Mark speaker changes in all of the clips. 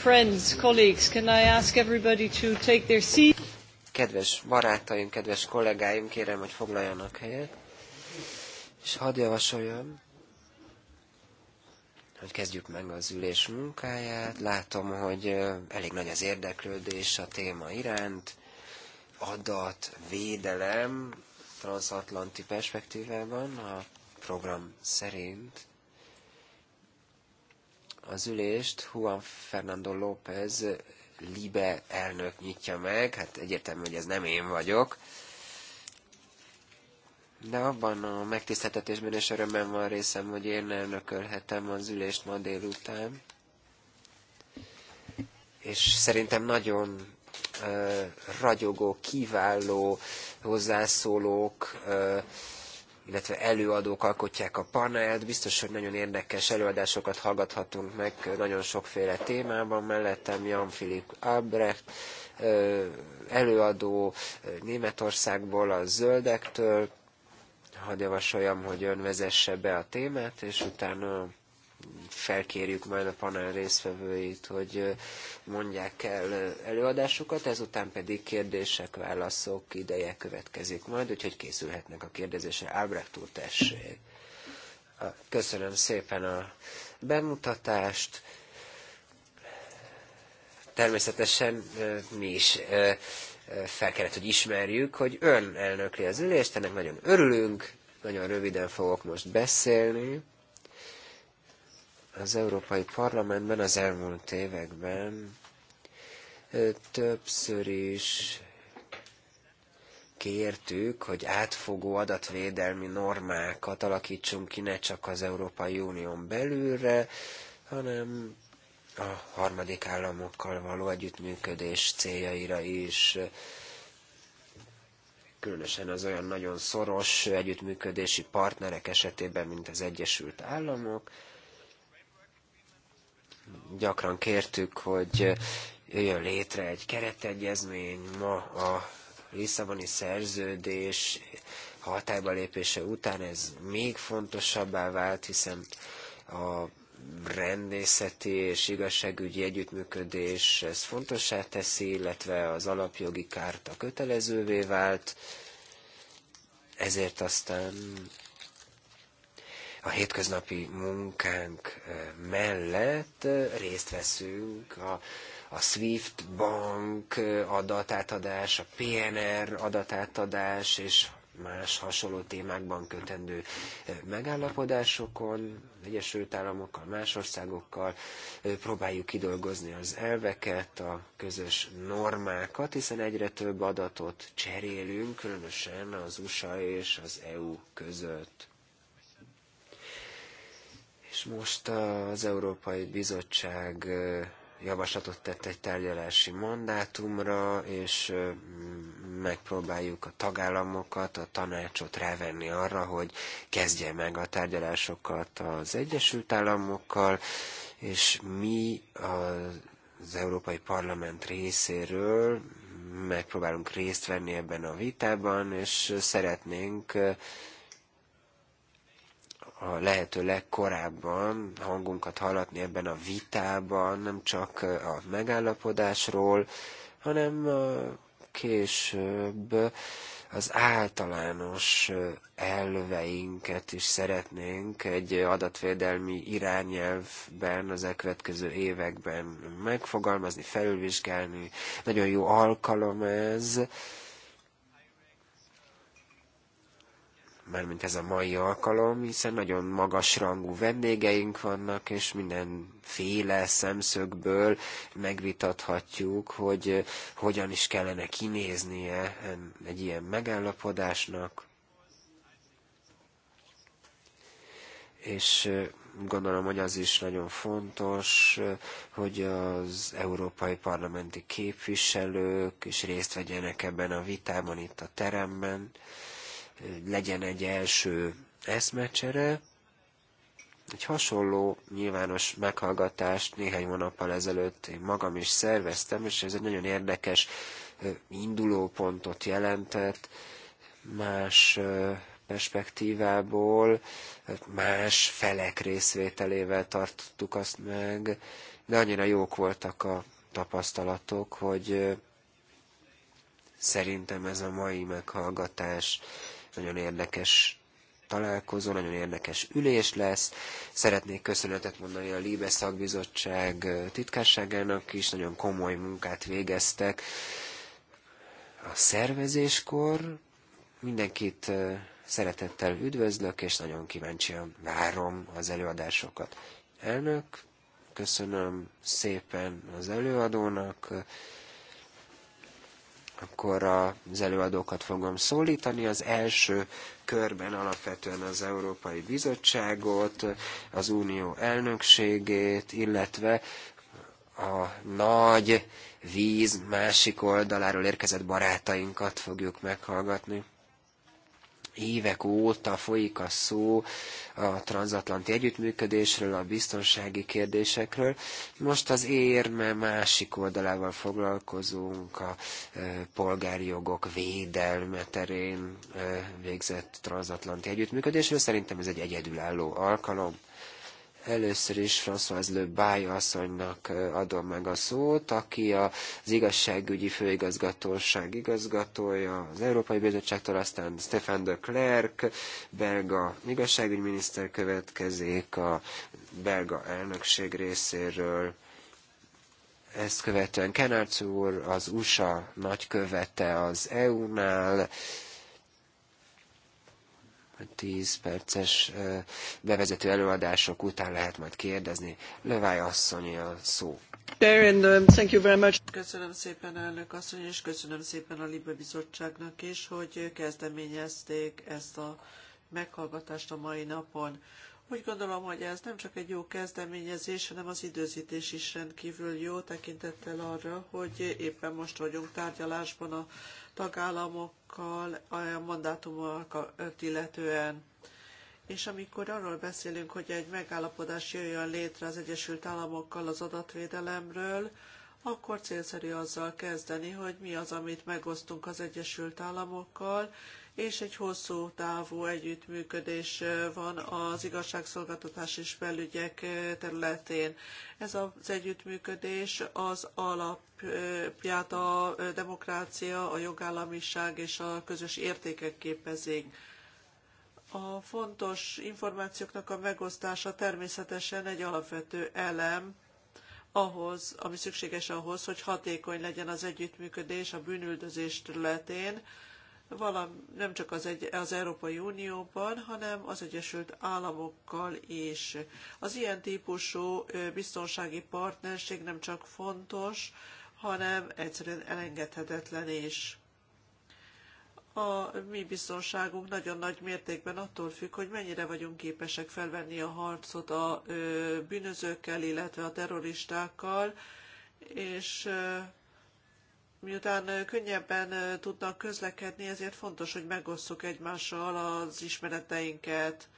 Speaker 1: friends, colleagues, can I ask everybody to take their seat?
Speaker 2: Kedves barátaim, kedves kollégáim, kérem, hogy foglaljanak helyet. És hadd javasoljam, hogy kezdjük meg az ülés munkáját. Látom, hogy elég nagy az érdeklődés a téma iránt. Adat, védelem, transatlanti perspektívában a program szerint az ülést Juan Fernando López Libe elnök nyitja meg, hát egyértelmű, hogy ez nem én vagyok. De abban a megtiszteltetésben és örömben van részem, hogy én elnökölhetem az ülést ma délután. És szerintem nagyon ragyogó, kiváló hozzászólók illetve előadók alkotják a panelt. Biztos, hogy nagyon érdekes előadásokat hallgathatunk meg nagyon sokféle témában. Mellettem Jan Filip Albrecht, előadó Németországból, a zöldektől. Hadd javasoljam, hogy ön vezesse be a témát, és utána felkérjük majd a panel résztvevőit, hogy mondják el előadásukat, ezután pedig kérdések, válaszok ideje következik majd, úgyhogy készülhetnek a kérdezésre. Ábrecht úr, tessék! Köszönöm szépen a bemutatást. Természetesen mi is fel kellett, hogy ismerjük, hogy ön elnökli az ülést, ennek nagyon örülünk, nagyon röviden fogok most beszélni az Európai Parlamentben az elmúlt években többször is kértük, hogy átfogó adatvédelmi normákat alakítsunk ki ne csak az Európai Unión belülre, hanem a harmadik államokkal való együttműködés céljaira is, különösen az olyan nagyon szoros együttműködési partnerek esetében, mint az Egyesült Államok gyakran kértük, hogy jöjjön létre egy keretegyezmény. Ma a Lisszaboni szerződés hatályba lépése után ez még fontosabbá vált, hiszen a rendészeti és igazságügyi együttműködés ez fontossá teszi, illetve az alapjogi kárta kötelezővé vált, ezért aztán a hétköznapi munkánk eh, mellett eh, részt veszünk a, a SWIFT bank eh, adatátadás, a PNR adatátadás és más hasonló témákban kötendő megállapodásokon, Egyesült Államokkal, más országokkal próbáljuk kidolgozni az elveket, a közös normákat, hiszen egyre több adatot cserélünk, különösen az USA és az EU között. És most az Európai Bizottság javaslatot tett egy tárgyalási mandátumra, és megpróbáljuk a tagállamokat, a tanácsot rávenni arra, hogy kezdje meg a tárgyalásokat az Egyesült Államokkal, és mi az Európai Parlament részéről megpróbálunk részt venni ebben a vitában, és szeretnénk a lehető legkorábban hangunkat hallatni ebben a vitában, nem csak a megállapodásról, hanem később az általános elveinket is szeretnénk egy adatvédelmi irányelvben az elkövetkező években megfogalmazni, felülvizsgálni. Nagyon jó alkalom ez, Mert mint ez a mai alkalom, hiszen nagyon magas rangú vendégeink vannak, és mindenféle szemszögből megvitathatjuk, hogy eh, hogyan is kellene kinéznie egy ilyen megállapodásnak. És eh, gondolom, hogy az is nagyon fontos, eh, hogy az európai parlamenti képviselők is részt vegyenek ebben a vitában itt a teremben legyen egy első eszmecsere, egy hasonló nyilvános meghallgatást néhány hónappal ezelőtt én magam is szerveztem, és ez egy nagyon érdekes indulópontot jelentett más perspektívából, hát más felek részvételével tartottuk azt meg, de annyira jók voltak a tapasztalatok, hogy szerintem ez a mai meghallgatás nagyon érdekes találkozó, nagyon érdekes ülés lesz. Szeretnék köszönetet mondani a Líbe szakbizottság titkárságának is, nagyon komoly munkát végeztek a szervezéskor. Mindenkit szeretettel üdvözlök, és nagyon kíváncsian várom az előadásokat. Elnök, köszönöm szépen az előadónak, akkor az előadókat fogom szólítani. Az első körben alapvetően az Európai Bizottságot, az Unió elnökségét, illetve a nagy víz másik oldaláról érkezett barátainkat fogjuk meghallgatni. Évek óta folyik a szó a transatlanti együttműködésről, a biztonsági kérdésekről. Most az érme másik oldalával foglalkozunk, a polgári jogok védelme terén végzett transatlanti együttműködésről. Szerintem ez egy egyedülálló alkalom. Először is François Le Bay asszonynak adom meg a szót, aki az igazságügyi főigazgatóság igazgatója az Európai Bizottságtól, aztán Stefan de Klerk, belga igazságügyminiszter következik a belga elnökség részéről. Ezt követően Kenárc úr, az USA nagykövete az EU-nál, 10 perces bevezető előadások után lehet majd kérdezni. Levály asszony a szó.
Speaker 3: Um, köszönöm szépen elnök asszony, és köszönöm szépen a Libe Bizottságnak is, hogy kezdeményezték ezt a meghallgatást a mai napon. Úgy gondolom, hogy ez nem csak egy jó kezdeményezés, hanem az időzítés is rendkívül jó tekintettel arra, hogy éppen most vagyunk tárgyalásban a tagállamokkal, a mandátumokat illetően. És amikor arról beszélünk, hogy egy megállapodás jöjjön létre az Egyesült Államokkal az adatvédelemről, akkor célszerű azzal kezdeni, hogy mi az, amit megosztunk az Egyesült Államokkal, és egy hosszú távú együttműködés van az igazságszolgáltatás és belügyek területén. Ez az együttműködés az alapját a demokrácia, a jogállamiság és a közös értékek képezik. A fontos információknak a megosztása természetesen egy alapvető elem ahhoz, ami szükséges ahhoz, hogy hatékony legyen az együttműködés a bűnüldözés területén, valam, nem csak az, egy, az Európai Unióban, hanem az Egyesült Államokkal is. Az ilyen típusú biztonsági partnerség nem csak fontos, hanem egyszerűen elengedhetetlen is. A mi biztonságunk nagyon nagy mértékben attól függ, hogy mennyire vagyunk képesek felvenni a harcot a bűnözőkkel, illetve a terroristákkal, és miután könnyebben tudnak közlekedni, ezért fontos, hogy megosszuk egymással az ismereteinket.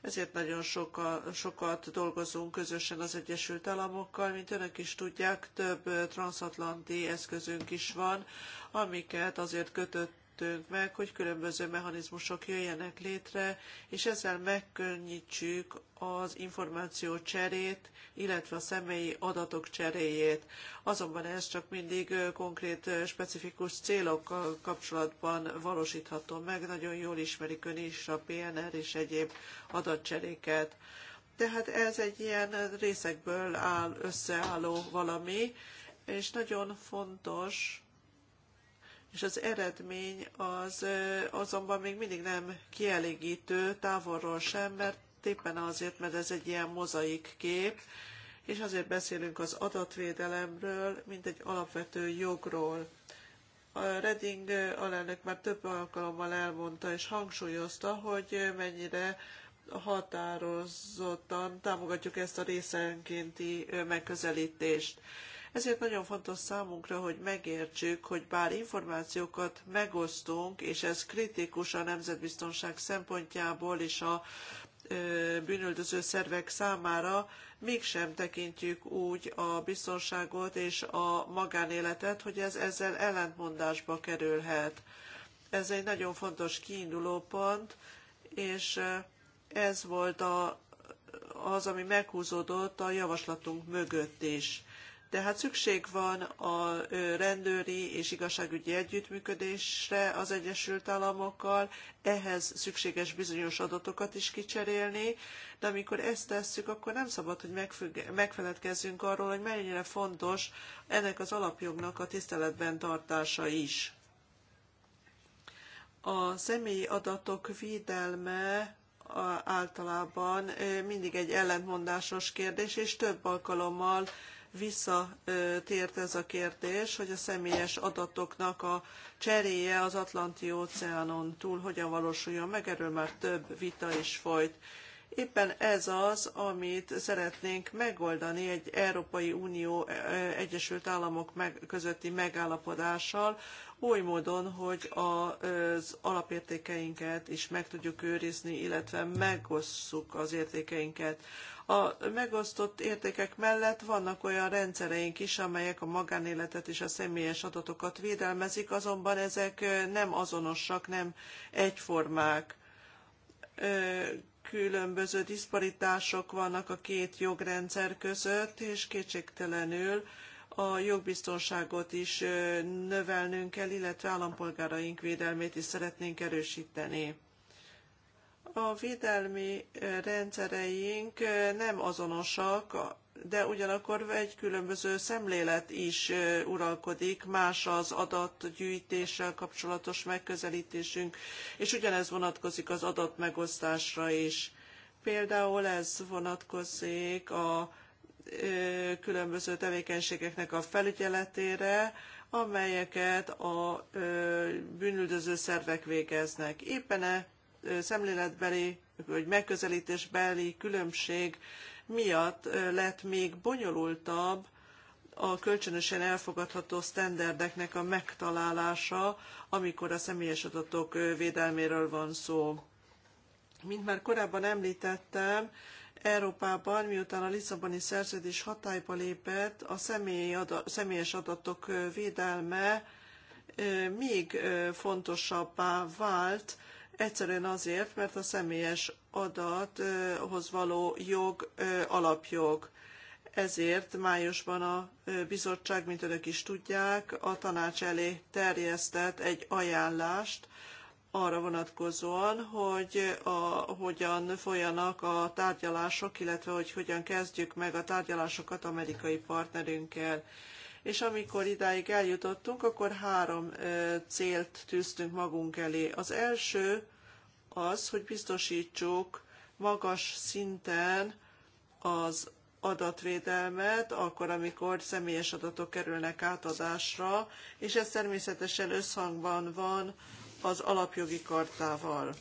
Speaker 3: Ezért nagyon soka, sokat dolgozunk közösen az Egyesült Államokkal, mint önök is tudják, több transatlanti eszközünk is van, amiket azért kötött engedhetünk meg, hogy különböző mechanizmusok jöjjenek létre, és ezzel megkönnyítsük az információ cserét, illetve a személyi adatok cseréjét. Azonban ez csak mindig konkrét, specifikus célokkal kapcsolatban valósítható meg. Nagyon jól ismerik ön is a PNR és egyéb adatcseréket. Tehát ez egy ilyen részekből áll, összeálló valami, és nagyon fontos, és az eredmény az azonban még mindig nem kielégítő távolról sem, mert éppen azért, mert ez egy ilyen mozaik kép, és azért beszélünk az adatvédelemről, mint egy alapvető jogról. A Reding alelnök már több alkalommal elmondta és hangsúlyozta, hogy mennyire határozottan támogatjuk ezt a részenkénti megközelítést. Ezért nagyon fontos számunkra, hogy megértsük, hogy bár információkat megosztunk, és ez kritikus a nemzetbiztonság szempontjából és a bűnöldöző szervek számára, mégsem tekintjük úgy a biztonságot és a magánéletet, hogy ez ezzel ellentmondásba kerülhet. Ez egy nagyon fontos kiindulópont, és ez volt a, az, ami meghúzódott a javaslatunk mögött is. Tehát szükség van a rendőri és igazságügyi együttműködésre az Egyesült Államokkal, ehhez szükséges bizonyos adatokat is kicserélni, de amikor ezt tesszük, akkor nem szabad, hogy megfeledkezzünk arról, hogy mennyire fontos ennek az alapjognak a tiszteletben tartása is. A személyi adatok védelme általában mindig egy ellentmondásos kérdés, és több alkalommal visszatért ez a kérdés, hogy a személyes adatoknak a cseréje az Atlanti-óceánon túl hogyan valósuljon meg, erről már több vita is folyt. Éppen ez az, amit szeretnénk megoldani egy Európai Unió e, Egyesült Államok közötti megállapodással, oly módon, hogy az alapértékeinket is meg tudjuk őrizni, illetve megosszuk az értékeinket. A megosztott értékek mellett vannak olyan rendszereink is, amelyek a magánéletet és a személyes adatokat védelmezik, azonban ezek nem azonosak, nem egyformák. Különböző diszparitások vannak a két jogrendszer között, és kétségtelenül a jogbiztonságot is növelnünk kell, illetve állampolgáraink védelmét is szeretnénk erősíteni. A védelmi rendszereink nem azonosak, de ugyanakkor egy különböző szemlélet is uralkodik, más az adatgyűjtéssel kapcsolatos megközelítésünk, és ugyanez vonatkozik az adatmegosztásra is. Például ez vonatkozik a különböző tevékenységeknek a felügyeletére, amelyeket a bűnüldöző szervek végeznek. Éppen -e szemléletbeli vagy megközelítésbeli különbség miatt lett még bonyolultabb a kölcsönösen elfogadható sztenderdeknek a megtalálása, amikor a személyes adatok védelméről van szó. Mint már korábban említettem, Európában, miután a Lisszaboni szerződés hatályba lépett, a személyes adatok védelme még fontosabbá vált, Egyszerűen azért, mert a személyes adathoz való jog alapjog. Ezért májusban a bizottság, mint önök is tudják, a tanács elé terjesztett egy ajánlást arra vonatkozóan, hogy a, hogyan folyanak a tárgyalások, illetve hogy hogyan kezdjük meg a tárgyalásokat amerikai partnerünkkel. És amikor idáig eljutottunk, akkor három célt tűztünk magunk elé. Az első az, hogy biztosítsuk magas szinten az adatvédelmet, akkor, amikor személyes adatok kerülnek átadásra, és ez természetesen összhangban van az alapjogi kartával.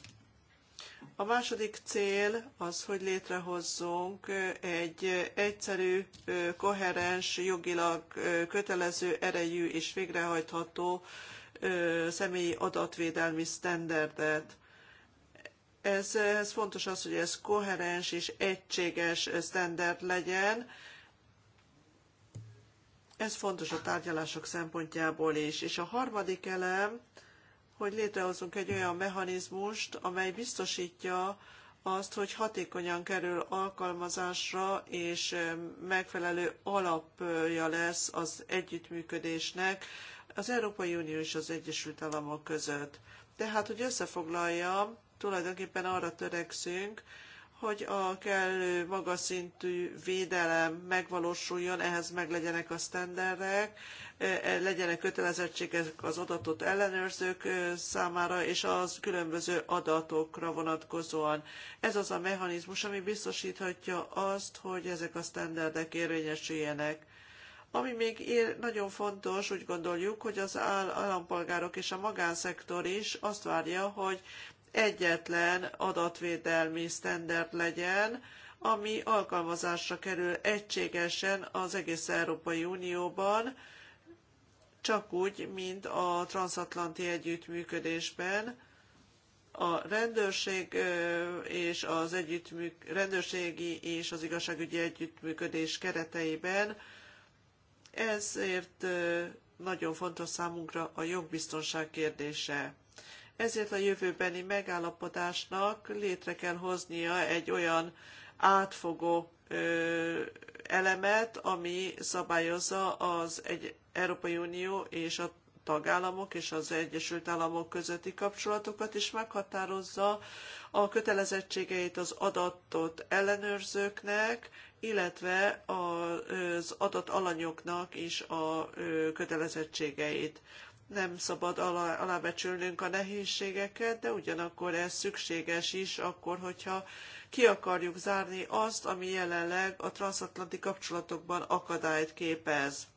Speaker 3: A második cél az, hogy létrehozzunk egy egyszerű, koherens, jogilag kötelező, erejű és végrehajtható személyi adatvédelmi standardet ez, ez fontos az, hogy ez koherens és egységes standard legyen. Ez fontos a tárgyalások szempontjából is. És a harmadik elem, hogy létrehozunk egy olyan mechanizmust, amely biztosítja azt, hogy hatékonyan kerül alkalmazásra, és megfelelő alapja lesz az együttműködésnek az Európai Unió és az Egyesült Államok között. Tehát, hogy összefoglaljam, tulajdonképpen arra törekszünk, hogy a kellő magas szintű védelem megvalósuljon, ehhez meg legyenek a sztenderek, e, e, legyenek kötelezettségek az adatot ellenőrzők e, számára, és az különböző adatokra vonatkozóan. Ez az a mechanizmus, ami biztosíthatja azt, hogy ezek a sztenderdek érvényesüljenek. Ami még ér, nagyon fontos, úgy gondoljuk, hogy az állampolgárok és a magánszektor is azt várja, hogy egyetlen adatvédelmi standard legyen, ami alkalmazásra kerül egységesen az egész Európai Unióban, csak úgy, mint a transatlanti együttműködésben, a rendőrség és az együttműk, rendőrségi és az igazságügyi együttműködés kereteiben. Ezért nagyon fontos számunkra a jogbiztonság kérdése. Ezért a jövőbeni megállapodásnak létre kell hoznia egy olyan átfogó elemet, ami szabályozza az egy Európai Unió és a tagállamok és az Egyesült Államok közötti kapcsolatokat, és meghatározza a kötelezettségeit az adatot ellenőrzőknek, illetve az adatalanyoknak is a kötelezettségeit nem szabad alá, alábecsülnünk a nehézségeket, de ugyanakkor ez szükséges is, akkor, hogyha ki akarjuk zárni azt, ami jelenleg a transatlanti kapcsolatokban akadályt képez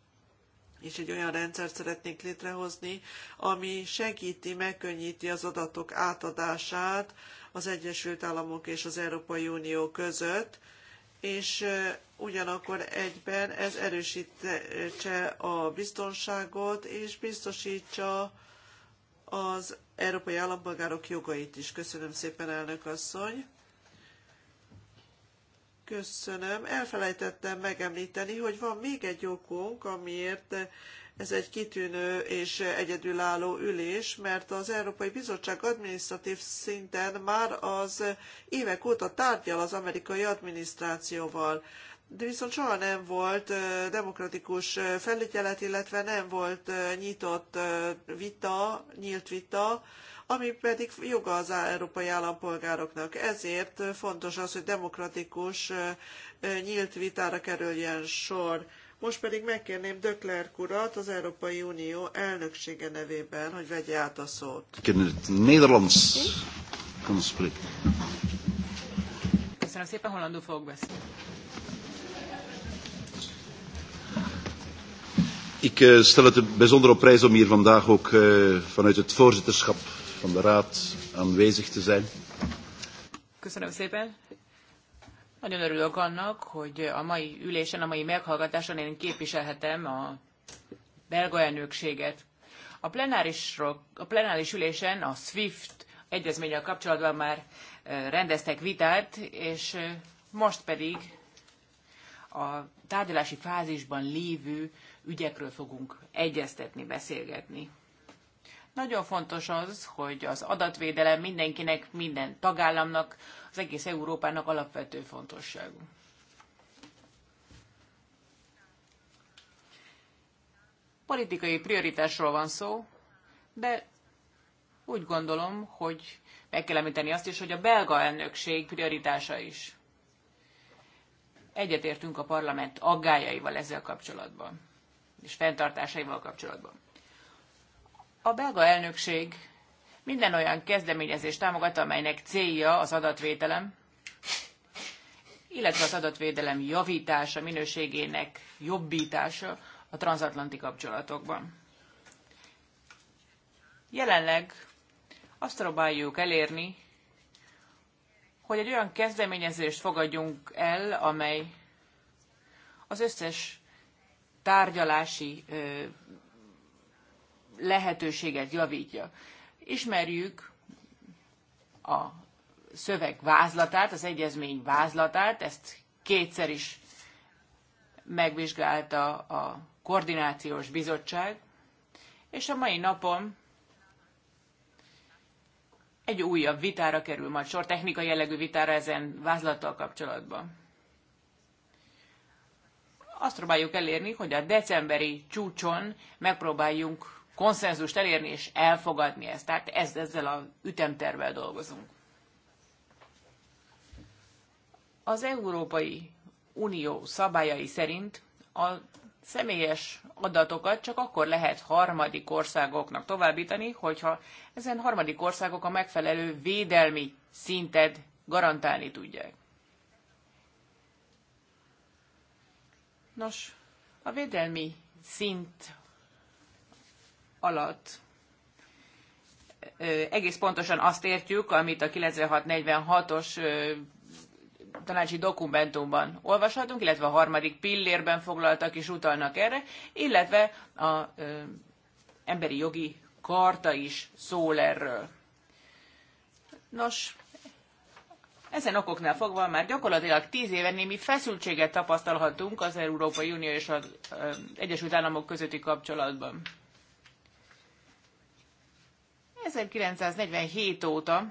Speaker 3: és egy olyan rendszert szeretnénk létrehozni, ami segíti, megkönnyíti az adatok átadását az Egyesült Államok és az Európai Unió között, és ugyanakkor egyben ez erősítse a biztonságot, és biztosítsa az európai állampolgárok jogait is. Köszönöm szépen, elnök asszony! Köszönöm. Elfelejtettem megemlíteni, hogy van még egy okunk, amiért ez egy kitűnő és egyedülálló ülés, mert az Európai Bizottság adminisztratív szinten már az évek óta tárgyal az amerikai adminisztrációval de viszont soha nem volt demokratikus felügyelet, illetve nem volt nyitott vita, nyílt vita, ami pedig joga az európai állampolgároknak. Ezért fontos az, hogy demokratikus nyílt vitára kerüljen sor. Most pedig megkérném Döklerk urat az Európai Unió elnöksége nevében, hogy vegye át a szót.
Speaker 2: Nederlands.
Speaker 1: Köszönöm szépen, hollandul fogok beszélni.
Speaker 3: Ik eh, stel het bijzonder op prijs om hier vandaag ook eh, vanuit het voorzitterschap van de Raad aanwezig te zijn.
Speaker 1: Köszönöm szépen. Nagyon örülök annak, hogy a mai ülésen, a mai meghallgatáson én képviselhetem a belga elnökséget. A plenárisról, a plenáris ülésen a SWIFT egyezménnyel kapcsolatban már e, rendeztek vitát, és e, most pedig a tárgyalási fázisban lévő ügyekről fogunk egyeztetni, beszélgetni. Nagyon fontos az, hogy az adatvédelem mindenkinek, minden tagállamnak, az egész Európának alapvető fontosságú. Politikai prioritásról van szó, de úgy gondolom, hogy meg kell említeni azt is, hogy a belga elnökség prioritása is. Egyetértünk a parlament aggájaival ezzel kapcsolatban, és fenntartásaival kapcsolatban. A belga elnökség minden olyan kezdeményezést támogat, amelynek célja az adatvédelem, illetve az adatvédelem javítása, minőségének jobbítása a transatlanti kapcsolatokban. Jelenleg azt próbáljuk elérni, hogy egy olyan kezdeményezést fogadjunk el, amely az összes tárgyalási lehetőséget javítja. Ismerjük a szöveg vázlatát, az egyezmény vázlatát, ezt kétszer is megvizsgálta a koordinációs bizottság, és a mai napon egy újabb vitára kerül majd sor, technikai jellegű vitára ezen vázlattal kapcsolatban. Azt próbáljuk elérni, hogy a decemberi csúcson megpróbáljunk konszenzust elérni és elfogadni ezt. Tehát ez, ezzel a ütemtervel dolgozunk. Az Európai Unió szabályai szerint a személyes adatokat csak akkor lehet harmadik országoknak továbbítani, hogyha ezen harmadik országok a megfelelő védelmi szintet garantálni tudják. Nos, a védelmi szint alatt egész pontosan azt értjük, amit a 9646 os tanácsi dokumentumban olvashatunk, illetve a harmadik pillérben foglaltak és utalnak erre, illetve az emberi jogi karta is szól erről. Nos, ezen okoknál fogva már gyakorlatilag tíz éve némi feszültséget tapasztalhatunk az Európai Unió és az Egyesült Államok közötti kapcsolatban. 1947 óta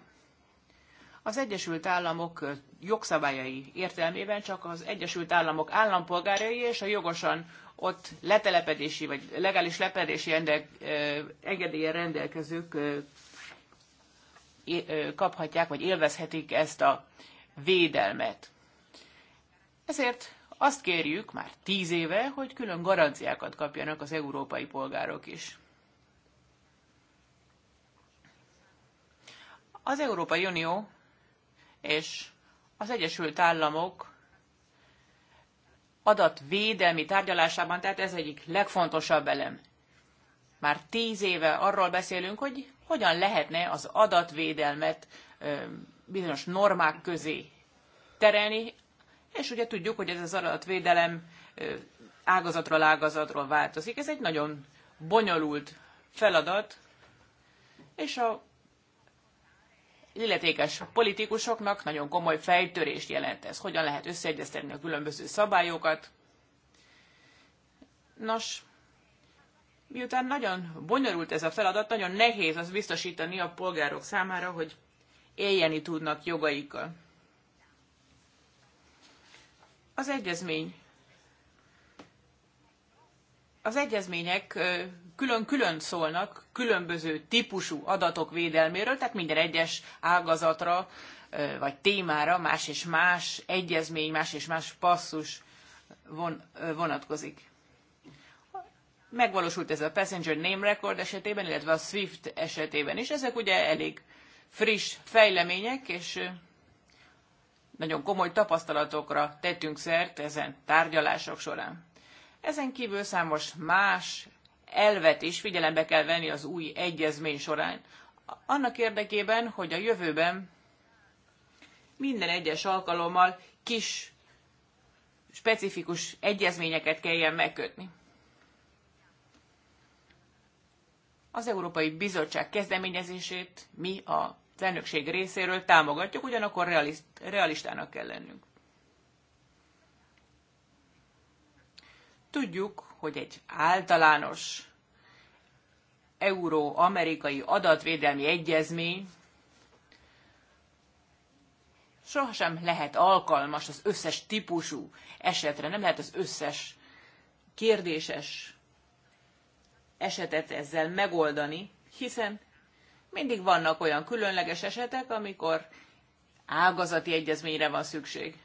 Speaker 1: az Egyesült Államok jogszabályai értelmében csak az Egyesült Államok állampolgárai és a jogosan ott letelepedési vagy legális lepedési engedélye eh, rendelkezők eh, eh, kaphatják vagy élvezhetik ezt a védelmet. Ezért azt kérjük már tíz éve, hogy külön garanciákat kapjanak az európai polgárok is. Az Európai Unió és az Egyesült Államok adatvédelmi tárgyalásában, tehát ez egyik legfontosabb elem. Már tíz éve arról beszélünk, hogy hogyan lehetne az adatvédelmet bizonyos normák közé terelni, és ugye tudjuk, hogy ez az adatvédelem ágazatról ágazatról változik. Ez egy nagyon bonyolult feladat, és a illetékes politikusoknak nagyon komoly fejtörést jelent ez. Hogyan lehet összeegyeztetni a különböző szabályokat? Nos, miután nagyon bonyolult ez a feladat, nagyon nehéz az biztosítani a polgárok számára, hogy éljeni tudnak jogaikkal. Az egyezmény. Az egyezmények külön-külön szólnak különböző típusú adatok védelméről, tehát minden egyes ágazatra vagy témára más és más egyezmény, más és más passzus von, vonatkozik. Megvalósult ez a Passenger Name Record esetében, illetve a Swift esetében is. Ezek ugye elég friss fejlemények, és nagyon komoly tapasztalatokra tettünk szert ezen tárgyalások során. Ezen kívül számos más elvet is figyelembe kell venni az új egyezmény során, annak érdekében, hogy a jövőben minden egyes alkalommal kis, specifikus egyezményeket kelljen megkötni. Az Európai Bizottság kezdeményezését mi a elnökség részéről támogatjuk, ugyanakkor realist, realistának kell lennünk. Tudjuk, hogy egy általános euró-amerikai adatvédelmi egyezmény sohasem lehet alkalmas az összes típusú esetre, nem lehet az összes kérdéses esetet ezzel megoldani, hiszen mindig vannak olyan különleges esetek, amikor ágazati egyezményre van szükség.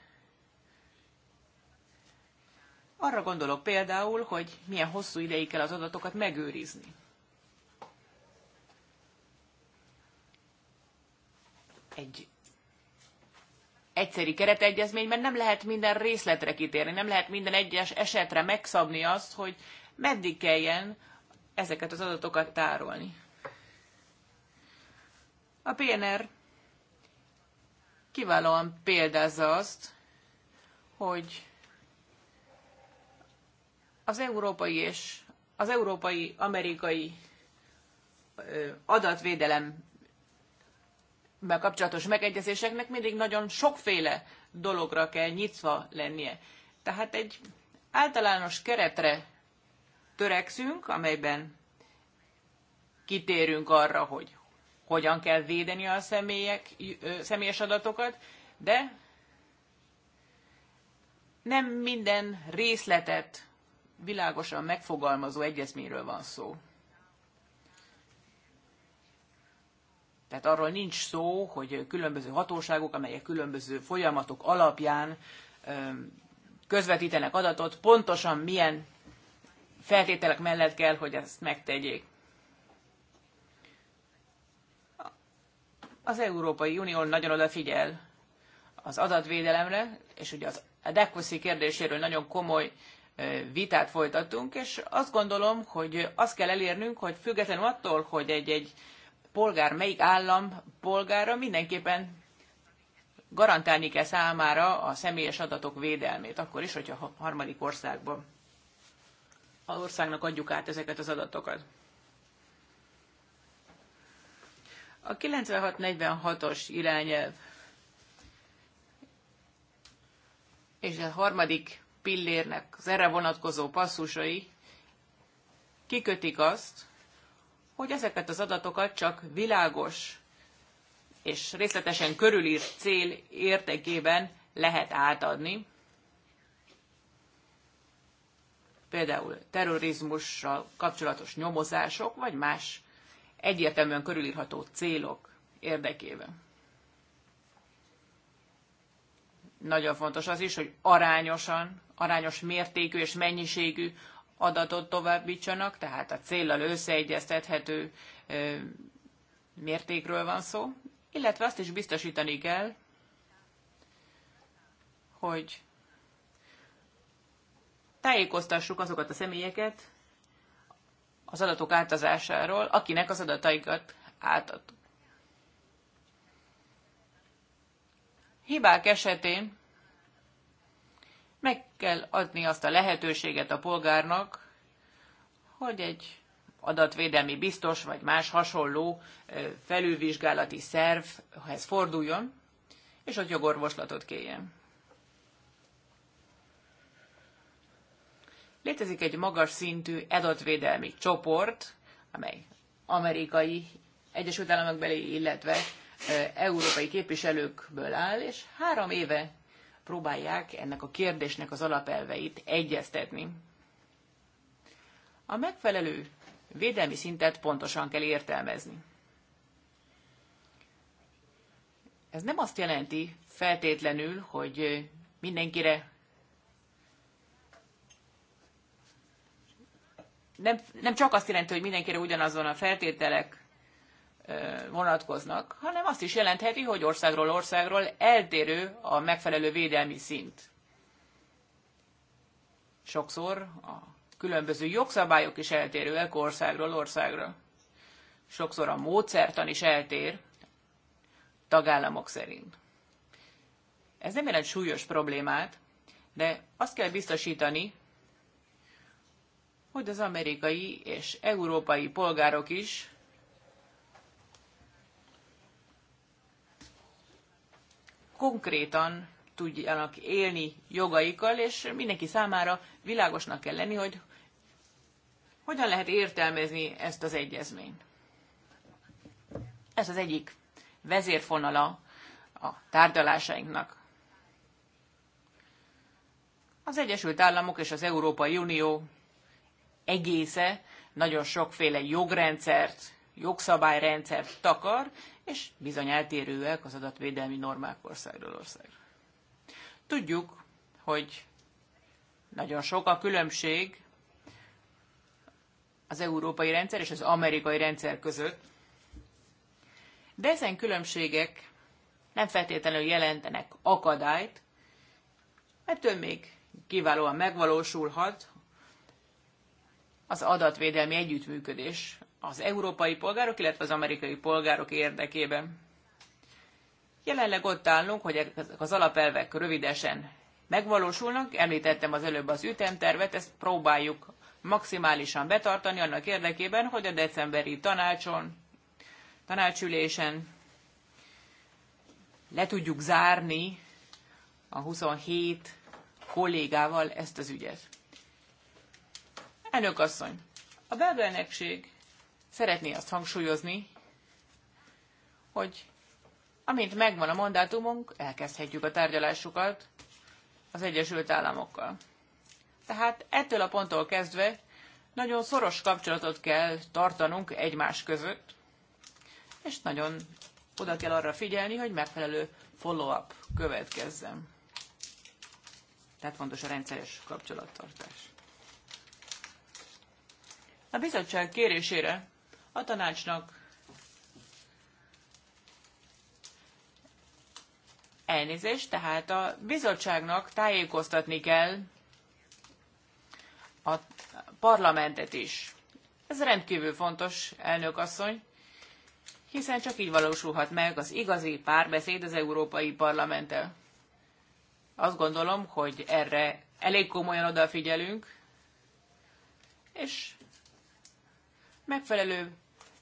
Speaker 1: Arra gondolok például, hogy milyen hosszú ideig kell az adatokat megőrizni. Egy egyszeri keretegyezményben nem lehet minden részletre kitérni, nem lehet minden egyes esetre megszabni azt, hogy meddig kelljen ezeket az adatokat tárolni. A PNR kiválóan példázza azt, hogy az európai és az európai amerikai adatvédelem kapcsolatos megegyezéseknek mindig nagyon sokféle dologra kell nyitva lennie. Tehát egy általános keretre törekszünk, amelyben kitérünk arra, hogy hogyan kell védeni a személyek, személyes adatokat, de nem minden részletet világosan megfogalmazó egyezményről van szó. Tehát arról nincs szó, hogy különböző hatóságok, amelyek különböző folyamatok alapján közvetítenek adatot, pontosan milyen feltételek mellett kell, hogy ezt megtegyék. Az Európai Unió nagyon odafigyel az adatvédelemre, és ugye az adequacy kérdéséről nagyon komoly vitát folytattunk, és azt gondolom, hogy azt kell elérnünk, hogy függetlenül attól, hogy egy-egy polgár melyik állam polgára mindenképpen garantálni kell számára a személyes adatok védelmét, akkor is, hogyha a harmadik országban a országnak adjuk át ezeket az adatokat. A 9646 os irányelv és a harmadik pillérnek az erre vonatkozó passzusai kikötik azt, hogy ezeket az adatokat csak világos és részletesen körülírt cél értekében lehet átadni, például terrorizmussal kapcsolatos nyomozások, vagy más egyértelműen körülírható célok érdekében. Nagyon fontos az is, hogy arányosan arányos mértékű és mennyiségű adatot továbbítsanak, tehát a céllal összeegyeztethető mértékről van szó, illetve azt is biztosítani kell, hogy tájékoztassuk azokat a személyeket az adatok átazásáról, akinek az adataikat átadtuk. Hibák esetén meg kell adni azt a lehetőséget a polgárnak, hogy egy adatvédelmi biztos vagy más hasonló felülvizsgálati szervhez forduljon, és ott jogorvoslatot kérjen. Létezik egy magas szintű adatvédelmi csoport, amely amerikai, Egyesült Államok belé, illetve európai képviselőkből áll, és három éve próbálják ennek a kérdésnek az alapelveit egyeztetni. A megfelelő védelmi szintet pontosan kell értelmezni. Ez nem azt jelenti feltétlenül, hogy mindenkire nem, nem csak azt jelenti, hogy mindenkire ugyanazon a feltételek vonatkoznak, hanem azt is jelentheti, hogy országról országról eltérő a megfelelő védelmi szint. Sokszor a különböző jogszabályok is eltérőek országról országra. Sokszor a módszertan is eltér tagállamok szerint. Ez nem jelent súlyos problémát, de azt kell biztosítani, hogy az amerikai és európai polgárok is konkrétan tudjanak élni jogaikkal, és mindenki számára világosnak kell lenni, hogy hogyan lehet értelmezni ezt az egyezményt. Ez az egyik vezérfonala a tárgyalásainknak. Az Egyesült Államok és az Európai Unió egésze nagyon sokféle jogrendszert, jogszabályrendszert takar, és bizony eltérőek az adatvédelmi normák országról országra. Tudjuk, hogy nagyon sok a különbség az európai rendszer és az amerikai rendszer között, de ezen különbségek nem feltétlenül jelentenek akadályt, ettől még kiválóan megvalósulhat az adatvédelmi együttműködés az európai polgárok, illetve az amerikai polgárok érdekében. Jelenleg ott állunk, hogy ezek az alapelvek rövidesen megvalósulnak. Említettem az előbb az ütemtervet, ezt próbáljuk maximálisan betartani annak érdekében, hogy a decemberi tanácson, tanácsülésen le tudjuk zárni a 27 kollégával ezt az ügyet. Elnök asszony, a belga Szeretné azt hangsúlyozni, hogy amint megvan a mandátumunk, elkezdhetjük a tárgyalásukat az Egyesült Államokkal. Tehát ettől a ponttól kezdve nagyon szoros kapcsolatot kell tartanunk egymás között, és nagyon oda kell arra figyelni, hogy megfelelő follow-up következzen. Tehát fontos a rendszeres kapcsolattartás. A bizottság kérésére a tanácsnak elnézést, tehát a bizottságnak tájékoztatni kell a parlamentet is. Ez rendkívül fontos, elnök asszony, hiszen csak így valósulhat meg az igazi párbeszéd az Európai Parlamenttel. Azt gondolom, hogy erre elég komolyan odafigyelünk, és megfelelő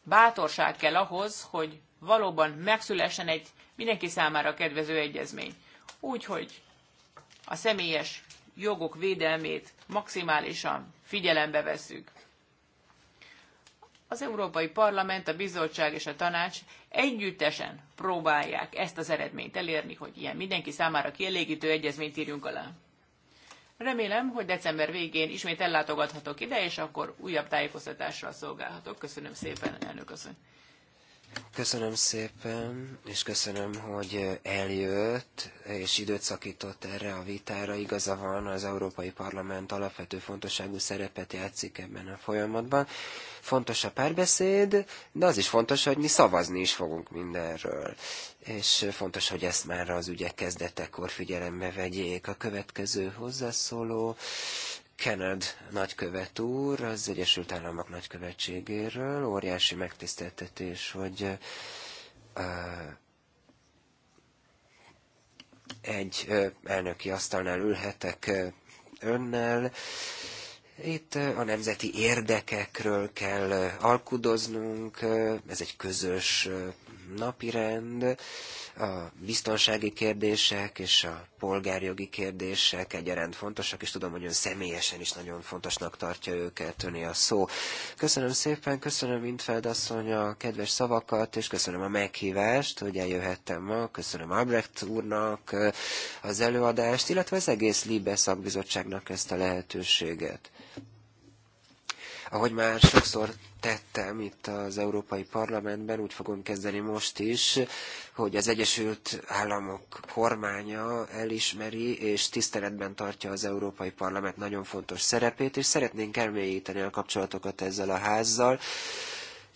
Speaker 1: bátorság kell ahhoz, hogy valóban megszülessen egy mindenki számára kedvező egyezmény. Úgyhogy a személyes jogok védelmét maximálisan figyelembe veszük. Az Európai Parlament, a Bizottság és a Tanács együttesen próbálják ezt az eredményt elérni, hogy ilyen mindenki számára kielégítő egyezményt írjunk alá. Remélem, hogy december végén ismét ellátogathatok ide, és akkor újabb tájékoztatásra szolgálhatok. Köszönöm szépen, elnök asszony.
Speaker 2: Köszönöm szépen, és köszönöm, hogy eljött, és időt szakított erre a vitára. Igaza van, az Európai Parlament alapvető fontosságú szerepet játszik ebben a folyamatban. Fontos a párbeszéd, de az is fontos, hogy mi szavazni is fogunk mindenről. És fontos, hogy ezt már az ügyek kezdetekor figyelembe vegyék. A következő hozzászóló Kenned nagykövet úr az Egyesült Államok nagykövetségéről. Óriási megtiszteltetés, hogy egy elnöki asztalnál ülhetek önnel. Itt a nemzeti érdekekről kell alkudoznunk, ez egy közös rend, a biztonsági kérdések és a polgárjogi kérdések egyaránt fontosak, és tudom, hogy ön személyesen is nagyon fontosnak tartja őket, öné a szó. Köszönöm szépen, köszönöm Windfeld asszony a kedves szavakat, és köszönöm a meghívást, hogy eljöhettem ma, köszönöm Albrecht úrnak az előadást, illetve az egész Libe szakbizottságnak ezt a lehetőséget. Ahogy már sokszor tettem itt az Európai Parlamentben, úgy fogom kezdeni most is, hogy az Egyesült Államok kormánya elismeri és tiszteletben tartja az Európai Parlament nagyon fontos szerepét, és szeretnénk elmélyíteni a kapcsolatokat ezzel a házzal.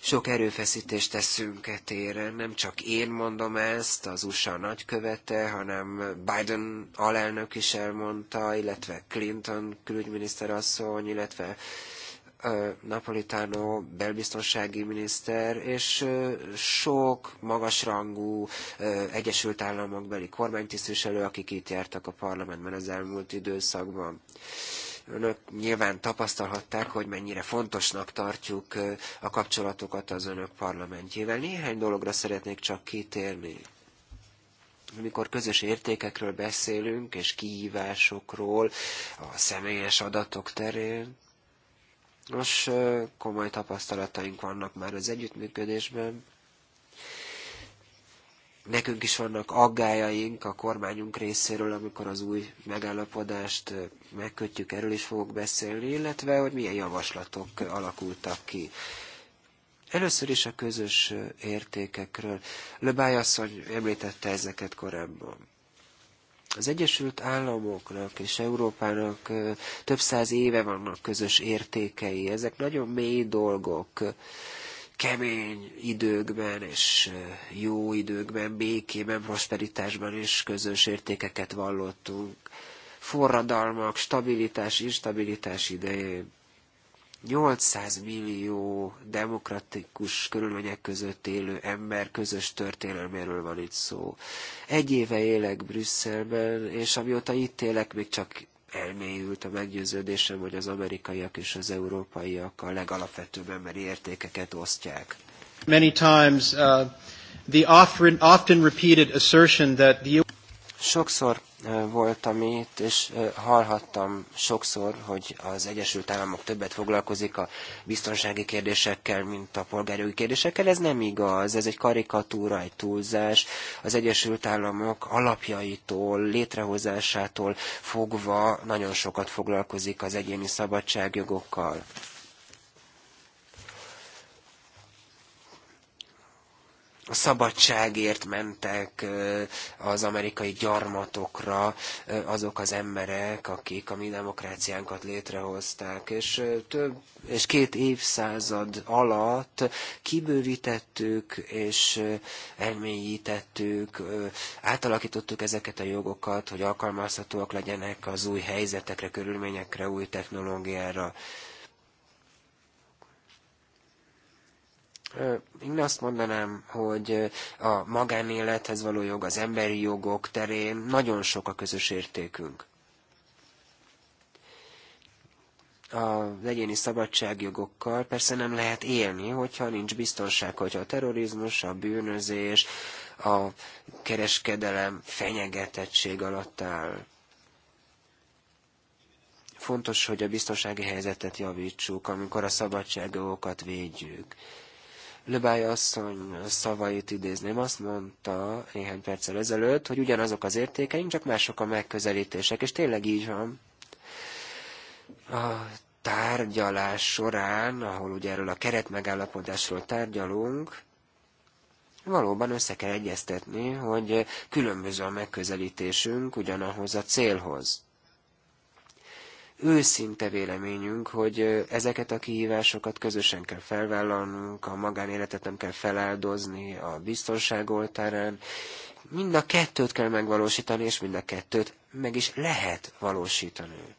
Speaker 2: Sok erőfeszítést teszünk e téren, nem csak én mondom ezt, az USA nagykövete, hanem Biden alelnök is elmondta, illetve Clinton külügyminiszter asszony, illetve Napolitano belbiztonsági miniszter, és sok magasrangú Egyesült Államok beli kormánytisztviselő, akik itt jártak a parlamentben az elmúlt időszakban. Önök nyilván tapasztalhatták, hogy mennyire fontosnak tartjuk a kapcsolatokat az önök parlamentjével. Néhány dologra szeretnék csak kitérni amikor közös értékekről beszélünk, és kihívásokról a személyes adatok terén, Nos, komoly tapasztalataink vannak már az együttműködésben. Nekünk is vannak aggájaink a kormányunk részéről, amikor az új megállapodást megkötjük, erről is fogok beszélni, illetve hogy milyen javaslatok alakultak ki. Először is a közös értékekről. Löbály asszony említette ezeket korábban. Az Egyesült Államoknak és Európának több száz éve vannak közös értékei. Ezek nagyon mély dolgok kemény időkben és jó időkben, békében, prosperitásban is közös értékeket vallottunk. Forradalmak, stabilitás, instabilitás idején. 800 millió demokratikus körülmények között élő ember közös történelméről van itt szó. Egy éve élek Brüsszelben, és amióta itt élek, még csak elmélyült a meggyőződésem, hogy az amerikaiak és az európaiak a legalapvetőbb emberi értékeket osztják. Many times uh, the often, often repeated assertion that the Sokszor voltam itt, és hallhattam sokszor, hogy az Egyesült Államok többet foglalkozik a biztonsági kérdésekkel, mint a polgárjogi kérdésekkel. Ez nem igaz, ez egy karikatúra, egy túlzás. Az Egyesült Államok alapjaitól, létrehozásától fogva nagyon sokat foglalkozik az egyéni szabadságjogokkal. a szabadságért mentek az amerikai gyarmatokra azok az emberek, akik a mi demokráciánkat létrehozták, és több és két évszázad alatt kibővítettük és elmélyítettük, átalakítottuk ezeket a jogokat, hogy alkalmazhatóak legyenek az új helyzetekre, körülményekre, új technológiára. Én azt mondanám, hogy a magánélethez való jog, az emberi jogok terén nagyon sok a közös értékünk. az egyéni szabadságjogokkal persze nem lehet élni, hogyha nincs biztonság, hogyha a terrorizmus, a bűnözés, a kereskedelem fenyegetettség alatt áll. Fontos, hogy a biztonsági helyzetet javítsuk, amikor a szabadságjogokat védjük. Löbály asszony szavait idézném, azt mondta néhány perccel ezelőtt, hogy ugyanazok az értékeink, csak mások a megközelítések, és tényleg így van. A tárgyalás során, ahol ugye erről a keretmegállapodásról tárgyalunk, valóban össze kell egyeztetni, hogy különböző a megközelítésünk ugyanahoz a célhoz őszinte véleményünk, hogy ezeket a kihívásokat közösen kell felvállalnunk, a magánéletet nem kell feláldozni a biztonságoltárán. Mind a kettőt kell megvalósítani, és mind a kettőt meg is lehet valósítani.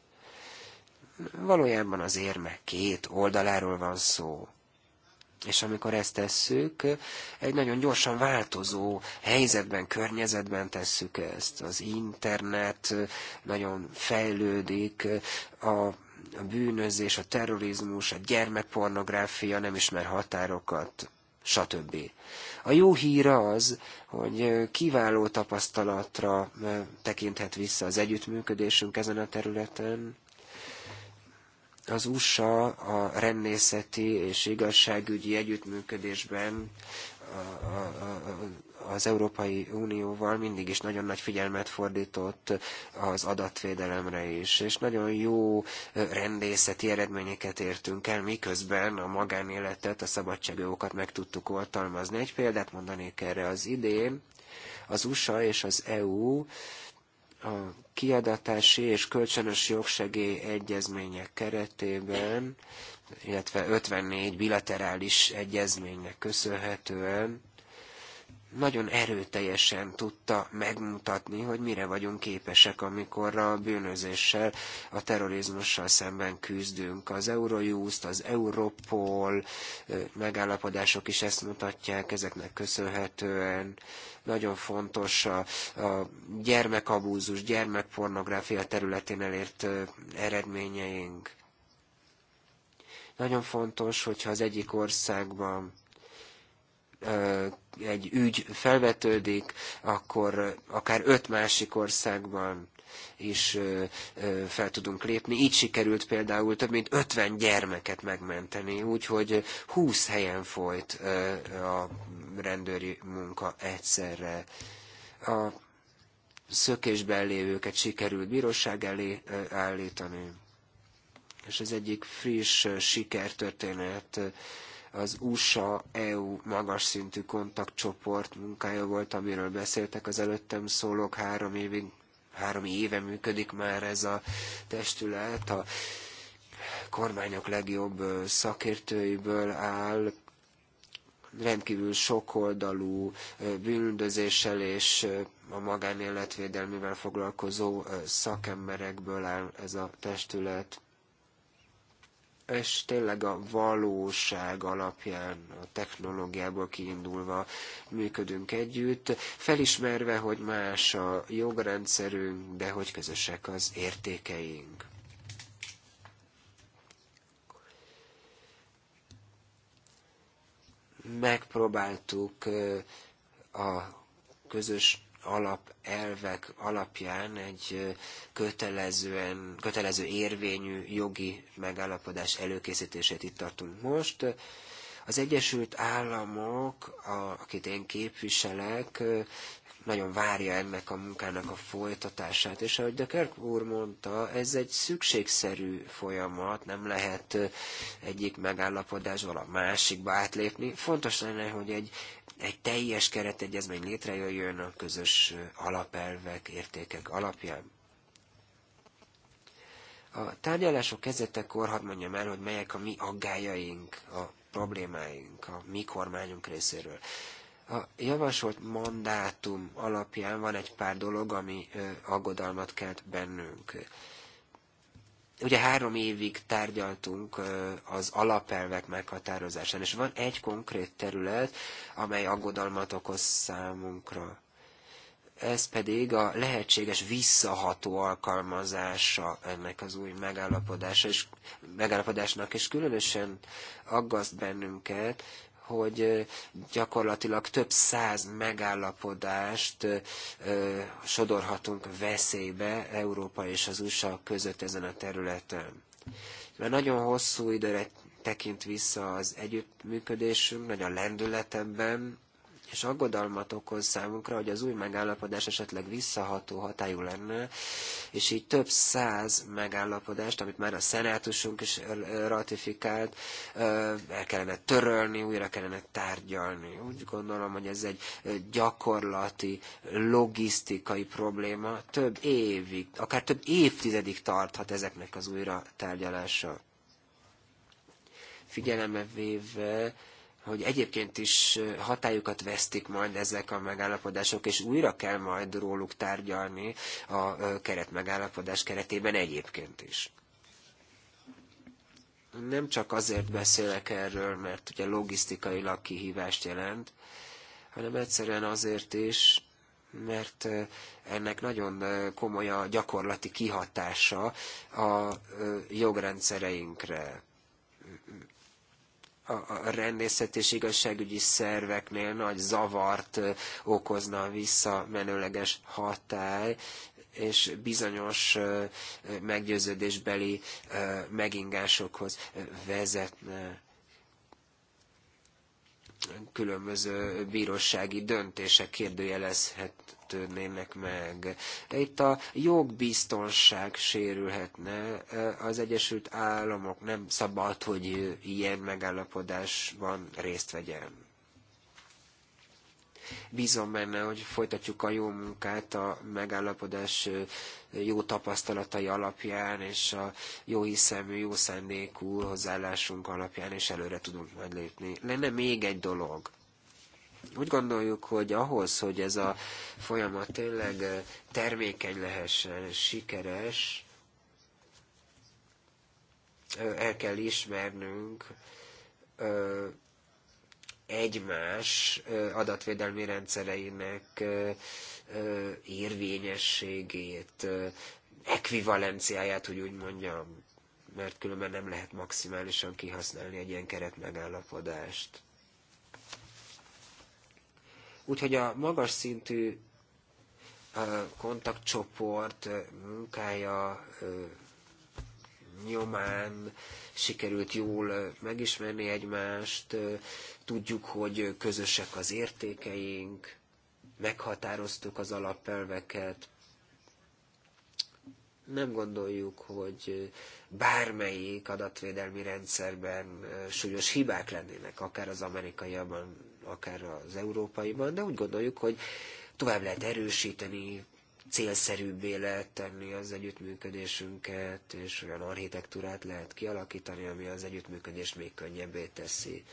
Speaker 2: Valójában az érme két oldaláról van szó. És amikor ezt tesszük, egy nagyon gyorsan változó helyzetben, környezetben tesszük ezt. Az internet nagyon fejlődik, a bűnözés, a terrorizmus, a gyermekpornográfia nem ismer határokat, stb. A jó hír az, hogy kiváló tapasztalatra tekinthet vissza az együttműködésünk ezen a területen, az USA a rendészeti és igazságügyi együttműködésben a, a, a, az Európai Unióval mindig is nagyon nagy figyelmet fordított az adatvédelemre is, és nagyon jó rendészeti eredményeket értünk el, miközben a magánéletet, a szabadságjogokat meg tudtuk oltalmazni. Egy példát mondanék erre az idén, az USA és az EU a kiadatási és kölcsönös jogsegély egyezmények keretében, illetve 54 bilaterális egyezménynek köszönhetően nagyon erőteljesen tudta megmutatni, hogy mire vagyunk képesek, amikor a bűnözéssel, a terrorizmussal szemben küzdünk. Az Eurojust, az Europol megállapodások is ezt mutatják, ezeknek köszönhetően nagyon fontos a, a gyermekabúzus, gyermekpornográfia területén elért eredményeink. Nagyon fontos, hogyha az egyik országban egy ügy felvetődik, akkor akár öt másik országban is fel tudunk lépni. Így sikerült például több mint 50 gyermeket megmenteni, úgyhogy 20 helyen folyt a rendőri munka egyszerre. A szökésben lévőket sikerült bíróság elé állítani. És az egyik friss sikertörténet az USA-EU e magas szintű kontaktcsoport munkája volt, amiről beszéltek az előttem szólók három évig három éve működik már ez a testület, a kormányok legjobb szakértőiből áll, rendkívül sokoldalú bűnözéssel és a magánéletvédelmivel foglalkozó szakemberekből áll ez a testület és tényleg a valóság alapján, a technológiából kiindulva működünk együtt, felismerve, hogy más a jogrendszerünk, de hogy közösek az értékeink. Megpróbáltuk a közös alapelvek alapján egy kötelezően, kötelező érvényű jogi megállapodás előkészítését itt tartunk most. Az Egyesült Államok, a, akit én képviselek, nagyon várja ennek a munkának a folytatását, és ahogy de Kerk úr mondta, ez egy szükségszerű folyamat, nem lehet egyik megállapodásból a másikba átlépni. Fontos lenne, hogy egy, egy teljes keretegyezmény létrejöjjön a közös alapelvek, értékek alapján. A tárgyalások kezdetekor hadd mondjam el, hogy melyek a mi aggájaink, a problémáink, a mi kormányunk részéről. A javasolt mandátum alapján van egy pár dolog, ami aggodalmat kelt bennünk. Ugye három évig tárgyaltunk az alapelvek meghatározásán, és van egy konkrét terület, amely aggodalmat okoz számunkra ez pedig a lehetséges visszaható alkalmazása ennek az új megállapodása és, megállapodásnak, és különösen aggaszt bennünket, hogy gyakorlatilag több száz megállapodást sodorhatunk veszélybe Európa és az USA között ezen a területen. Mert nagyon hosszú időre tekint vissza az együttműködésünk, nagy a lendületemben, és aggodalmat okoz számunkra, hogy az új megállapodás esetleg visszaható hatályú lenne, és így több száz megállapodást, amit már a szenátusunk is ratifikált, el kellene törölni, újra kellene tárgyalni. Úgy gondolom, hogy ez egy gyakorlati, logisztikai probléma. Több évig, akár több évtizedig tarthat ezeknek az újra tárgyalása figyelembe véve hogy egyébként is hatályukat vesztik majd ezek a megállapodások, és újra kell majd róluk tárgyalni a keretmegállapodás keretében egyébként is. Nem csak azért beszélek erről, mert ugye logisztikailag kihívást jelent, hanem egyszerűen azért is, mert ennek nagyon komoly a gyakorlati kihatása a jogrendszereinkre a rendészet és igazságügyi szerveknél nagy zavart okozna a visszamenőleges hatály, és bizonyos meggyőződésbeli megingásokhoz vezetne különböző bírósági döntések kérdőjelezhetődnének meg. Itt a jogbiztonság sérülhetne, az Egyesült Államok nem szabad, hogy ilyen megállapodásban részt vegyen. Bízom benne, hogy folytatjuk a jó munkát a megállapodás jó tapasztalatai alapján, és a jó hiszemű, jó szándékú hozzáállásunk alapján, és előre tudunk majd lépni. Lenne még egy dolog. Úgy gondoljuk, hogy ahhoz, hogy ez a folyamat tényleg termékeny lehessen, sikeres, el kell ismernünk egymás adatvédelmi rendszereinek érvényességét, ekvivalenciáját, hogy úgy mondjam, mert különben nem lehet maximálisan kihasználni egy ilyen keretmegállapodást. Úgyhogy a magas szintű kontaktcsoport munkája nyomán sikerült jól megismerni egymást, tudjuk, hogy közösek az értékeink, meghatároztuk az alapelveket, nem gondoljuk, hogy bármelyik adatvédelmi rendszerben súlyos hibák lennének, akár az amerikaiban, akár az európaiban, de úgy gondoljuk, hogy tovább lehet erősíteni, célszerűbbé lehet tenni az együttműködésünket, és olyan architektúrát lehet kialakítani, ami az együttműködést még könnyebbé teszi.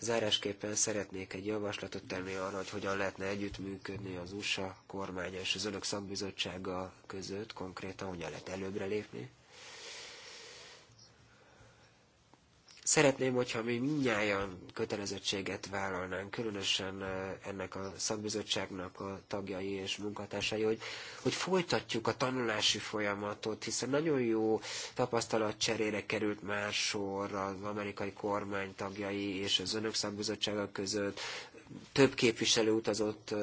Speaker 2: Zárásképpen szeretnék egy javaslatot tenni arra, hogy hogyan lehetne együttműködni az USA kormánya és az önök szakbizottsága között, konkrétan hogyan lehet előbbre lépni. Szeretném, hogyha mi minnyáján kötelezettséget vállalnánk, különösen ennek a szakbizottságnak a tagjai és munkatársai, hogy, hogy folytatjuk a tanulási folyamatot, hiszen nagyon jó tapasztalatcserére került már sor az amerikai kormány tagjai és az önök szakbizottsága között. Több képviselő utazott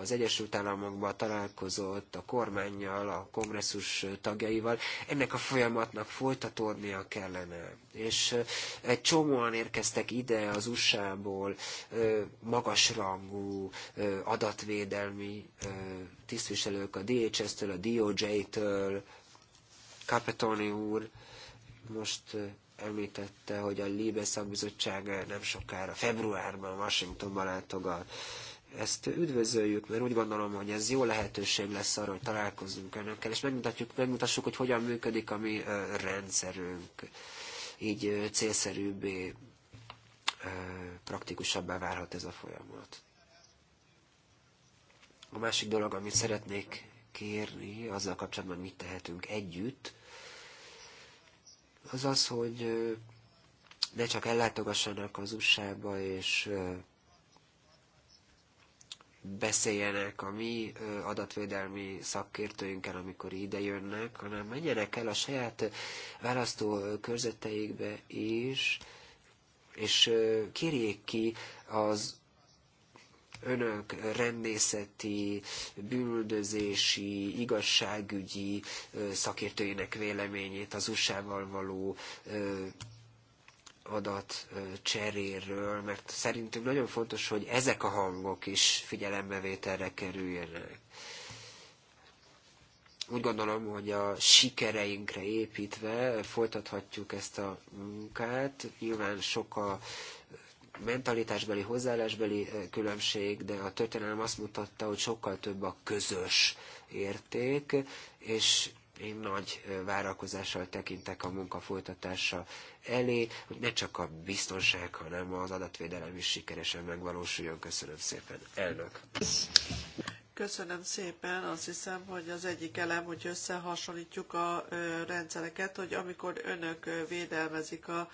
Speaker 2: az Egyesült Államokba, találkozott a kormányjal, a kongresszus tagjaival. Ennek a folyamatnak folytatódnia kellene. És egy csomóan érkeztek ide az USA-ból magasrangú adatvédelmi tisztviselők a DHS-től, a DOJ-től, Capetoni úr most említette, hogy a Libe szakbizottság nem sokára, februárban Washingtonban látogat. Ezt üdvözöljük, mert úgy gondolom, hogy ez jó lehetőség lesz arra, hogy találkozzunk önökkel, és megmutatjuk, megmutassuk, hogy hogyan működik a mi rendszerünk így célszerűbbé, praktikusabbá várhat ez a folyamat. A másik dolog, amit szeretnék kérni, azzal kapcsolatban mit tehetünk együtt, az az, hogy ne csak ellátogassanak az USA-ba és beszéljenek a mi adatvédelmi szakértőinkkel, amikor ide jönnek, hanem menjenek el a saját választó körzeteikbe is, és kérjék ki az önök rendészeti, bűnöldözési, igazságügyi szakértőinek véleményét az USA-val való adat cseréről, mert szerintünk nagyon fontos, hogy ezek a hangok is figyelembevételre kerüljenek. Úgy gondolom, hogy a sikereinkre építve folytathatjuk ezt a munkát. Nyilván sok a mentalitásbeli, hozzáállásbeli különbség, de a történelem azt mutatta, hogy sokkal több a közös érték, és én nagy várakozással tekintek a munka folytatása elé, hogy ne csak a biztonság, hanem az adatvédelem is sikeresen megvalósuljon. Köszönöm szépen, elnök!
Speaker 3: Köszönöm szépen. Azt hiszem, hogy az egyik elem, hogy összehasonlítjuk a rendszereket, hogy amikor önök védelmezik a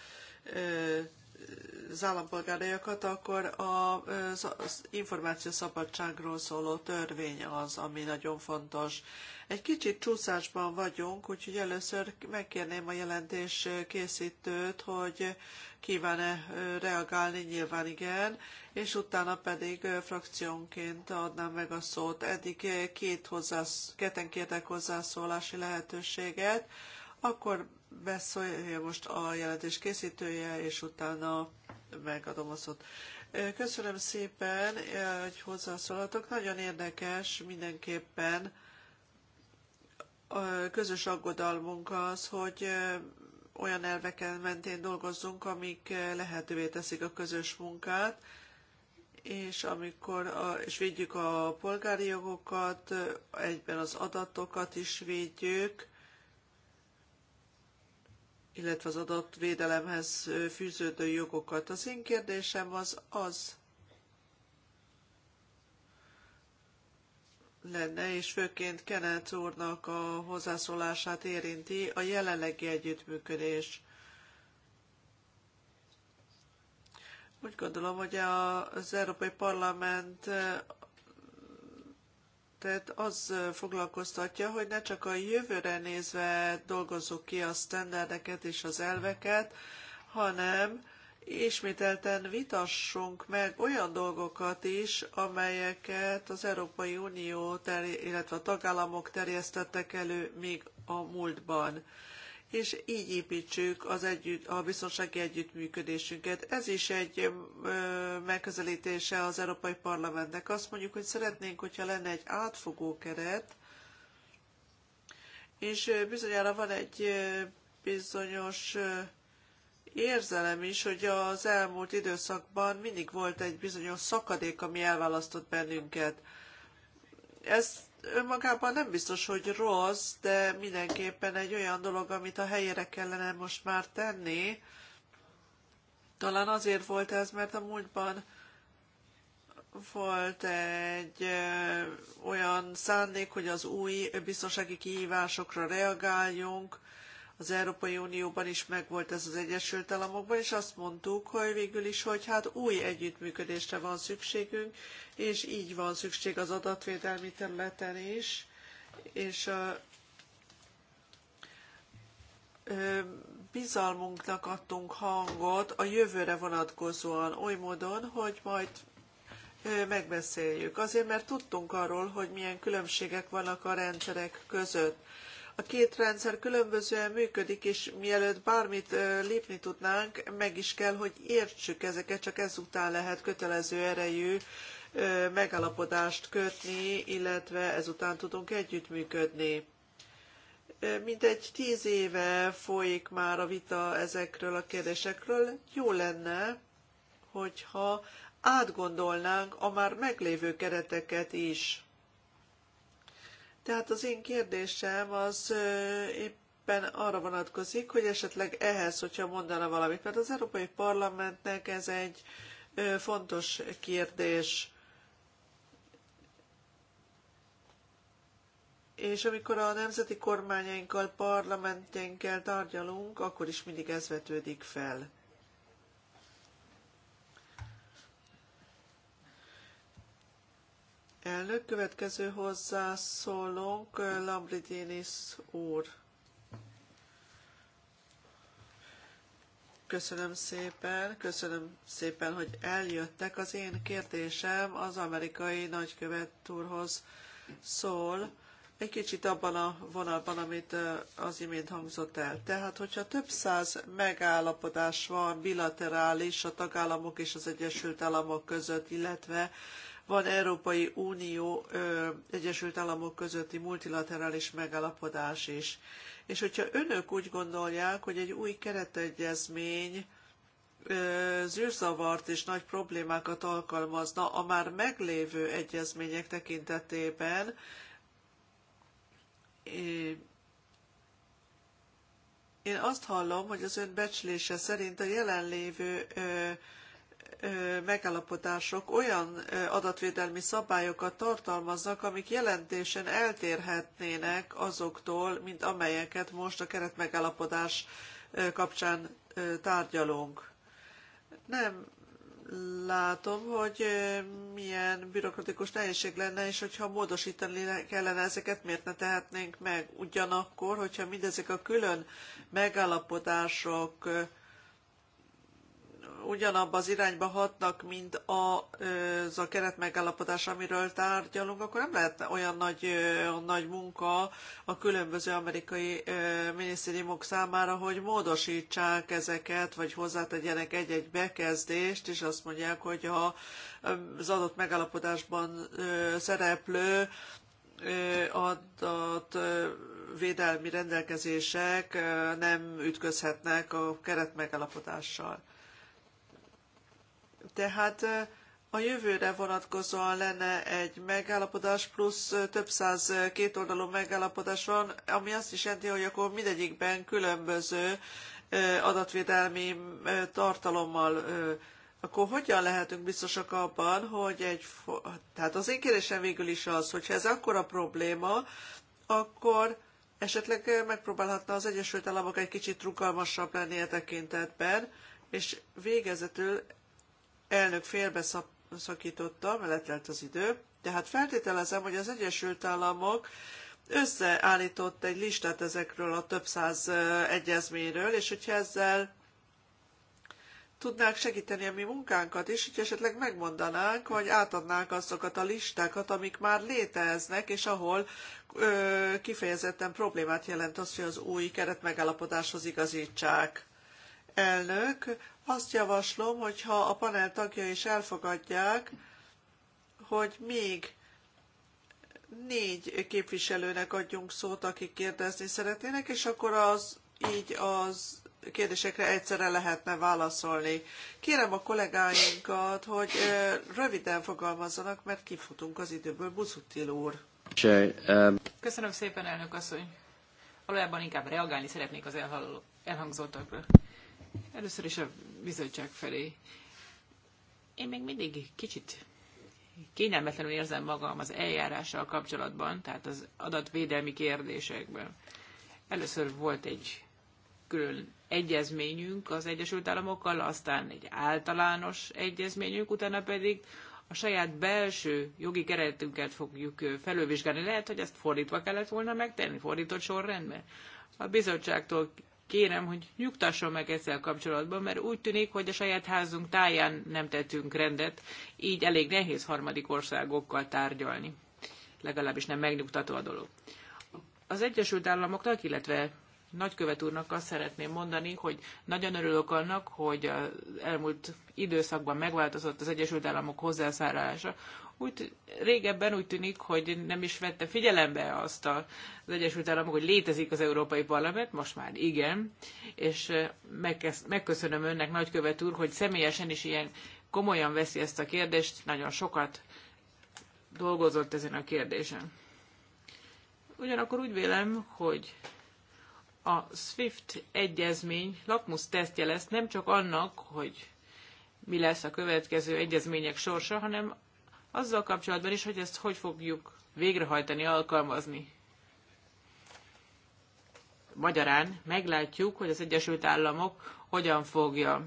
Speaker 3: az állampolgáraiakat, akkor az információszabadságról szóló törvény az, ami nagyon fontos. Egy kicsit csúszásban vagyunk, úgyhogy először megkérném a jelentés készítőt, hogy kíván-e reagálni, nyilván igen, és utána pedig frakciónként adnám meg a szót. Eddig két hozzász, keten kértek hozzászólási lehetőséget akkor beszélje most a jelentés készítője, és utána megadom a szót. Köszönöm szépen, hogy hozzászólatok. Nagyon érdekes mindenképpen a közös aggodalmunk az, hogy olyan elveken mentén dolgozzunk, amik lehetővé teszik a közös munkát, és amikor a, és védjük a polgári jogokat, egyben az adatokat is védjük, illetve az adatvédelemhez fűződő jogokat. Az én kérdésem az az lenne, és főként Kenneth úrnak a hozzászólását érinti a jelenlegi együttműködés. Úgy gondolom, hogy az Európai Parlament parlamentet az foglalkoztatja, hogy ne csak a jövőre nézve dolgozzuk ki a sztenderdeket és az elveket, hanem ismételten vitassunk meg olyan dolgokat is, amelyeket az Európai Unió, illetve a tagállamok terjesztettek elő még a múltban és így építsük az együtt, a biztonsági együttműködésünket. Ez is egy megközelítése az Európai Parlamentnek. Azt mondjuk, hogy szeretnénk, hogyha lenne egy átfogó keret, és bizonyára van egy bizonyos érzelem is, hogy az elmúlt időszakban mindig volt egy bizonyos szakadék, ami elválasztott bennünket. Ezt önmagában nem biztos, hogy rossz, de mindenképpen egy olyan dolog, amit a helyére kellene most már tenni. Talán azért volt ez, mert a múltban volt egy olyan szándék, hogy az új biztonsági kihívásokra reagáljunk, az Európai Unióban is megvolt ez az Egyesült Államokban, és azt mondtuk, hogy végül is, hogy hát új együttműködésre van szükségünk, és így van szükség az adatvédelmi területen is, és a, bizalmunknak adtunk hangot a jövőre vonatkozóan, oly módon, hogy majd megbeszéljük. Azért, mert tudtunk arról, hogy milyen különbségek vannak a rendszerek között. A két rendszer különbözően működik, és mielőtt bármit lépni tudnánk, meg is kell, hogy értsük ezeket, csak ezután lehet kötelező erejű megállapodást kötni, illetve ezután tudunk együttműködni. Mintegy tíz éve folyik már a vita ezekről a kérdésekről. Jó lenne, hogyha átgondolnánk a már meglévő kereteket is. Tehát az én kérdésem az éppen arra vonatkozik, hogy esetleg ehhez, hogyha mondana valamit, mert az Európai Parlamentnek ez egy fontos kérdés. És amikor a nemzeti kormányainkkal, parlamentjeinkkel tárgyalunk, akkor is mindig ez vetődik fel. Elnök, következő hozzászólónk eh, Lambridinis úr. Köszönöm szépen, köszönöm szépen, hogy eljöttek. Az én kérdésem az amerikai nagykövet úrhoz szól, egy kicsit abban a vonalban, amit eh, az imént hangzott el. Tehát, hogyha több száz megállapodás van bilaterális a tagállamok és az Egyesült Államok között, illetve van Európai Unió ö, Egyesült Államok közötti multilaterális megállapodás is. És hogyha önök úgy gondolják, hogy egy új keretegyezmény ö, zűrzavart és nagy problémákat alkalmazna a már meglévő egyezmények tekintetében, én azt hallom, hogy az ön becslése szerint a jelenlévő ö, megállapodások olyan adatvédelmi szabályokat tartalmaznak, amik jelentésen eltérhetnének azoktól, mint amelyeket most a keretmegállapodás kapcsán tárgyalunk. Nem látom, hogy milyen bürokratikus nehézség lenne, és hogyha módosítani kellene ezeket, miért ne tehetnénk meg? Ugyanakkor, hogyha mindezek a külön megállapodások ugyanabba az irányba hatnak, mint az a keretmegállapodás, amiről tárgyalunk, akkor nem lehetne olyan nagy, nagy munka a különböző amerikai minisztériumok számára, hogy módosítsák ezeket, vagy hozzátegyenek egy-egy bekezdést, és azt mondják, hogy a, az adott megállapodásban szereplő védelmi rendelkezések nem ütközhetnek a keretmegállapodással. Tehát a jövőre vonatkozóan lenne egy megállapodás, plusz több száz kétoldalú megállapodás van, ami azt is jelenti, hogy akkor mindegyikben különböző adatvédelmi tartalommal akkor hogyan lehetünk biztosak abban, hogy egy... Tehát az én kérdésem végül is az, ha ez akkora probléma, akkor esetleg megpróbálhatna az Egyesült Államok egy kicsit rugalmasabb lenni a e tekintetben, és végezetül elnök félbeszakította, mert lett az idő, tehát feltételezem, hogy az Egyesült Államok összeállított egy listát ezekről a több száz egyezményről, és hogyha ezzel tudnák segíteni a mi munkánkat is, hogy esetleg megmondanánk, vagy átadnánk azokat a listákat, amik már léteznek, és ahol ö, kifejezetten problémát jelent az, hogy az új keretmegállapodáshoz igazítsák. Elnök, azt javaslom, hogyha a panel tagja is elfogadják, hogy még négy képviselőnek adjunk szót, akik kérdezni szeretnének, és akkor az így az kérdésekre egyszerre lehetne válaszolni. Kérem a kollégáinkat, hogy röviden fogalmazzanak, mert kifutunk az időből. Buzutil úr. Köszönöm
Speaker 1: szépen, elnök asszony. Valójában inkább reagálni szeretnék az elhangzottakra. Először is a bizottság felé. Én még mindig kicsit kényelmetlenül érzem magam az eljárással kapcsolatban, tehát az adatvédelmi kérdésekben. Először volt egy külön egyezményünk az Egyesült Államokkal, aztán egy általános egyezményünk, utána pedig a saját belső jogi keretünket fogjuk felülvizsgálni. Lehet, hogy ezt fordítva kellett volna megtenni, fordított sorrendben. A bizottságtól kérem, hogy nyugtasson meg ezzel kapcsolatban, mert úgy tűnik, hogy a saját házunk táján nem tettünk rendet, így elég nehéz harmadik országokkal tárgyalni. Legalábbis nem megnyugtató a dolog. Az Egyesült Államoknak, illetve nagykövet úrnak azt szeretném mondani, hogy nagyon örülök annak, hogy az elmúlt időszakban megváltozott az Egyesült Államok hozzászárása, úgy régebben úgy tűnik, hogy nem is vette figyelembe azt a, az Egyesült Államok, hogy létezik az Európai Parlament, most már igen, és megköszönöm önnek, nagykövet úr, hogy személyesen is ilyen komolyan veszi ezt a kérdést, nagyon sokat dolgozott ezen a kérdésen. Ugyanakkor úgy vélem, hogy a SWIFT egyezmény lakmus tesztje lesz nem csak annak, hogy mi lesz a következő egyezmények sorsa, hanem azzal kapcsolatban is, hogy ezt hogy fogjuk végrehajtani, alkalmazni. Magyarán meglátjuk, hogy az Egyesült Államok hogyan fogja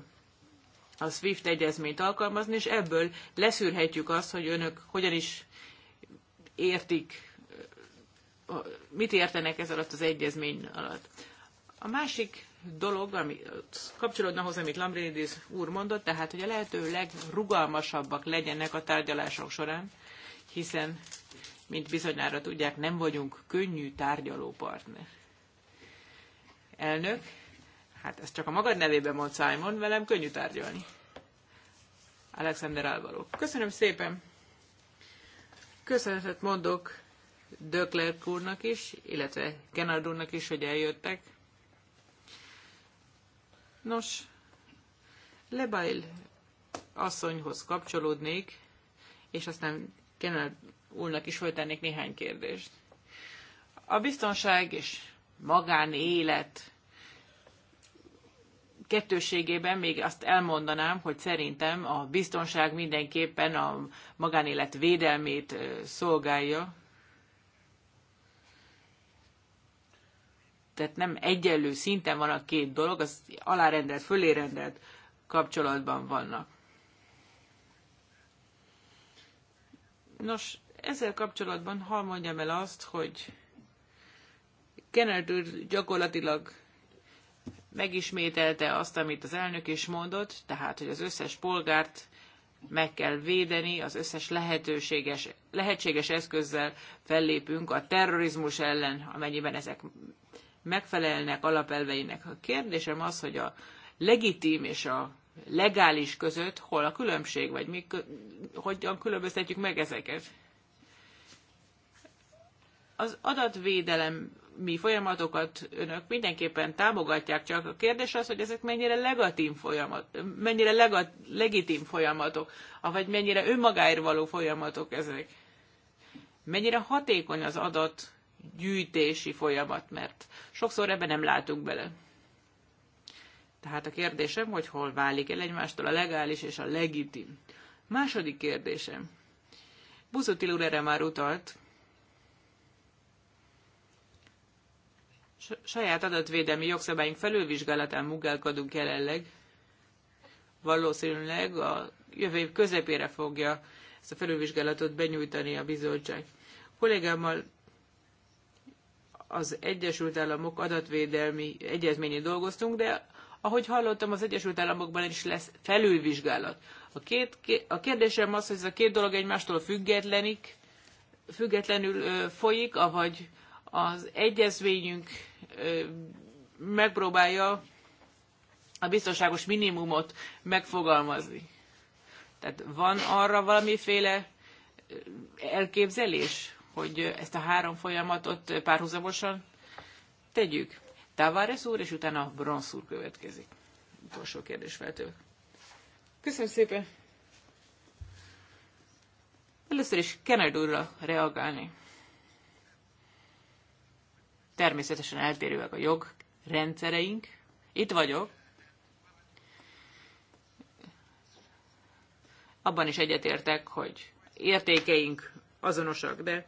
Speaker 1: a SWIFT egyezményt alkalmazni, és ebből leszűrhetjük azt, hogy önök hogyan is értik, mit értenek ez alatt az egyezmény alatt. A másik dolog, ami kapcsolódna ahhoz, amit Lambrinidis úr mondott, tehát hogy a lehető legrugalmasabbak legyenek a tárgyalások során, hiszen, mint bizonyára tudják, nem vagyunk könnyű tárgyalópartner. Elnök, hát ezt csak a magad nevében mond Simon, velem könnyű tárgyalni. Alexander Álvaló. Köszönöm szépen! Köszönetet mondok Döklerk úrnak is, illetve Kenard úrnak is, hogy eljöttek. Nos, Lebail asszonyhoz kapcsolódnék, és aztán Kenel úrnak is föltennék néhány kérdést. A biztonság és magánélet kettőségében még azt elmondanám, hogy szerintem a biztonság mindenképpen a magánélet védelmét szolgálja, tehát nem egyenlő szinten van a két dolog, az alárendelt, fölérendelt kapcsolatban vannak. Nos, ezzel kapcsolatban hal mondjam el azt, hogy Kennedy gyakorlatilag megismételte azt, amit az elnök is mondott, tehát, hogy az összes polgárt meg kell védeni, az összes lehetőséges, lehetséges eszközzel fellépünk a terrorizmus ellen, amennyiben ezek megfelelnek alapelveinek. A kérdésem az, hogy a legitim és a legális között hol a különbség, vagy mi, hogyan különböztetjük meg ezeket. Az adatvédelem mi folyamatokat önök mindenképpen támogatják, csak a kérdés az, hogy ezek mennyire legatim folyamat, mennyire legat, legitim folyamatok, vagy mennyire önmagáért való folyamatok ezek. Mennyire hatékony az adat gyűjtési folyamat, mert sokszor ebben nem látunk bele. Tehát a kérdésem, hogy hol válik el egymástól a legális és a legitim. Második kérdésem. Buzutil úr erre már utalt. Saját adatvédelmi jogszabályunk felülvizsgálatán munkálkodunk jelenleg. Valószínűleg a jövő év közepére fogja ezt a felülvizsgálatot benyújtani a bizottság. Kollégámmal az Egyesült Államok adatvédelmi egyezményén dolgoztunk, de ahogy hallottam, az Egyesült Államokban is lesz felülvizsgálat. A, két, a kérdésem az, hogy ez a két dolog egymástól függetlenik, függetlenül folyik, avagy az egyezményünk megpróbálja a biztonságos minimumot megfogalmazni. Tehát van arra valamiféle elképzelés? hogy ezt a három folyamatot párhuzamosan tegyük. Tavares úr, és utána Bronsz úr következik. Utolsó kérdés feltől. Köszönöm szépen. Először is Kennedy úrra reagálni. Természetesen eltérőek a jog rendszereink. Itt vagyok. Abban is egyetértek, hogy értékeink azonosak, de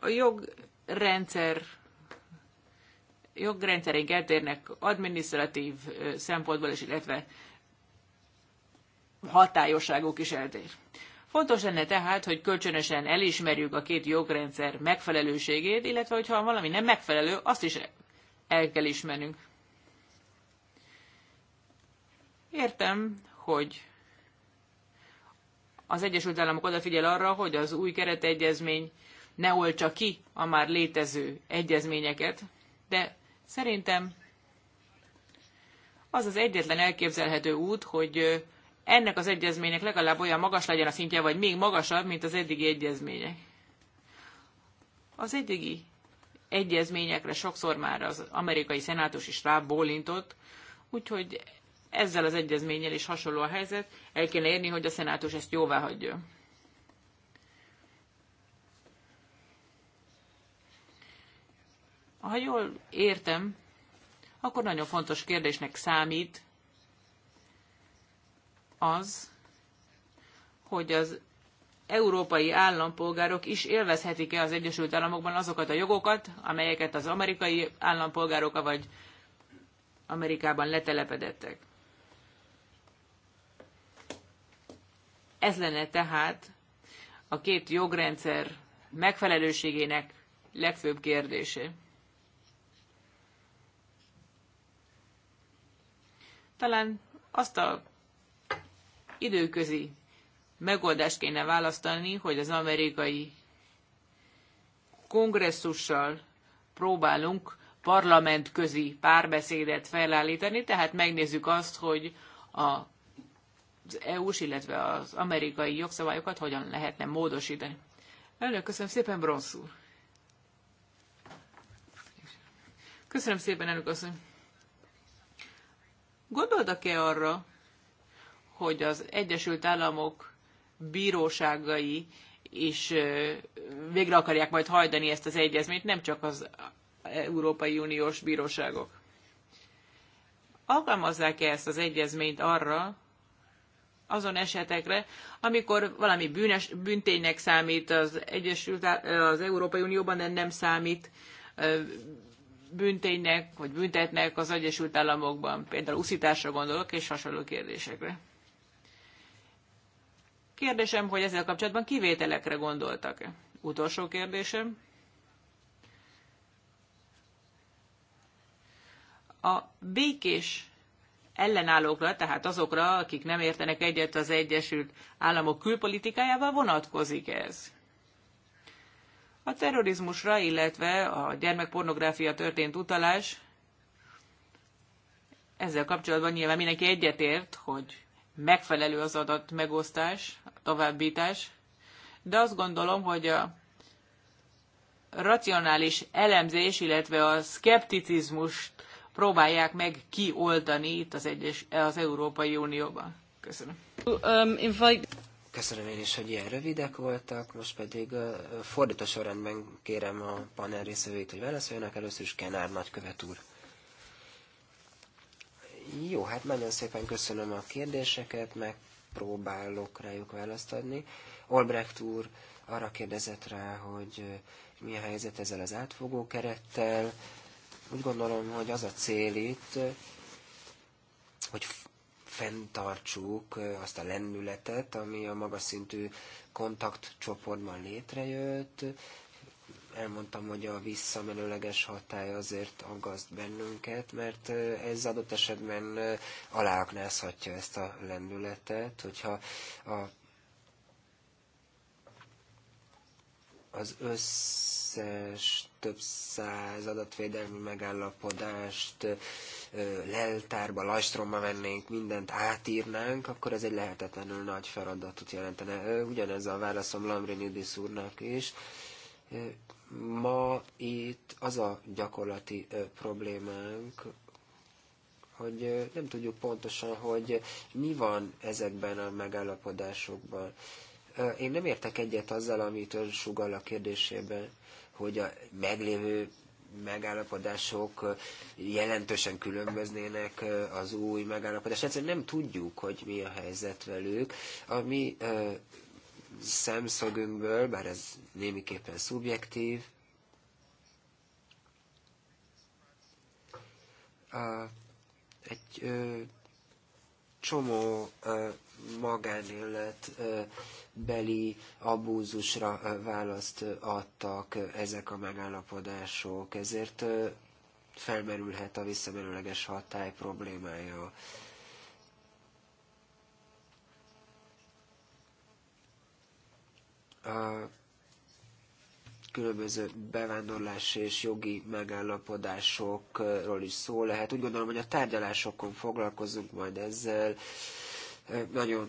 Speaker 1: a jogrendszer jogrendszerénk eltérnek adminisztratív szempontból is, illetve hatályosságuk is eltér. Fontos lenne tehát, hogy kölcsönösen elismerjük a két jogrendszer megfelelőségét, illetve hogyha valami nem megfelelő, azt is el kell ismernünk. Értem, hogy az Egyesült Államok odafigyel arra, hogy az új keretegyezmény ne oltsa ki a már létező egyezményeket, de szerintem az az egyetlen elképzelhető út, hogy ennek az egyezménynek legalább olyan magas legyen a szintje, vagy még magasabb, mint az eddigi egyezmények. Az eddigi egyezményekre sokszor már az amerikai szenátus is rábólintott, úgyhogy ezzel az egyezménnyel is hasonló a helyzet, el kéne érni, hogy a szenátus ezt jóvá hagyja. Ha jól értem, akkor nagyon fontos kérdésnek számít az, hogy az európai állampolgárok is élvezhetik-e az Egyesült Államokban azokat a jogokat, amelyeket az amerikai állampolgárok vagy Amerikában letelepedettek. Ez lenne tehát a két jogrendszer megfelelőségének legfőbb kérdése. Talán azt a időközi megoldást kéne választani, hogy az amerikai kongresszussal próbálunk parlamentközi párbeszédet felállítani, tehát megnézzük azt, hogy a az EU-s, illetve az amerikai jogszabályokat hogyan lehetne módosítani. Elnök, köszönöm szépen, Bronsz Köszönöm szépen, elnök köszönöm. Gondoltak-e arra, hogy az Egyesült Államok bíróságai is végre akarják majd hajtani ezt az egyezményt, nem csak az Európai Uniós bíróságok. Alkalmazzák-e ezt az egyezményt arra, azon esetekre, amikor valami bűnes, bűnténynek számít az, Egyesült, az Európai Unióban, de nem számít bűnténynek, vagy büntetnek az Egyesült Államokban, például uszításra gondolok, és hasonló kérdésekre. Kérdésem, hogy ezzel kapcsolatban kivételekre gondoltak-e? Utolsó kérdésem. A békés ellenállókra, tehát azokra, akik nem értenek egyet az Egyesült Államok külpolitikájával vonatkozik ez. A terrorizmusra, illetve a gyermekpornográfia történt utalás, ezzel kapcsolatban nyilván mindenki egyetért, hogy megfelelő az adat megosztás, továbbítás, de azt gondolom, hogy a racionális elemzés, illetve a szkepticizmust próbálják meg kioltani itt az, egyes, az Európai Unióban.
Speaker 2: Köszönöm. Um, Köszönöm én is, hogy ilyen rövidek voltak, most pedig fordító sorrendben kérem a panel részvevőit, hogy válaszoljanak. Először is Kenár nagykövet úr. Jó, hát nagyon szépen köszönöm a kérdéseket, megpróbálok rájuk választ adni. Olbrecht úr arra kérdezett rá, hogy mi a helyzet ezzel az átfogó kerettel. Úgy gondolom, hogy az a cél itt, hogy fenntartsuk azt a lendületet, ami a magas szintű kontaktcsoportban létrejött. Elmondtam, hogy a visszamenőleges hatály azért aggaszt bennünket, mert ez adott esetben aláaknázhatja ezt a lendületet, hogyha a az összes több száz adatvédelmi megállapodást leltárba, lajstromba vennénk, mindent átírnánk, akkor ez egy lehetetlenül nagy feladatot jelentene. Ugyanez a válaszom Lambrinidis úrnak is. Ma itt az a gyakorlati problémánk, hogy nem tudjuk pontosan, hogy mi van ezekben a megállapodásokban én nem értek egyet azzal, amit ön sugall a kérdésében, hogy a meglévő megállapodások jelentősen különböznének az új megállapodás. Egyszerűen nem tudjuk, hogy mi a helyzet velük. A mi szemszögünkből, bár ez némiképpen szubjektív, a, egy ö, csomó ö, magánélet ö, beli abúzusra választ adtak ezek a megállapodások, ezért felmerülhet a visszamenőleges hatály problémája. A különböző bevándorlás és jogi megállapodásokról is szó lehet. Úgy gondolom, hogy a tárgyalásokon foglalkozunk majd ezzel, nagyon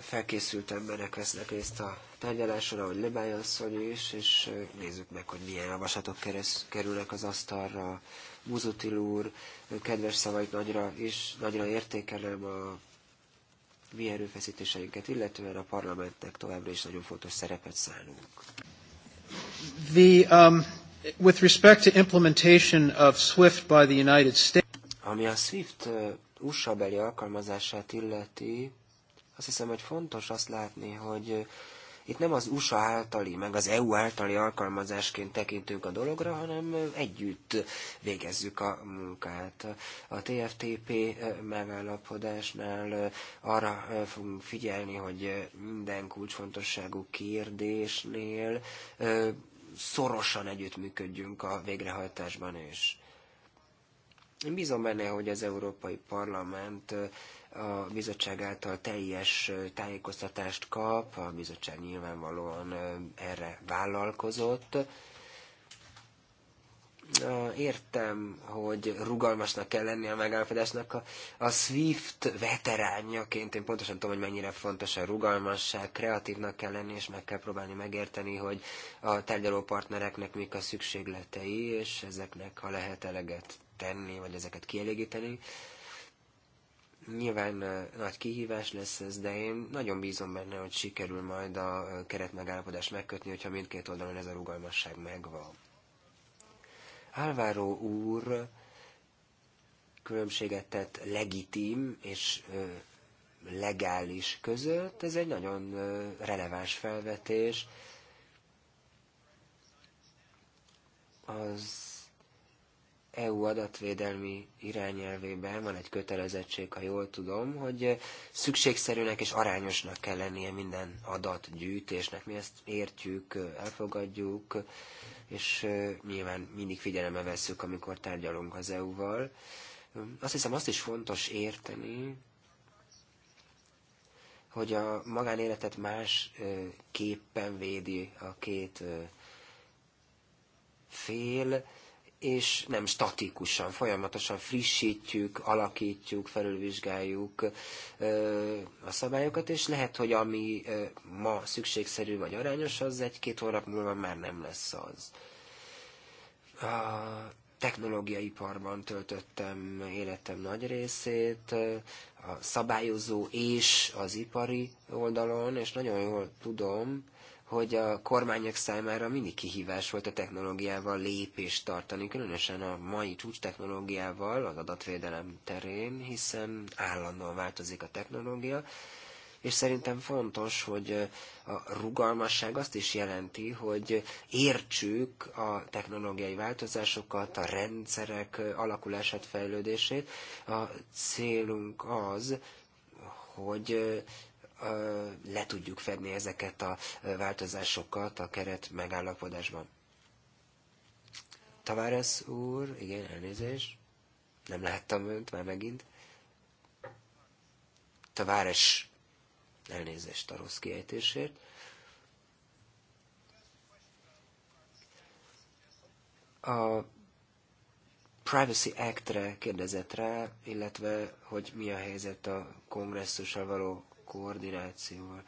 Speaker 2: felkészült emberek vesznek részt a tárgyaláson, ahogy Lebály asszony is, és nézzük meg, hogy milyen javaslatok kerülnek az asztalra. Muzutil úr, kedves szavait nagyra, és nagyra értékelem a mi erőfeszítéseinket, illetően a parlamentnek továbbra is nagyon fontos szerepet szánunk. The, um, with respect to implementation of SWIFT by the United States, ami a SWIFT USA beli alkalmazását illeti, azt hiszem, hogy fontos azt látni, hogy itt nem az USA általi, meg az EU általi alkalmazásként tekintünk a dologra, hanem együtt végezzük a munkát. A TFTP megállapodásnál arra fogunk figyelni, hogy minden kulcsfontosságú kérdésnél szorosan együttműködjünk a végrehajtásban is. Én bízom benne, hogy az Európai Parlament a bizottság által teljes tájékoztatást kap, a bizottság nyilvánvalóan erre vállalkozott. Értem, hogy rugalmasnak kell lenni a megállapodásnak. A, a SWIFT veterányaként én pontosan tudom, hogy mennyire fontos a rugalmasság, kreatívnak kell lenni, és meg kell próbálni megérteni, hogy a partnereknek mik a szükségletei, és ezeknek, ha lehet eleget tenni, vagy ezeket kielégíteni. Uh, Nyilván nagy kihívás lesz ez, de én nagyon bízom benne, hogy sikerül majd a keretmegállapodást megkötni, hogyha mindkét oldalon ez a rugalmasság megvan. Álváró úr különbséget tett legitim és legális között, ez egy nagyon releváns felvetés. Az EU adatvédelmi irányelvében van egy kötelezettség, ha jól tudom, hogy szükségszerűnek és arányosnak kell lennie minden adatgyűjtésnek. Mi ezt értjük, elfogadjuk, és nyilván mindig figyelembe veszük, amikor tárgyalunk az EU-val. Azt hiszem, azt is fontos érteni, hogy a magánéletet más képpen védi a két fél, és nem statikusan, folyamatosan frissítjük, alakítjuk, felülvizsgáljuk a szabályokat, és lehet, hogy ami ma szükségszerű vagy arányos, az egy-két hónap múlva már nem lesz az. A technológiaiparban töltöttem életem nagy részét, a szabályozó és az ipari oldalon, és nagyon jól tudom, hogy a kormányok számára mindig kihívás volt a technológiával lépést tartani, különösen a mai csúcs technológiával az adatvédelem terén, hiszen állandóan változik a technológia, és szerintem fontos, hogy a rugalmasság azt is jelenti, hogy értsük a technológiai változásokat, a rendszerek alakulását, fejlődését. A célunk az, hogy le tudjuk fedni ezeket a változásokat a keret megállapodásban. Tavares úr, igen, elnézés, Nem láttam önt már megint. Tavares, elnézést a rossz kiejtésért. A Privacy Act-re kérdezett rá, illetve hogy mi a helyzet a kongresszussal való koordinációval.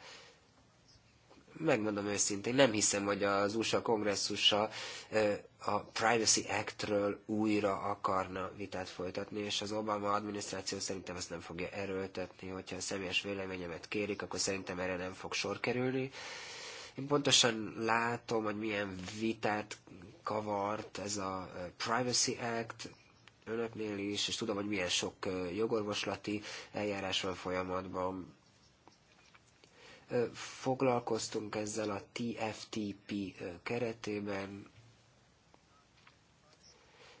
Speaker 2: Megmondom őszintén, nem hiszem, hogy az USA kongresszusa eh, a Privacy Act-ről újra akarna vitát folytatni, és az Obama adminisztráció szerintem ezt nem fogja erőltetni, hogyha a személyes véleményemet kérik, akkor szerintem erre nem fog sor kerülni. Én pontosan látom, hogy milyen vitát kavart ez a eh, Privacy Act, önöknél is, és tudom, hogy milyen sok eh, jogorvoslati eljárás van folyamatban, Foglalkoztunk ezzel a TFTP keretében,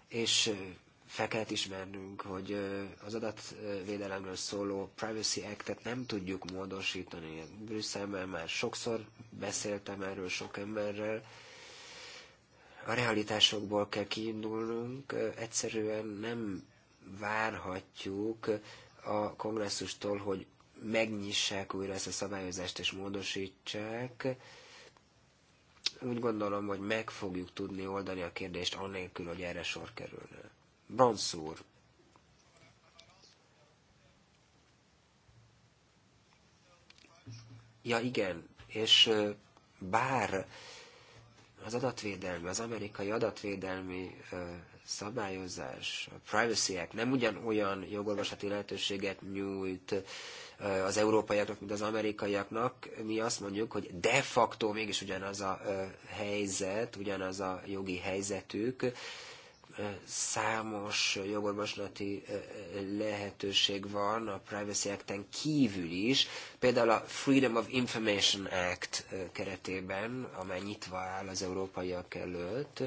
Speaker 2: és fel kellett ismernünk, hogy az adatvédelemről szóló Privacy Act-et nem tudjuk módosítani. Brüsszelben már sokszor beszéltem erről sok emberrel. A realitásokból kell kiindulnunk, egyszerűen nem várhatjuk a kongresszustól, hogy megnyissák újra ezt a szabályozást és módosítsák. Úgy gondolom, hogy meg fogjuk tudni oldani a kérdést anélkül, hogy erre sor kerülne. Bronszúr. Ja, igen, és bár az adatvédelmi, az amerikai adatvédelmi szabályozás, a Privacy Act nem ugyanolyan jogolvasati lehetőséget nyújt az európaiaknak, mint az amerikaiaknak. Mi azt mondjuk, hogy de facto mégis ugyanaz a helyzet, ugyanaz a jogi helyzetük, számos jogorvoslati lehetőség van a Privacy Act-en kívül is, például a Freedom of Information Act keretében, amely nyitva áll az európaiak előtt,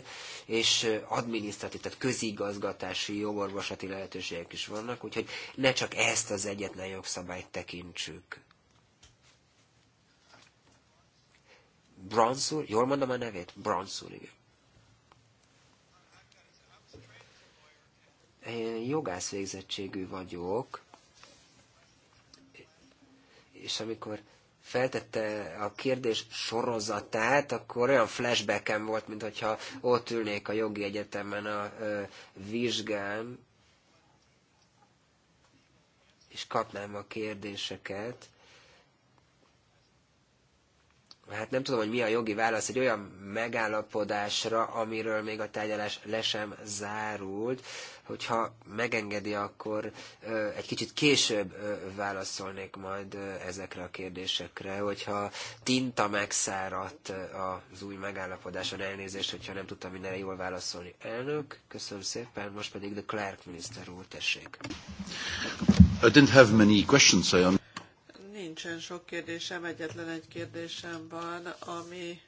Speaker 2: és adminisztratív, tehát közigazgatási jogorvoslati lehetőségek is vannak, úgyhogy ne csak ezt az egyetlen jogszabályt tekintsük. Bronzul, jól mondom a nevét? Bronzul, igen. Én jogász végzettségű vagyok, és amikor feltette a kérdés sorozatát, akkor olyan flashbackem volt, mintha ott ülnék a jogi egyetemen a ö, vizsgán, és kapnám a kérdéseket. Hát nem tudom, hogy mi a jogi válasz egy olyan megállapodásra, amiről még a tárgyalás le sem zárult. Hogyha megengedi, akkor egy kicsit később válaszolnék majd ezekre a kérdésekre, hogyha tinta megszáradt az új megállapodáson elnézést, hogyha nem tudtam mindenre jól válaszolni. Elnök, köszönöm szépen, most pedig de Clark miniszter úr, tessék.
Speaker 1: I didn't have many questions, so I'm...
Speaker 3: Nincsen sok kérdésem, egyetlen egy kérdésem van, ami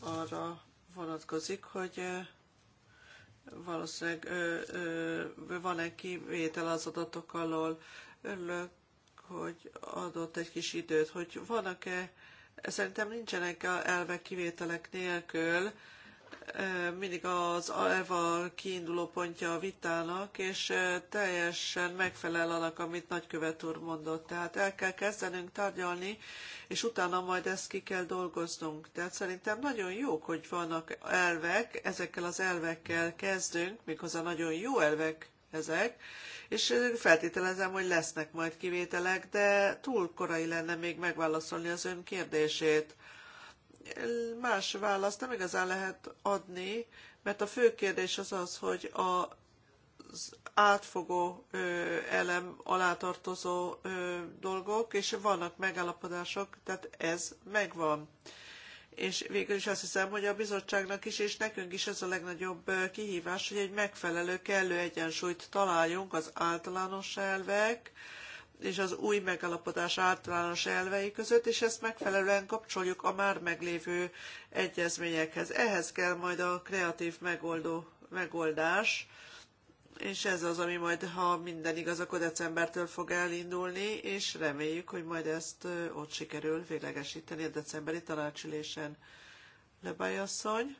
Speaker 3: arra vonatkozik, hogy valószínűleg ö, ö, van egy kivétel az adatok alól. Örülök, hogy adott egy kis időt, hogy vannak-e, szerintem nincsenek elvek kivételek nélkül, mindig az EVA kiinduló pontja a vitának, és teljesen megfelel annak, amit nagykövet úr mondott. Tehát el kell kezdenünk tárgyalni, és utána majd ezt ki kell dolgoznunk. Tehát szerintem nagyon jó, hogy vannak elvek, ezekkel az elvekkel kezdünk, méghozzá nagyon jó elvek ezek, és feltételezem, hogy lesznek majd kivételek, de túl korai lenne még megválaszolni az ön kérdését más választ nem igazán lehet adni, mert a fő kérdés az az, hogy a az átfogó elem alá tartozó dolgok, és vannak megállapodások, tehát ez megvan. És végül is azt hiszem, hogy a bizottságnak is, és nekünk is ez a legnagyobb kihívás, hogy egy megfelelő, kellő egyensúlyt találjunk az általános elvek, és az új megalapodás általános elvei között, és ezt megfelelően kapcsoljuk a már meglévő egyezményekhez. Ehhez kell majd a kreatív megoldó, megoldás, és ez az, ami majd, ha minden igaz, akkor decembertől fog elindulni, és reméljük, hogy majd ezt ott sikerül véglegesíteni a decemberi tanácsülésen. Lebaj asszony.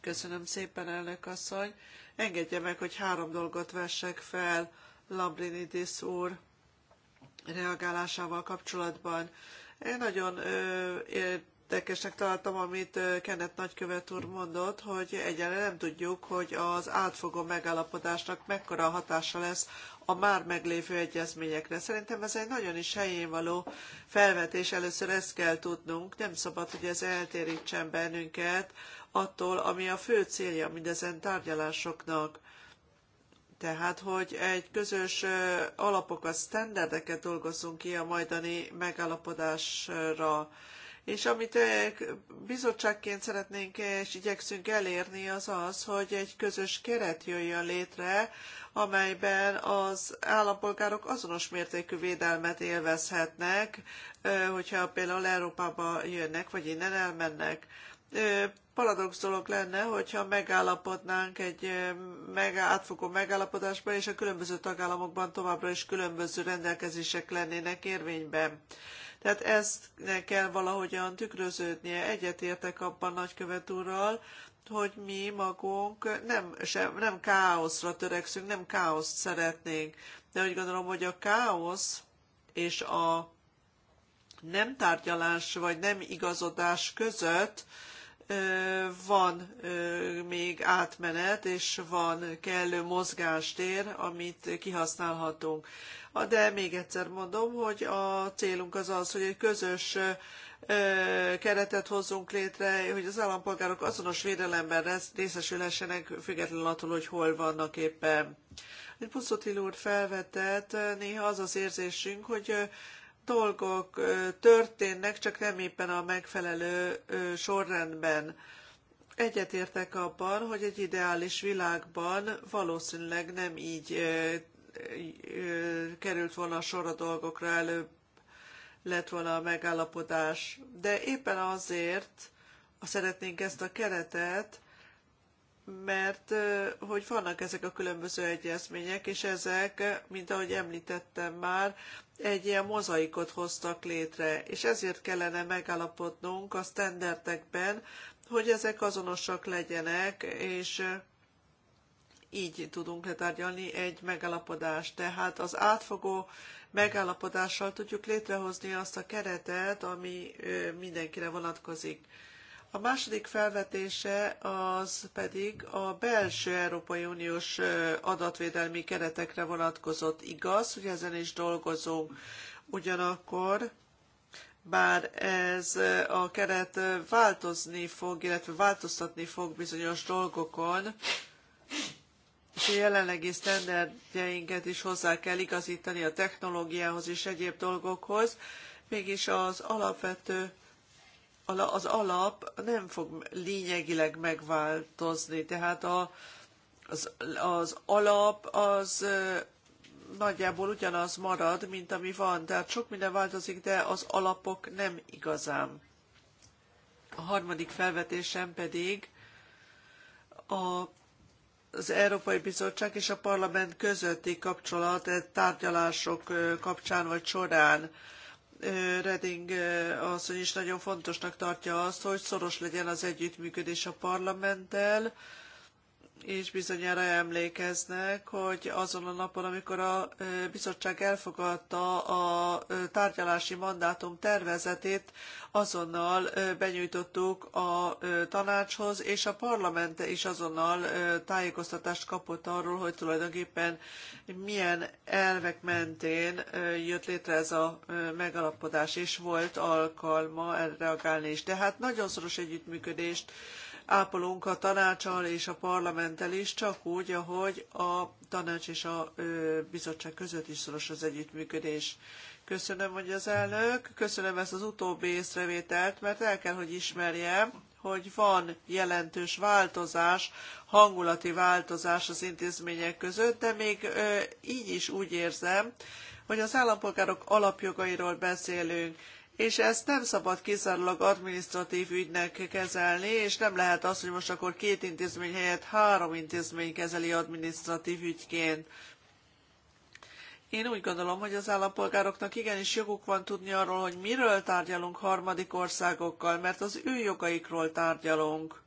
Speaker 3: Köszönöm szépen, elnök asszony. Engedje meg, hogy három dolgot vessek fel Lambrinidis úr reagálásával kapcsolatban. Én nagyon érdekesnek találtam, amit Kenneth nagykövet úr mondott, hogy egyelőre nem tudjuk, hogy az átfogó megállapodásnak mekkora hatása lesz a már meglévő egyezményekre. Szerintem ez egy nagyon is helyén való felvetés, először ezt kell tudnunk, nem szabad, hogy ez eltérítsen bennünket attól, ami a fő célja mindezen tárgyalásoknak. Tehát, hogy egy közös alapokat, standardeket dolgozzunk ki a majdani megállapodásra. És amit bizottságként szeretnénk és igyekszünk elérni, az az, hogy egy közös keret jöjjön létre, amelyben az állampolgárok azonos mértékű védelmet élvezhetnek, hogyha például Európába jönnek, vagy innen elmennek paradox dolog lenne, hogyha megállapodnánk egy meg, átfogó megállapodásban, és a különböző tagállamokban továbbra is különböző rendelkezések lennének érvényben. Tehát ezt kell valahogyan tükröződnie. Egyetértek abban nagykövet úrral, hogy mi magunk nem, sem, nem káoszra törekszünk, nem káoszt szeretnénk. De úgy gondolom, hogy a káosz és a nem tárgyalás vagy nem igazodás között van még átmenet, és van kellő mozgástér, amit kihasználhatunk. De még egyszer mondom, hogy a célunk az az, hogy egy közös keretet hozzunk létre, hogy az állampolgárok azonos védelemben részesülhessenek, függetlenül attól, hogy hol vannak éppen. Egy Puszotil úr felvetett, néha az az érzésünk, hogy dolgok történnek, csak nem éppen a megfelelő sorrendben. Egyetértek abban, hogy egy ideális világban valószínűleg nem így került volna a sor a dolgokra, előbb lett volna a megállapodás. De éppen azért szeretnénk ezt a keretet, mert hogy vannak ezek a különböző egyezmények, és ezek, mint ahogy említettem már, egy ilyen mozaikot hoztak létre, és ezért kellene megállapodnunk a standardekben, hogy ezek azonosak legyenek, és így tudunk letárgyalni egy megállapodást. Tehát az átfogó megállapodással tudjuk létrehozni azt a keretet, ami mindenkire vonatkozik. A második felvetése az pedig a belső Európai Uniós adatvédelmi keretekre vonatkozott. Igaz, hogy ezen is dolgozunk. Ugyanakkor bár ez a keret változni fog, illetve változtatni fog bizonyos dolgokon, és a jelenlegi sztenderdjeinket is hozzá kell igazítani a technológiához és egyéb dolgokhoz, mégis az alapvető az alap nem fog lényegileg megváltozni, tehát a, az, az alap az nagyjából ugyanaz marad, mint ami van, tehát sok minden változik, de az alapok nem igazán. A harmadik felvetésem pedig a, az Európai Bizottság és a Parlament közötti kapcsolat tárgyalások kapcsán vagy során Reding asszony is nagyon fontosnak tartja azt, hogy szoros legyen az együttműködés a parlamenttel, és bizonyára emlékeznek, hogy azon a napon, amikor a bizottság elfogadta a tárgyalási mandátum tervezetét, azonnal benyújtottuk a tanácshoz, és a parlament is azonnal tájékoztatást kapott arról, hogy tulajdonképpen milyen elvek mentén jött létre ez a megalapodás, és volt alkalma erre reagálni is. De hát nagyon szoros együttműködést ápolunk a tanácsal és a parlamenttel is, csak úgy, ahogy a tanács és a bizottság között is szoros az együttműködés. Köszönöm, hogy az elnök, köszönöm ezt az utóbbi észrevételt, mert el kell, hogy ismerjem, hogy van jelentős változás, hangulati változás az intézmények között, de még így is úgy érzem, hogy az állampolgárok alapjogairól beszélünk, és ezt nem szabad kizárólag administratív ügynek kezelni, és nem lehet az, hogy most akkor két intézmény helyett három intézmény kezeli administratív ügyként. Én úgy gondolom, hogy az állampolgároknak igenis joguk van tudni arról, hogy miről tárgyalunk harmadik országokkal, mert az ő jogaikról tárgyalunk.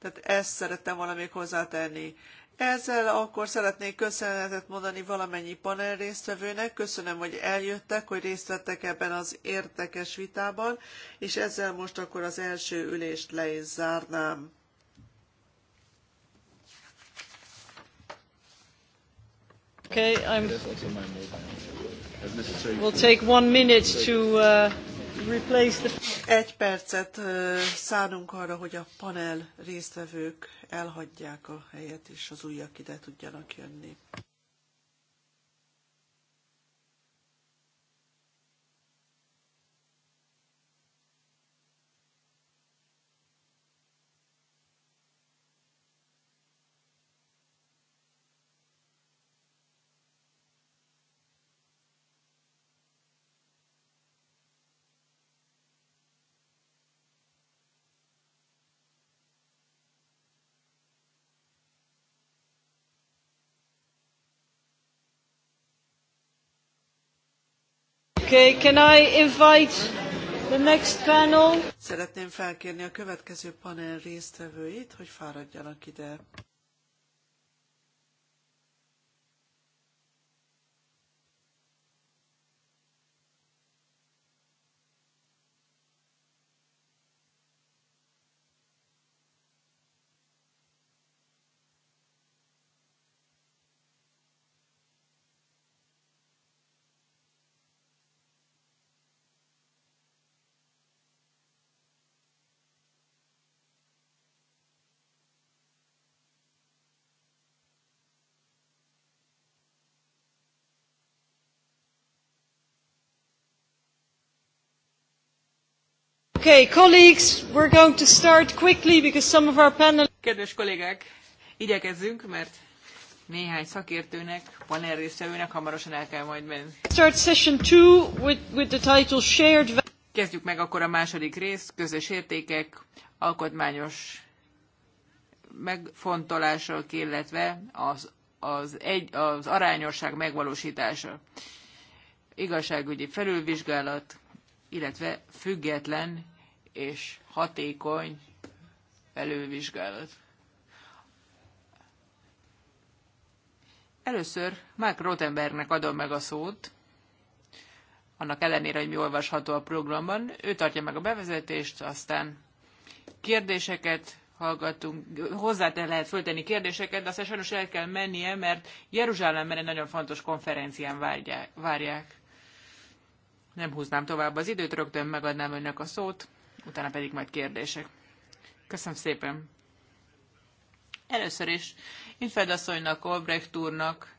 Speaker 3: Tehát ezt szerettem volna még hozzátenni. Ezzel akkor szeretnék köszönetet mondani valamennyi panel résztvevőnek. Köszönöm, hogy eljöttek, hogy részt vettek ebben az érdekes vitában, és ezzel most akkor az első ülést le is zárnám. Okay, I'm. We'll take one minute to. Uh... Egy percet szánunk arra, hogy a panel résztvevők elhagyják a helyet, és az újak ide tudjanak jönni. Okay, can I invite the next panel? Szeretném felkérni a következő panel résztvevőit, hogy fáradjanak ide. Okay, colleagues,
Speaker 1: we're going to start quickly because some of our panel... Kedves kollégák, igyekezzünk, mert néhány szakértőnek, panel résztvevőnek hamarosan el kell majd menni. Start session two with, with the title Shared... Kezdjük meg akkor a második részt, közös értékek, alkotmányos megfontolások, illetve az, az, egy, az arányosság megvalósítása, igazságügyi felülvizsgálat, illetve független és hatékony felülvizsgálat. Először Mark Rotenbergnek adom meg a szót, annak ellenére, hogy mi olvasható a programban. Ő tartja meg a bevezetést, aztán kérdéseket hallgatunk, hozzá lehet föltenni kérdéseket, de aztán sajnos el kell mennie, mert Jeruzsálemben egy nagyon fontos konferencián várják. Nem húznám tovább az időt, rögtön megadnám önnek a szót utána pedig majd kérdések. Köszönöm szépen! Először is Infeld asszonynak, Olbrecht úrnak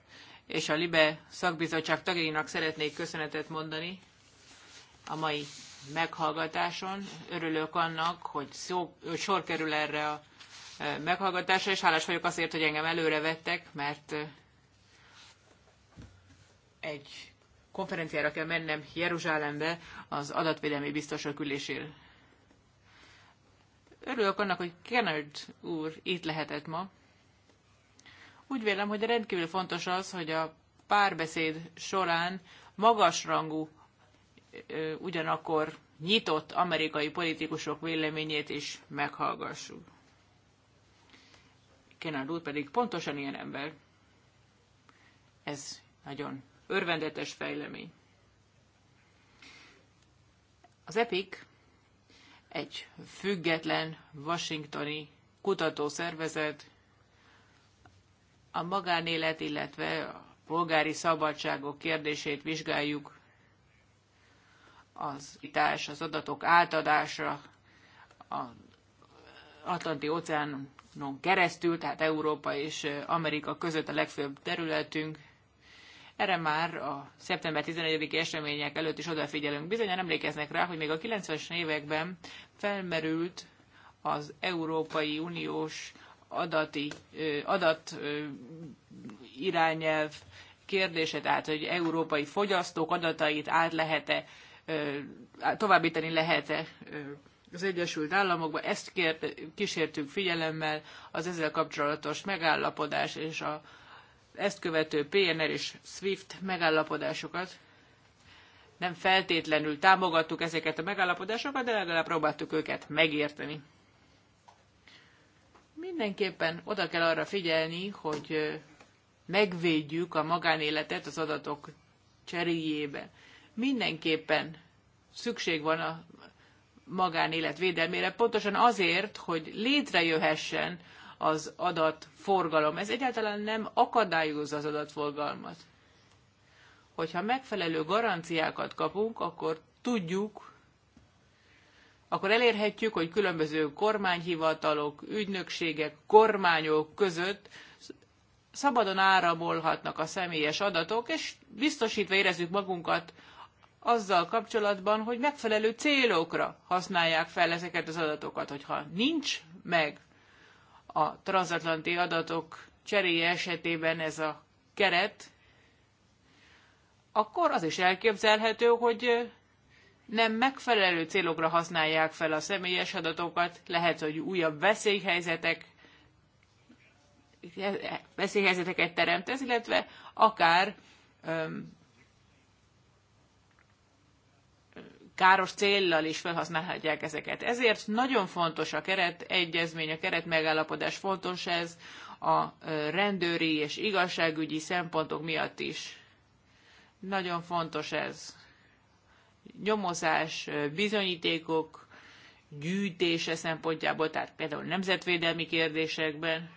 Speaker 1: és a LIBE szakbizottság tagjainak szeretnék köszönetet mondani a mai meghallgatáson. Örülök annak, hogy, szó, sor kerül erre a e, meghallgatásra, és hálás vagyok azért, hogy engem előre vettek, mert e, egy konferenciára kell mennem Jeruzsálembe az adatvédelmi biztosok ülésére. Örülök annak, hogy Kennard úr itt lehetett ma. Úgy vélem, hogy rendkívül fontos az, hogy a párbeszéd során magasrangú, ugyanakkor nyitott amerikai politikusok véleményét is meghallgassuk. Kennard úr pedig pontosan ilyen ember. Ez nagyon örvendetes fejlemény. Az EPIC egy független washingtoni kutatószervezet a magánélet, illetve a polgári szabadságok kérdését vizsgáljuk, az itás, az adatok átadása az Atlanti óceánon keresztül, tehát Európa és Amerika között a legfőbb területünk, erre már a szeptember 11-i események előtt is odafigyelünk. Bizonyan emlékeznek rá, hogy még a 90-es években felmerült az Európai Uniós adati, adat irányelv kérdése, tehát hogy európai fogyasztók adatait át lehet-e, továbbítani lehet-e az Egyesült Államokba. Ezt kért, kísértük figyelemmel az ezzel kapcsolatos megállapodás és a ezt követő PNR és SWIFT megállapodásokat. Nem feltétlenül támogattuk ezeket a megállapodásokat, de legalább próbáltuk őket megérteni. Mindenképpen oda kell arra figyelni, hogy megvédjük a magánéletet az adatok cseréjébe. Mindenképpen szükség van a magánélet védelmére, pontosan azért, hogy létrejöhessen az adatforgalom. Ez egyáltalán nem akadályozza az adatforgalmat. Hogyha megfelelő garanciákat kapunk, akkor tudjuk, akkor elérhetjük, hogy különböző kormányhivatalok, ügynökségek, kormányok között szabadon áramolhatnak a személyes adatok, és biztosítva érezzük magunkat azzal kapcsolatban, hogy megfelelő célokra használják fel ezeket az adatokat. Hogyha nincs meg a transatlanti adatok cseréje esetében ez a keret, akkor az is elképzelhető, hogy nem megfelelő célokra használják fel a személyes adatokat, lehet, hogy újabb veszélyhelyzetek, veszélyhelyzeteket teremt ez, illetve akár öm, káros céllal is felhasználhatják ezeket. Ezért nagyon fontos a keret egyezmény, a keret megállapodás fontos ez a rendőri és igazságügyi szempontok miatt is. Nagyon fontos ez. Nyomozás, bizonyítékok, gyűjtése szempontjából, tehát például nemzetvédelmi kérdésekben,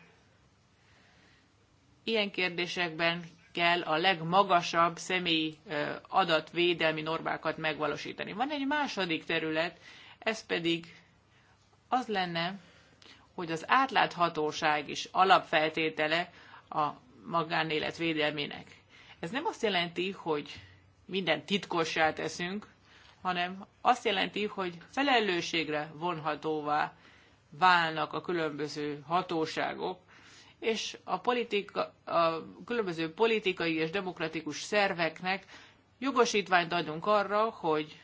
Speaker 1: ilyen kérdésekben kell a legmagasabb személyi adatvédelmi normákat megvalósítani. Van egy második terület, ez pedig az lenne, hogy az átláthatóság is alapfeltétele a magánélet védelmének. Ez nem azt jelenti, hogy minden titkossá teszünk, hanem azt jelenti, hogy felelősségre vonhatóvá válnak a különböző hatóságok és a, politika, a különböző politikai és demokratikus szerveknek jogosítványt adunk arra, hogy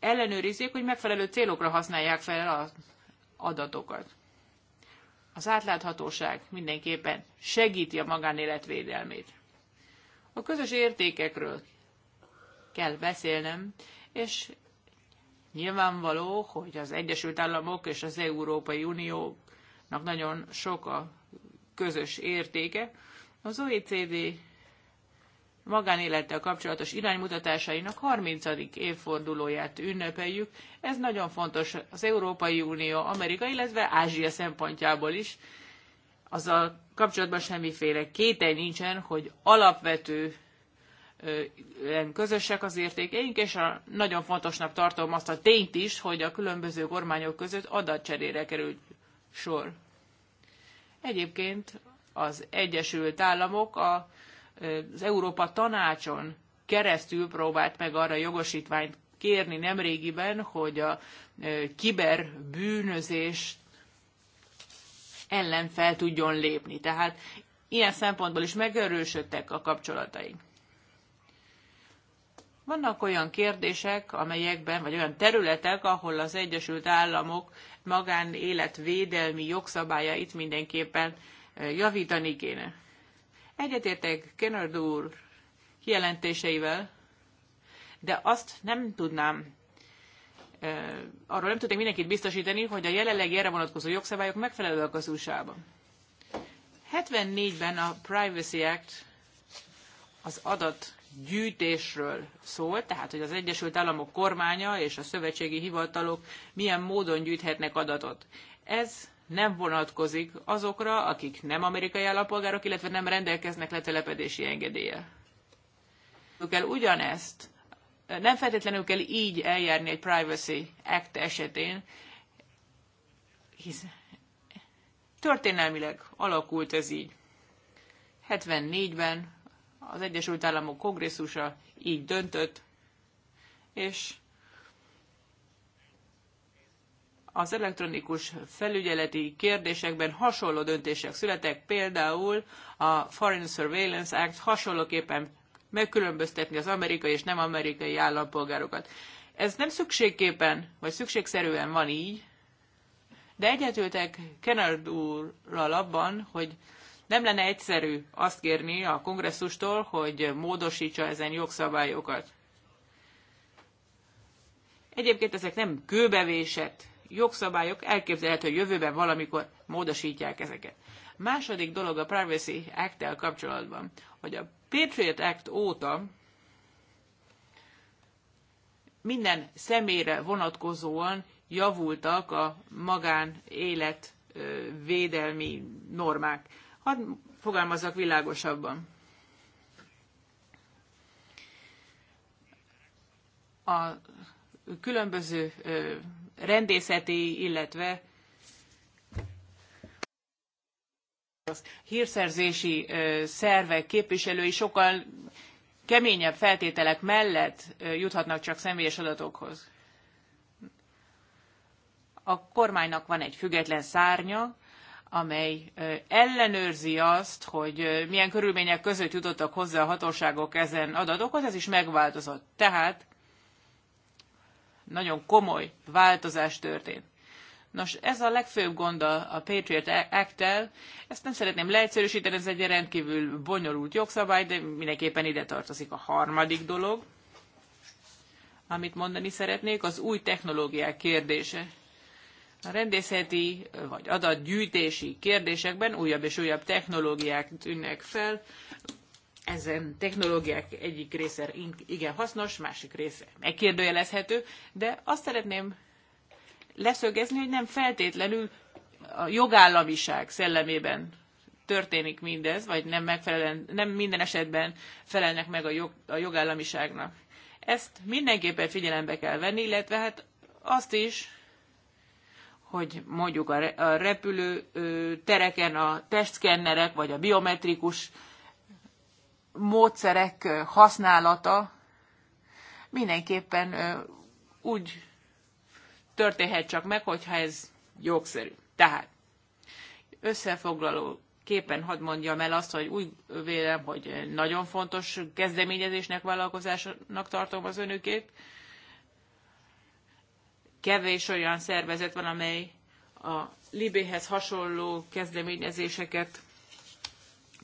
Speaker 1: ellenőrizzék, hogy megfelelő célokra használják fel az adatokat. Az átláthatóság mindenképpen segíti a magánélet védelmét. A közös értékekről kell beszélnem, és Nyilvánvaló, hogy az Egyesült Államok és az Európai Uniónak nagyon sok a közös értéke. Az OECD magánélettel kapcsolatos iránymutatásainak 30. évfordulóját ünnepeljük. Ez nagyon fontos az Európai Unió, Amerika, illetve Ázsia szempontjából is. Azzal kapcsolatban semmiféle kétel nincsen, hogy alapvető közösek az értékeink, és a, nagyon fontosnak tartom azt a tényt is, hogy a különböző kormányok között adatcserére került sor. Egyébként az Egyesült Államok a, az Európa Tanácson keresztül próbált meg arra jogosítványt kérni nemrégiben, hogy a kiberbűnözés ellen fel tudjon lépni. Tehát ilyen szempontból is megerősödtek a kapcsolataink. Vannak olyan kérdések, amelyekben, vagy olyan területek, ahol az Egyesült Államok magánéletvédelmi jogszabályait mindenképpen e, javítani kéne. Egyetértek Kennard úr kijelentéseivel, de azt nem tudnám, e, arról nem tudnék mindenkit biztosítani, hogy a jelenlegi erre vonatkozó jogszabályok megfelelőek az USA-ban. 74-ben a Privacy Act az adat gyűjtésről szól, tehát hogy az Egyesült Államok kormánya és a szövetségi hivatalok milyen módon gyűjthetnek adatot. Ez nem vonatkozik azokra, akik nem amerikai állampolgárok, illetve nem rendelkeznek letelepedési engedélye. Kell ugyanezt, nem feltétlenül kell így eljárni egy Privacy Act esetén, hiszen történelmileg alakult ez így. 74-ben az Egyesült Államok kongresszusa így döntött, és az elektronikus felügyeleti kérdésekben hasonló döntések születek, például a Foreign Surveillance Act hasonlóképpen megkülönböztetni az amerikai és nem amerikai állampolgárokat. Ez nem szükségképpen, vagy szükségszerűen van így, de egyetültek Kennard úrral abban, hogy nem lenne egyszerű azt kérni a kongresszustól, hogy módosítsa ezen jogszabályokat. Egyébként ezek nem kőbevésett jogszabályok, elképzelhető, hogy jövőben valamikor módosítják ezeket. Második dolog a Privacy Act-tel kapcsolatban, hogy a Patriot Act óta minden személyre vonatkozóan javultak a magánélet védelmi normák. Hadd fogalmazzak világosabban. A különböző rendészeti, illetve hírszerzési szervek képviselői sokkal keményebb feltételek mellett juthatnak csak személyes adatokhoz. A kormánynak van egy független szárnya, amely ellenőrzi azt, hogy milyen körülmények között jutottak hozzá a hatóságok ezen adatokhoz, ez is megváltozott. Tehát nagyon komoly változás történt. Nos, ez a legfőbb gond a, Patriot Act-tel. Ezt nem szeretném leegyszerűsíteni, ez egy rendkívül bonyolult jogszabály, de mindenképpen ide tartozik a harmadik dolog, amit mondani szeretnék, az új technológiák kérdése. A rendészeti vagy adatgyűjtési kérdésekben újabb és újabb technológiák tűnnek fel. Ezen technológiák egyik része igen hasznos, másik része megkérdőjelezhető, de azt szeretném leszögezni, hogy nem feltétlenül a jogállamiság szellemében történik mindez, vagy nem, megfelelően, nem minden esetben felelnek meg a, jog, a jogállamiságnak. Ezt mindenképpen figyelembe kell venni, illetve hát azt is, hogy mondjuk a repülő tereken a testszkennerek vagy a biometrikus módszerek használata mindenképpen úgy történhet csak meg, hogyha ez jogszerű. Tehát összefoglaló képen hadd mondjam el azt, hogy úgy vélem, hogy nagyon fontos kezdeményezésnek, vállalkozásnak tartom az önökét, kevés olyan szervezet van, amely a Libéhez hasonló kezdeményezéseket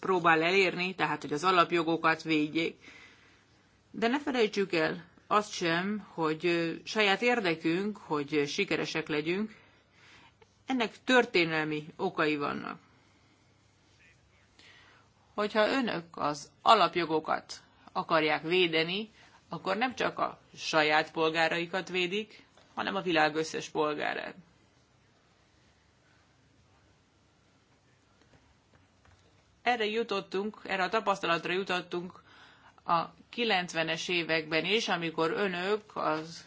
Speaker 1: próbál elérni, tehát hogy az alapjogokat védjék. De ne felejtsük el azt sem, hogy saját érdekünk, hogy sikeresek legyünk, ennek történelmi okai vannak. Hogyha önök az alapjogokat akarják védeni, akkor nem csak a saját polgáraikat védik, hanem a világ összes polgárát. Erre jutottunk, erre a tapasztalatra jutottunk a 90-es években is, amikor önök az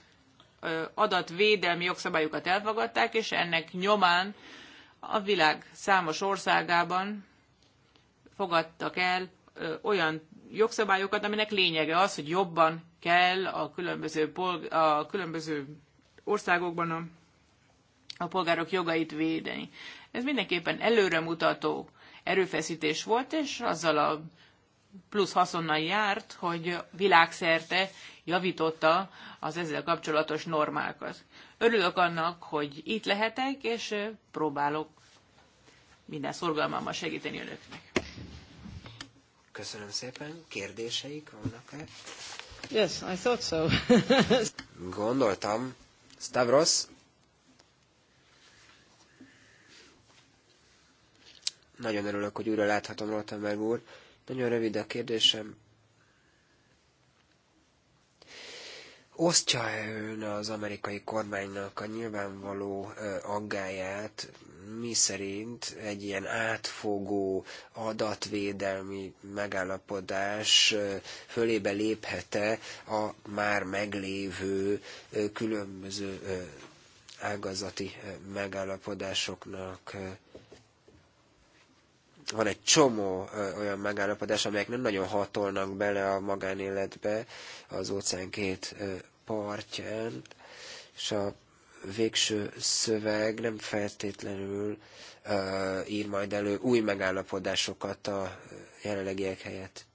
Speaker 1: adatvédelmi jogszabályokat elfogadták, és ennek nyomán a világ számos országában fogadtak el olyan jogszabályokat, aminek lényege az, hogy jobban kell a különböző, polg- a különböző országokban a, a polgárok jogait védeni. Ez mindenképpen előremutató erőfeszítés volt, és azzal a plusz haszonnal járt, hogy világszerte javította az ezzel kapcsolatos normákat. Örülök annak, hogy itt lehetek, és próbálok minden szorgalmammal segíteni önöknek.
Speaker 2: Köszönöm szépen. Kérdéseik vannak-e? Yes, I thought so. Gondoltam, Stavros. Nagyon örülök, hogy újra láthatom, Rotenberg úr. Nagyon rövid a kérdésem. Osztja-e ön az amerikai kormánynak a nyilvánvaló aggáját, mi szerint egy ilyen átfogó adatvédelmi megállapodás fölébe léphete a már meglévő különböző ágazati megállapodásoknak van egy csomó olyan megállapodás, amelyek nem nagyon hatolnak bele a magánéletbe az óceán két partján, és a végső szöveg nem feltétlenül ír majd elő új megállapodásokat a jelenlegiek helyett.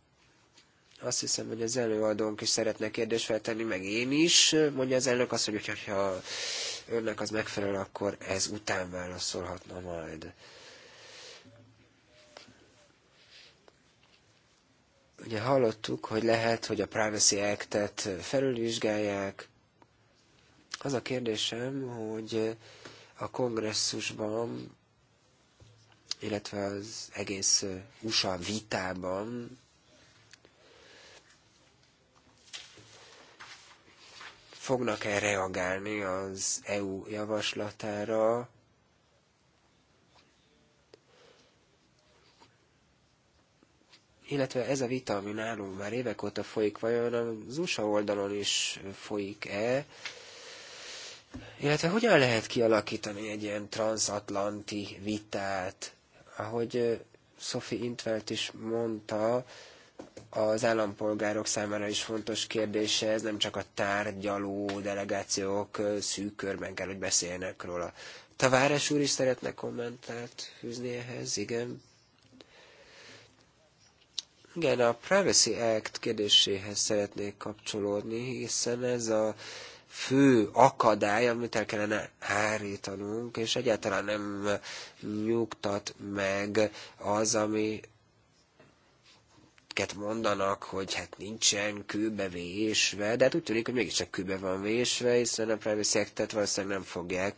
Speaker 2: Azt hiszem, hogy az előadónk is szeretne kérdést feltenni, meg én is, mondja az elnök azt, hogy ha önnek az megfelel, akkor ez után válaszolhatna majd. Ugye hallottuk, hogy lehet, hogy a Privacy Act-et felülvizsgálják. Az a kérdésem, hogy a kongresszusban, illetve az egész USA vitában fognak-e reagálni az EU javaslatára, illetve ez a vita, ami nálunk már évek óta folyik, vajon az USA oldalon is folyik-e, illetve hogyan lehet kialakítani egy ilyen transatlanti vitát, ahogy Sophie Intvelt is mondta, az állampolgárok számára is fontos kérdése, ez nem csak a tárgyaló delegációk szűk körben kell, hogy beszéljenek róla. Taváres úr is szeretne kommentárt fűzni ehhez, igen. Igen, a Privacy Act kérdéséhez szeretnék kapcsolódni, hiszen ez a fő akadály, amit el kellene hárítanunk, és egyáltalán nem nyugtat meg az, ami mondanak, hogy hát nincsen kőbe vésve, de hát úgy tűnik, hogy mégiscsak kőbe van vésve, hiszen a privacy act valószínűleg nem fogják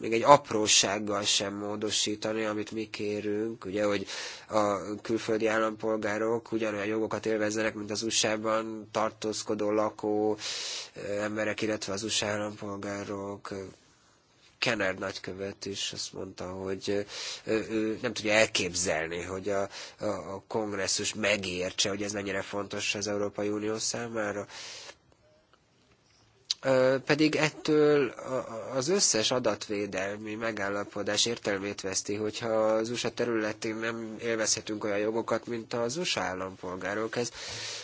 Speaker 2: még egy aprósággal sem módosítani, amit mi kérünk, ugye, hogy a külföldi állampolgárok ugyanolyan jogokat élvezzenek, mint az USA-ban tartózkodó lakó emberek, illetve az USA állampolgárok, Kenner nagykövet is azt mondta, hogy ő nem tudja elképzelni, hogy a, a, a kongresszus megértse, hogy ez mennyire fontos az Európai Unió számára pedig ettől az összes adatvédelmi megállapodás értelmét veszti, hogyha az USA területén nem élvezhetünk olyan jogokat, mint az USA állampolgárok. Ez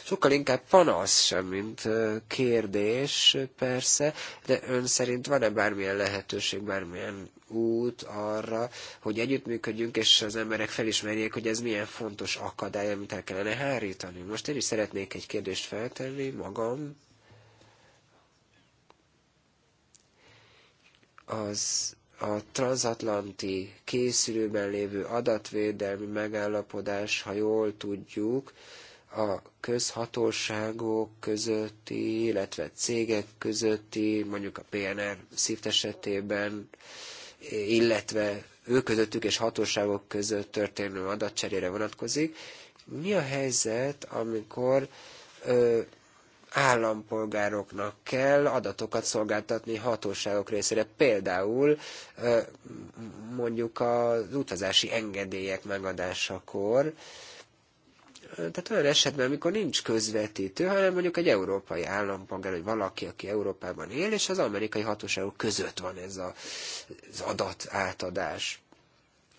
Speaker 2: sokkal inkább panasz sem, mint kérdés persze, de ön szerint van-e bármilyen lehetőség, bármilyen út arra, hogy együttműködjünk, és az emberek felismerjék, hogy ez milyen fontos akadály, amit el kellene hárítani. Most én is szeretnék egy kérdést feltenni magam az a transatlanti készülőben lévő adatvédelmi megállapodás, ha jól tudjuk, a közhatóságok közötti, illetve cégek közötti, mondjuk a PNR szív esetében, illetve ő közöttük és hatóságok között történő adatcserére vonatkozik. Mi a helyzet, amikor ö, állampolgároknak kell adatokat szolgáltatni hatóságok részére. Például mondjuk az utazási engedélyek megadásakor, tehát olyan esetben, amikor nincs közvetítő, hanem mondjuk egy európai állampolgár, vagy valaki, aki Európában él, és az amerikai hatóságok között van ez a, az adat átadás,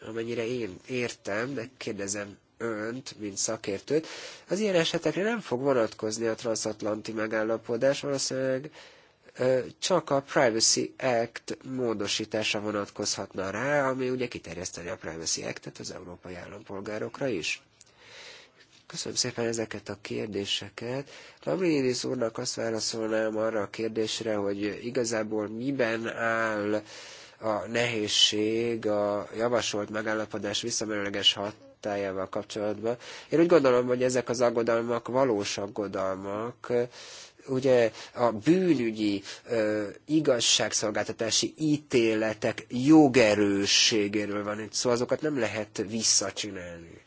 Speaker 2: Amennyire én értem, de kérdezem önt, mint szakértőt. Az ilyen esetekre nem fog vonatkozni a transatlanti megállapodás, valószínűleg csak a Privacy Act módosítása vonatkozhatna rá, ami ugye kiterjeszteni a Privacy Act-et az európai állampolgárokra is. Köszönöm szépen ezeket a kérdéseket. Lambrinidis úrnak azt válaszolnám arra a kérdésre, hogy igazából miben áll a nehézség a javasolt megállapodás visszamenőleges hat tájával kapcsolatban. Én úgy gondolom, hogy ezek az aggodalmak valós aggodalmak, ugye a bűnügyi ö, igazságszolgáltatási ítéletek jogerősségéről van itt szó, szóval azokat nem lehet visszacsinálni.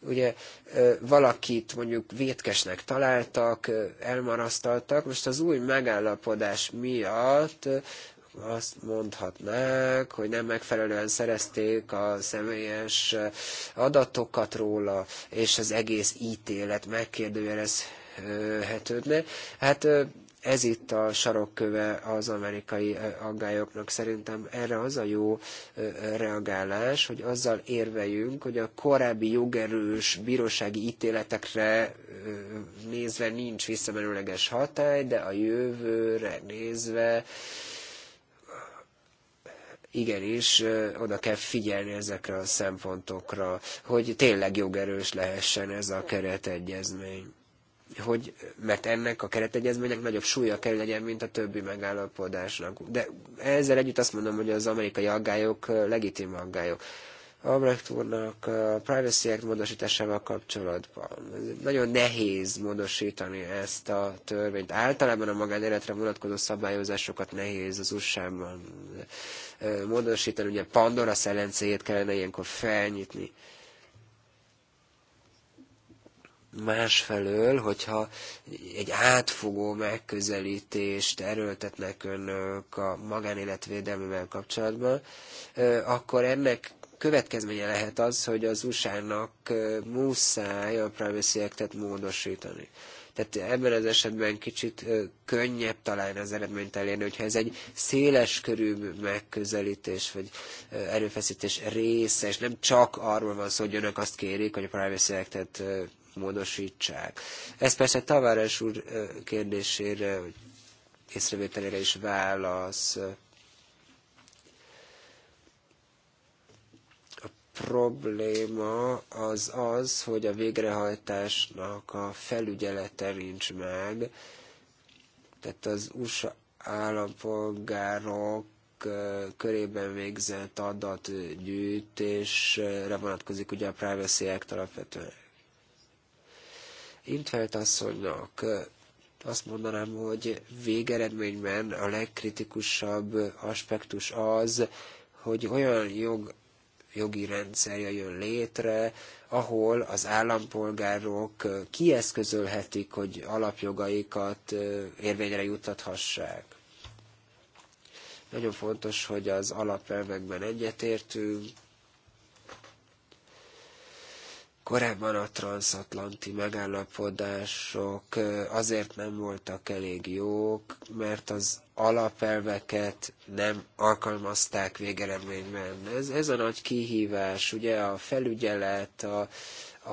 Speaker 2: Ugye ö, valakit mondjuk vétkesnek találtak, ö, elmarasztaltak, most az új megállapodás miatt azt mondhatnák, hogy nem megfelelően szerezték a személyes adatokat róla, és az egész ítélet megkérdőjelezhetődne. Hát ez itt a sarokköve az amerikai aggályoknak. Szerintem erre az a jó reagálás, hogy azzal érveljünk, hogy a korábbi jogerős bírósági ítéletekre nézve nincs visszamenőleges hatály, de a jövőre nézve igenis oda kell figyelni ezekre a szempontokra, hogy tényleg jogerős lehessen ez a keretegyezmény. Hogy, mert ennek a keretegyezménynek nagyobb súlya kell legyen, mint a többi megállapodásnak. De ezzel együtt azt mondom, hogy az amerikai aggályok legitim aggályok. Albrecht úrnak a Privacy Act módosításával kapcsolatban. Nagyon nehéz módosítani ezt a törvényt. Általában a magánéletre vonatkozó szabályozásokat nehéz az USA-ban módosítani, ugye Pandora szelencéjét kellene ilyenkor felnyitni. Másfelől, hogyha egy átfogó megközelítést erőltetnek önök a magánéletvédelmével kapcsolatban, akkor ennek következménye lehet az, hogy az USA-nak muszáj a Privacy Act-et módosítani. Tehát ebben az esetben kicsit könnyebb talán az eredményt elérni, hogyha ez egy széles körű megközelítés, vagy erőfeszítés része, és nem csak arról van szó, hogy önök azt kérik, hogy a Privacy act módosítsák. Ez persze Tavares úr kérdésére, észrevételére is válasz. probléma az az, hogy a végrehajtásnak a felügyelete nincs meg. Tehát az USA állampolgárok körében végzett adatgyűjtésre vonatkozik ugye a Privacy Act alapvetően. Intfelt asszonynak azt mondanám, hogy végeredményben a legkritikusabb aspektus az, hogy olyan jog jogi rendszer jön létre, ahol az állampolgárok kieszközölhetik, hogy alapjogaikat érvényre juttathassák. Nagyon fontos, hogy az alapelvekben egyetértünk, Korábban a transatlanti megállapodások azért nem voltak elég jók, mert az alapelveket nem alkalmazták végeredményben. Ez, ez a nagy kihívás, ugye a felügyelet, a,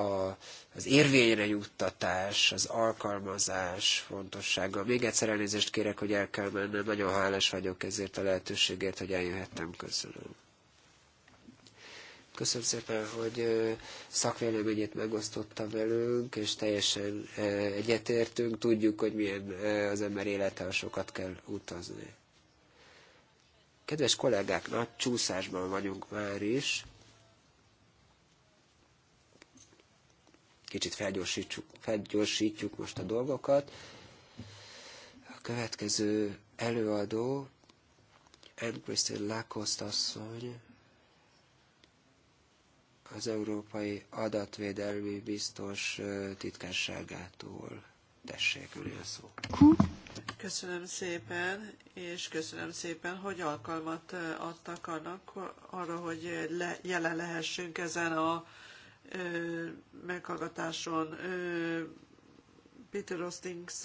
Speaker 2: a, az érvényre juttatás, az alkalmazás fontossága. Még egyszer elnézést kérek, hogy el kell mennem, nagyon hálás vagyok ezért a lehetőségért, hogy eljöhettem. Köszönöm. Köszönöm szépen, hogy szakvéleményét megosztotta velünk, és teljesen egyetértünk. Tudjuk, hogy milyen az ember élete, ha sokat kell utazni. Kedves kollégák, nagy csúszásban vagyunk már is. Kicsit felgyorsítjuk, felgyorsítjuk most a dolgokat. A következő előadó, Anne Christine Lacoste asszony, az Európai Adatvédelmi Biztos titkárságától. Tessék, ülél szó.
Speaker 3: Köszönöm szépen, és köszönöm szépen, hogy alkalmat adtak annak, arra, hogy le, jelen lehessünk ezen a ö, meghallgatáson. Ö, Peter Ostings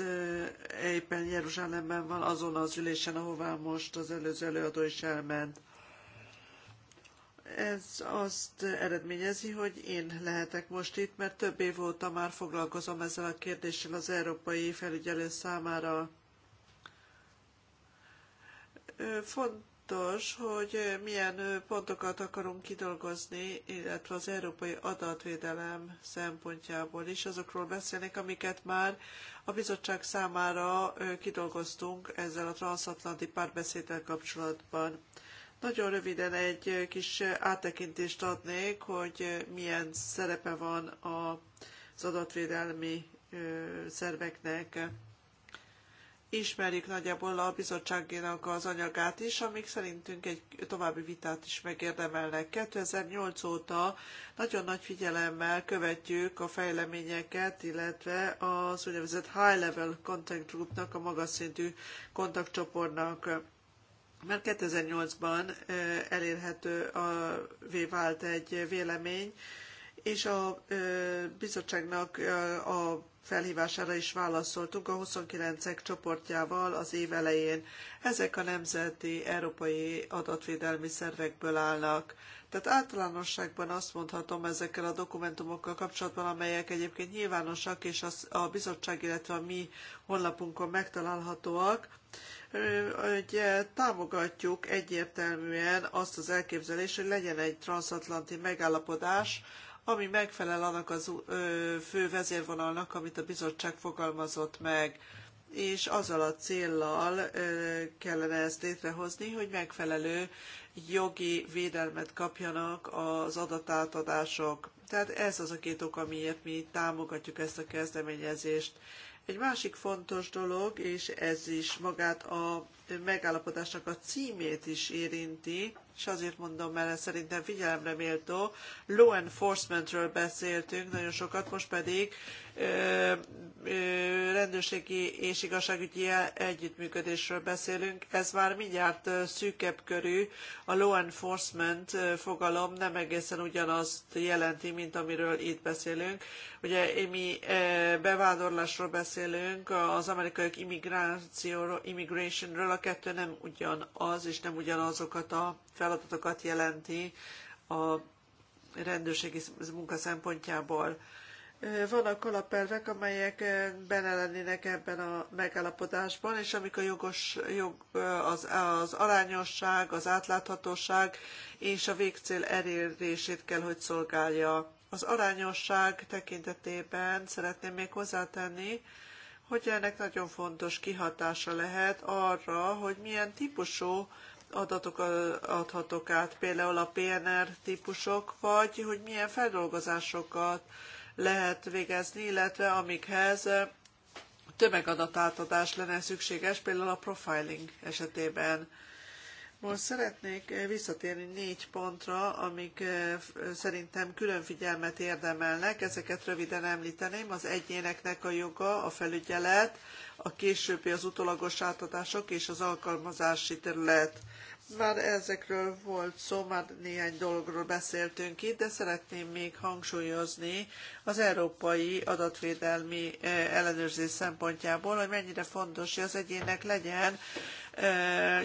Speaker 3: éppen Jeruzsálemben van, azon az ülésen, ahová most az előző előadó is elment ez azt eredményezi, hogy én lehetek most itt, mert több év óta már foglalkozom ezzel a kérdéssel az európai felügyelő számára. Fontos, hogy milyen pontokat akarunk kidolgozni, illetve az európai adatvédelem szempontjából is azokról beszélnék, amiket már a bizottság számára kidolgoztunk ezzel a transatlanti párbeszéddel kapcsolatban. Nagyon röviden egy kis áttekintést adnék, hogy milyen szerepe van az adatvédelmi szerveknek. Ismerjük nagyjából a bizottságénak az anyagát is, amik szerintünk egy további vitát is megérdemelnek. 2008 óta nagyon nagy figyelemmel követjük a fejleményeket, illetve az úgynevezett High Level Contact Groupnak, a magas szintű kontaktcsoportnak mert 2008-ban elérhető a, vált egy vélemény, és a bizottságnak a felhívására is válaszoltunk a 29-ek csoportjával az év elején. Ezek a nemzeti európai adatvédelmi szervekből állnak. Tehát általánosságban azt mondhatom ezekkel a dokumentumokkal kapcsolatban, amelyek egyébként nyilvánosak, és a bizottság, illetve a mi honlapunkon megtalálhatóak, hogy támogatjuk egyértelműen azt az elképzelést, hogy legyen egy transatlanti megállapodás, ami megfelel annak az fő vezérvonalnak, amit a bizottság fogalmazott meg, és azzal a céllal kellene ezt létrehozni, hogy megfelelő jogi védelmet kapjanak az adatátadások. Tehát ez az a két ok, amiért mi támogatjuk ezt a kezdeményezést. Egy másik fontos dolog, és ez is magát a megállapodásnak a címét is érinti, és azért mondom, mert ez szerintem figyelemre méltó. Law enforcementről beszéltünk nagyon sokat, most pedig ö, ö, rendőrségi és igazságügyi együttműködésről beszélünk. Ez már mindjárt szűkebb körű. A law enforcement fogalom nem egészen ugyanazt jelenti, mint amiről itt beszélünk. Ugye mi bevándorlásról beszélünk, az amerikai immigrációról, immigrationről, a kettő nem ugyanaz, és nem ugyanazokat a feladatokat jelenti a rendőrségi munka szempontjából. Vannak alapelvek, amelyek benne lennének ebben a megállapodásban, és amik a jogos, jog, az, az arányosság, az átláthatóság és a végcél elérését kell, hogy szolgálja. Az arányosság tekintetében szeretném még hozzátenni, hogy ennek nagyon fontos kihatása lehet arra, hogy milyen típusú adatokat adhatok át, például a PNR típusok, vagy hogy milyen feldolgozásokat lehet végezni, illetve amikhez tömegadatátadás lenne szükséges, például a profiling esetében. Most szeretnék eh, visszatérni négy pontra, amik eh, eh, szerintem külön figyelmet érdemelnek. Ezeket röviden említeném. Az egyéneknek a joga, a felügyelet, a későbbi az utolagos átadások és az alkalmazási terület. Már ezekről volt szó, már néhány dologról beszéltünk itt, de szeretném még hangsúlyozni az európai adatvédelmi ellenőrzés szempontjából, hogy mennyire fontos, hogy az egyének legyen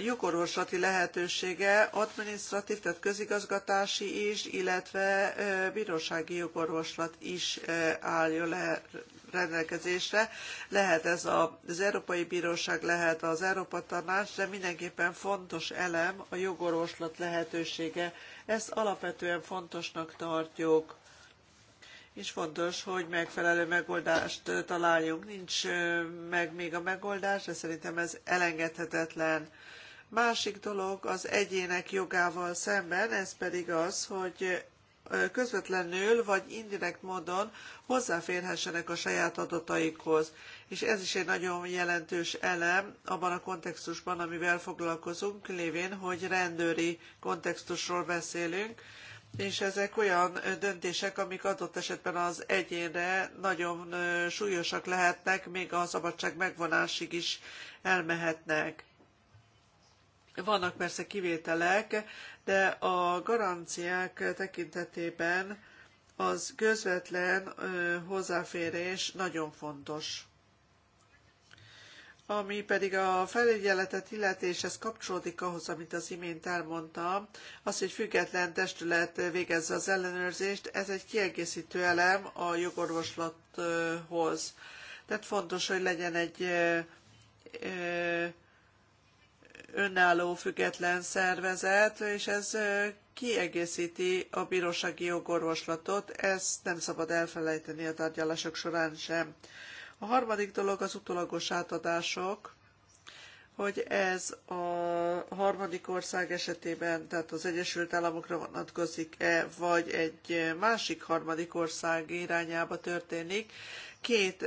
Speaker 3: jogorvoslati lehetősége administratív, tehát közigazgatási is, illetve bírósági jogorvoslat is álljon le rendelkezésre. Lehet ez az Európai Bíróság, lehet az Európa Tanács, de mindenképpen fontos elem a jogorvoslat lehetősége. Ezt alapvetően fontosnak tartjuk és fontos, hogy megfelelő megoldást találjunk. Nincs meg még a megoldás, de szerintem ez elengedhetetlen. Másik dolog az egyének jogával szemben, ez pedig az, hogy közvetlenül vagy indirekt módon hozzáférhessenek a saját adataikhoz. És ez is egy nagyon jelentős elem abban a kontextusban, amivel foglalkozunk, lévén, hogy rendőri kontextusról beszélünk, és ezek olyan döntések, amik adott esetben az egyénre nagyon súlyosak lehetnek, még a szabadság megvonásig is elmehetnek. Vannak persze kivételek, de a garanciák tekintetében az közvetlen hozzáférés nagyon fontos. Ami pedig a felügyeletet illeti, és ez kapcsolódik ahhoz, amit az imént elmondtam, az, hogy független testület végezze az ellenőrzést, ez egy kiegészítő elem a jogorvoslathoz. Tehát fontos, hogy legyen egy önálló független szervezet, és ez kiegészíti a bírósági jogorvoslatot, ezt nem szabad elfelejteni a tárgyalások során sem. A harmadik dolog az utolagos átadások, hogy ez a harmadik ország esetében, tehát az Egyesült Államokra vonatkozik-e, vagy egy másik harmadik ország irányába történik, Két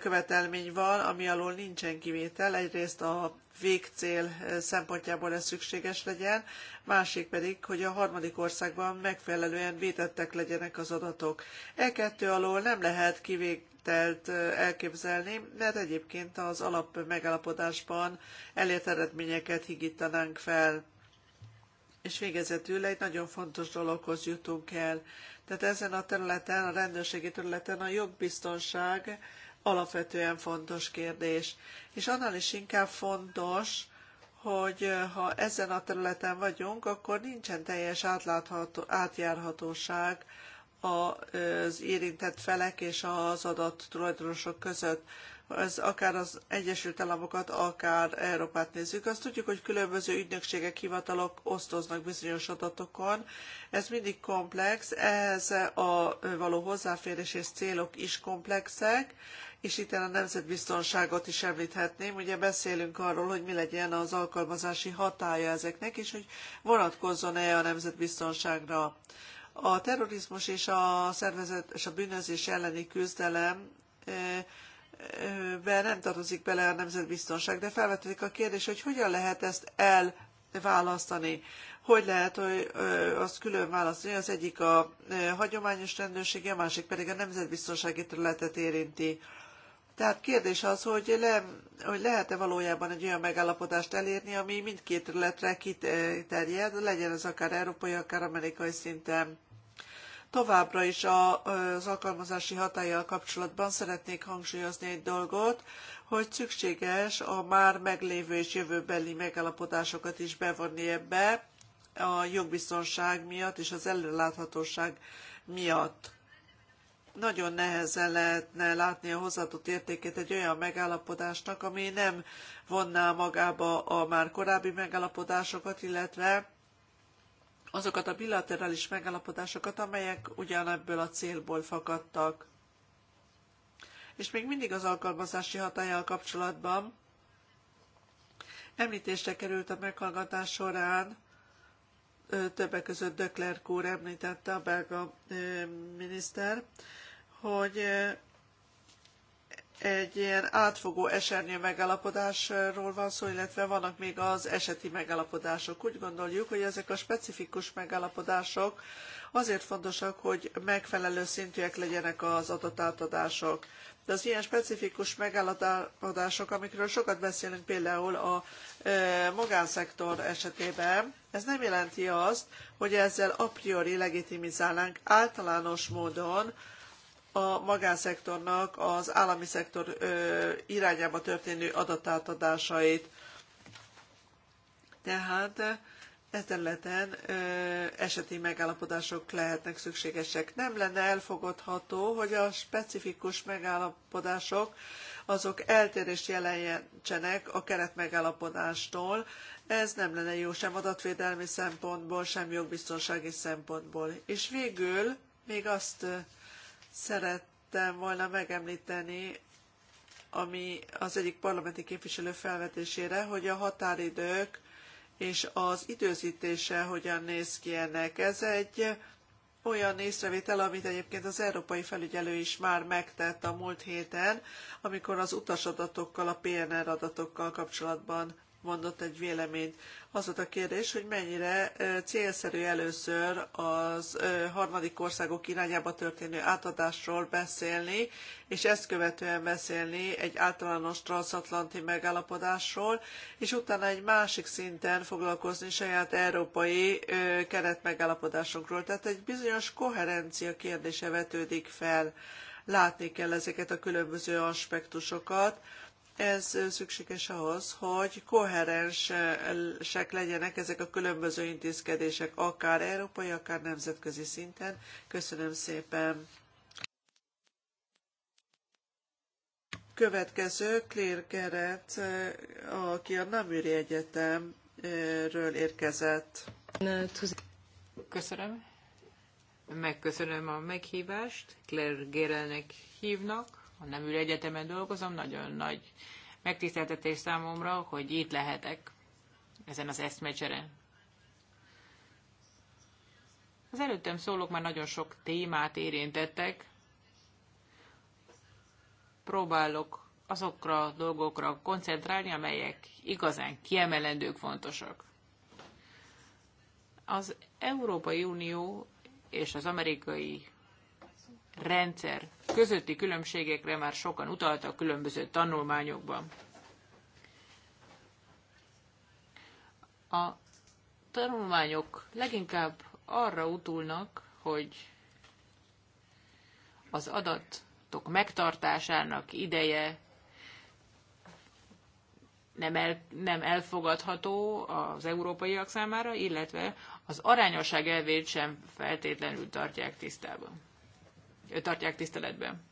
Speaker 3: követelmény van, ami alól nincsen kivétel. Egyrészt a végcél szempontjából ez szükséges legyen, másik pedig, hogy a harmadik országban megfelelően védettek legyenek az adatok. E kettő alól nem lehet kivételt elképzelni, mert egyébként az alap megállapodásban elért eredményeket higítanánk fel. És végezetül egy nagyon fontos dologhoz jutunk el. Tehát ezen a területen, a rendőrségi területen a jogbiztonság alapvetően fontos kérdés. És annál is inkább fontos, hogy ha ezen a területen vagyunk, akkor nincsen teljes átlátható, átjárhatóság az érintett felek és az adat tulajdonosok között az akár az Egyesült Államokat, akár Európát nézzük, azt tudjuk, hogy különböző ügynökségek, hivatalok osztoznak bizonyos adatokon. Ez mindig komplex, ehhez a való hozzáférés és célok is komplexek, és itt a nemzetbiztonságot is említhetném. Ugye beszélünk arról, hogy mi legyen az alkalmazási hatája ezeknek, és hogy vonatkozzon-e a nemzetbiztonságra. A terrorizmus és a szervezet és a bűnözés elleni küzdelem eh, be nem tartozik bele a nemzetbiztonság, de felvetődik a kérdés, hogy hogyan lehet ezt elválasztani. Hogy lehet, hogy azt külön választani, az egyik a hagyományos rendőrség, a másik pedig a nemzetbiztonsági területet érinti. Tehát kérdés az, hogy, le, hogy lehet-e valójában egy olyan megállapodást elérni, ami mindkét területre kiterjed, legyen ez akár európai, akár amerikai szinten. Továbbra is az alkalmazási hatállyal kapcsolatban szeretnék hangsúlyozni egy dolgot, hogy szükséges a már meglévő és jövőbeli megállapodásokat is bevonni ebbe a jogbiztonság miatt és az előláthatóság miatt. Nagyon nehezen lehetne látni a hozzáadott értékét egy olyan megállapodásnak, ami nem vonná magába a már korábbi megállapodásokat, illetve azokat a bilaterális megállapodásokat, amelyek ugyanebből a célból fakadtak. És még mindig az alkalmazási hatállyal kapcsolatban említésre került a meghallgatás során, többek között Döklerk úr említette, a belga miniszter, hogy egy ilyen átfogó esernyő megállapodásról van szó, illetve vannak még az eseti megállapodások. Úgy gondoljuk, hogy ezek a specifikus megállapodások azért fontosak, hogy megfelelő szintűek legyenek az adatátadások. De az ilyen specifikus megállapodások, amikről sokat beszélünk például a e, magánszektor esetében, ez nem jelenti azt, hogy ezzel a priori legitimizálnánk általános módon a magánszektornak az állami szektor irányába történő adatátadásait. Tehát e területen eseti megállapodások lehetnek szükségesek. Nem lenne elfogadható, hogy a specifikus megállapodások azok eltérést jelentsenek a keretmegállapodástól. Ez nem lenne jó sem adatvédelmi szempontból, sem jogbiztonsági szempontból. És végül még azt szerettem volna megemlíteni, ami az egyik parlamenti képviselő felvetésére, hogy a határidők és az időzítése hogyan néz ki ennek. Ez egy olyan észrevétel, amit egyébként az Európai Felügyelő is már megtett a múlt héten, amikor az utasadatokkal, a PNR adatokkal kapcsolatban mondott egy véleményt. Az volt a kérdés, hogy mennyire célszerű először az harmadik országok irányába történő átadásról beszélni, és ezt követően beszélni egy általános transatlanti megállapodásról, és utána egy másik szinten foglalkozni saját európai keretmegállapodásunkról. Tehát egy bizonyos koherencia kérdése vetődik fel. Látni kell ezeket a különböző aspektusokat, ez szükséges ahhoz, hogy koherensek legyenek ezek a különböző intézkedések, akár európai, akár nemzetközi szinten. Köszönöm szépen! Következő Clear Geret, aki a Namüri Egyetemről érkezett. Köszönöm.
Speaker 1: Megköszönöm a meghívást. Claire Gerelnek hívnak a ül Egyetemen dolgozom, nagyon nagy megtiszteltetés számomra, hogy itt lehetek ezen az eszmecseren. Az előttem szólók már nagyon sok témát érintettek. Próbálok azokra a dolgokra koncentrálni, amelyek igazán kiemelendők, fontosak. Az Európai Unió és az amerikai rendszer közötti különbségekre már sokan utaltak különböző tanulmányokban. A tanulmányok leginkább arra utulnak, hogy az adatok megtartásának ideje nem, el, nem elfogadható az európaiak számára, illetve az arányosság elvét sem feltétlenül tartják tisztában tartják tiszteletben.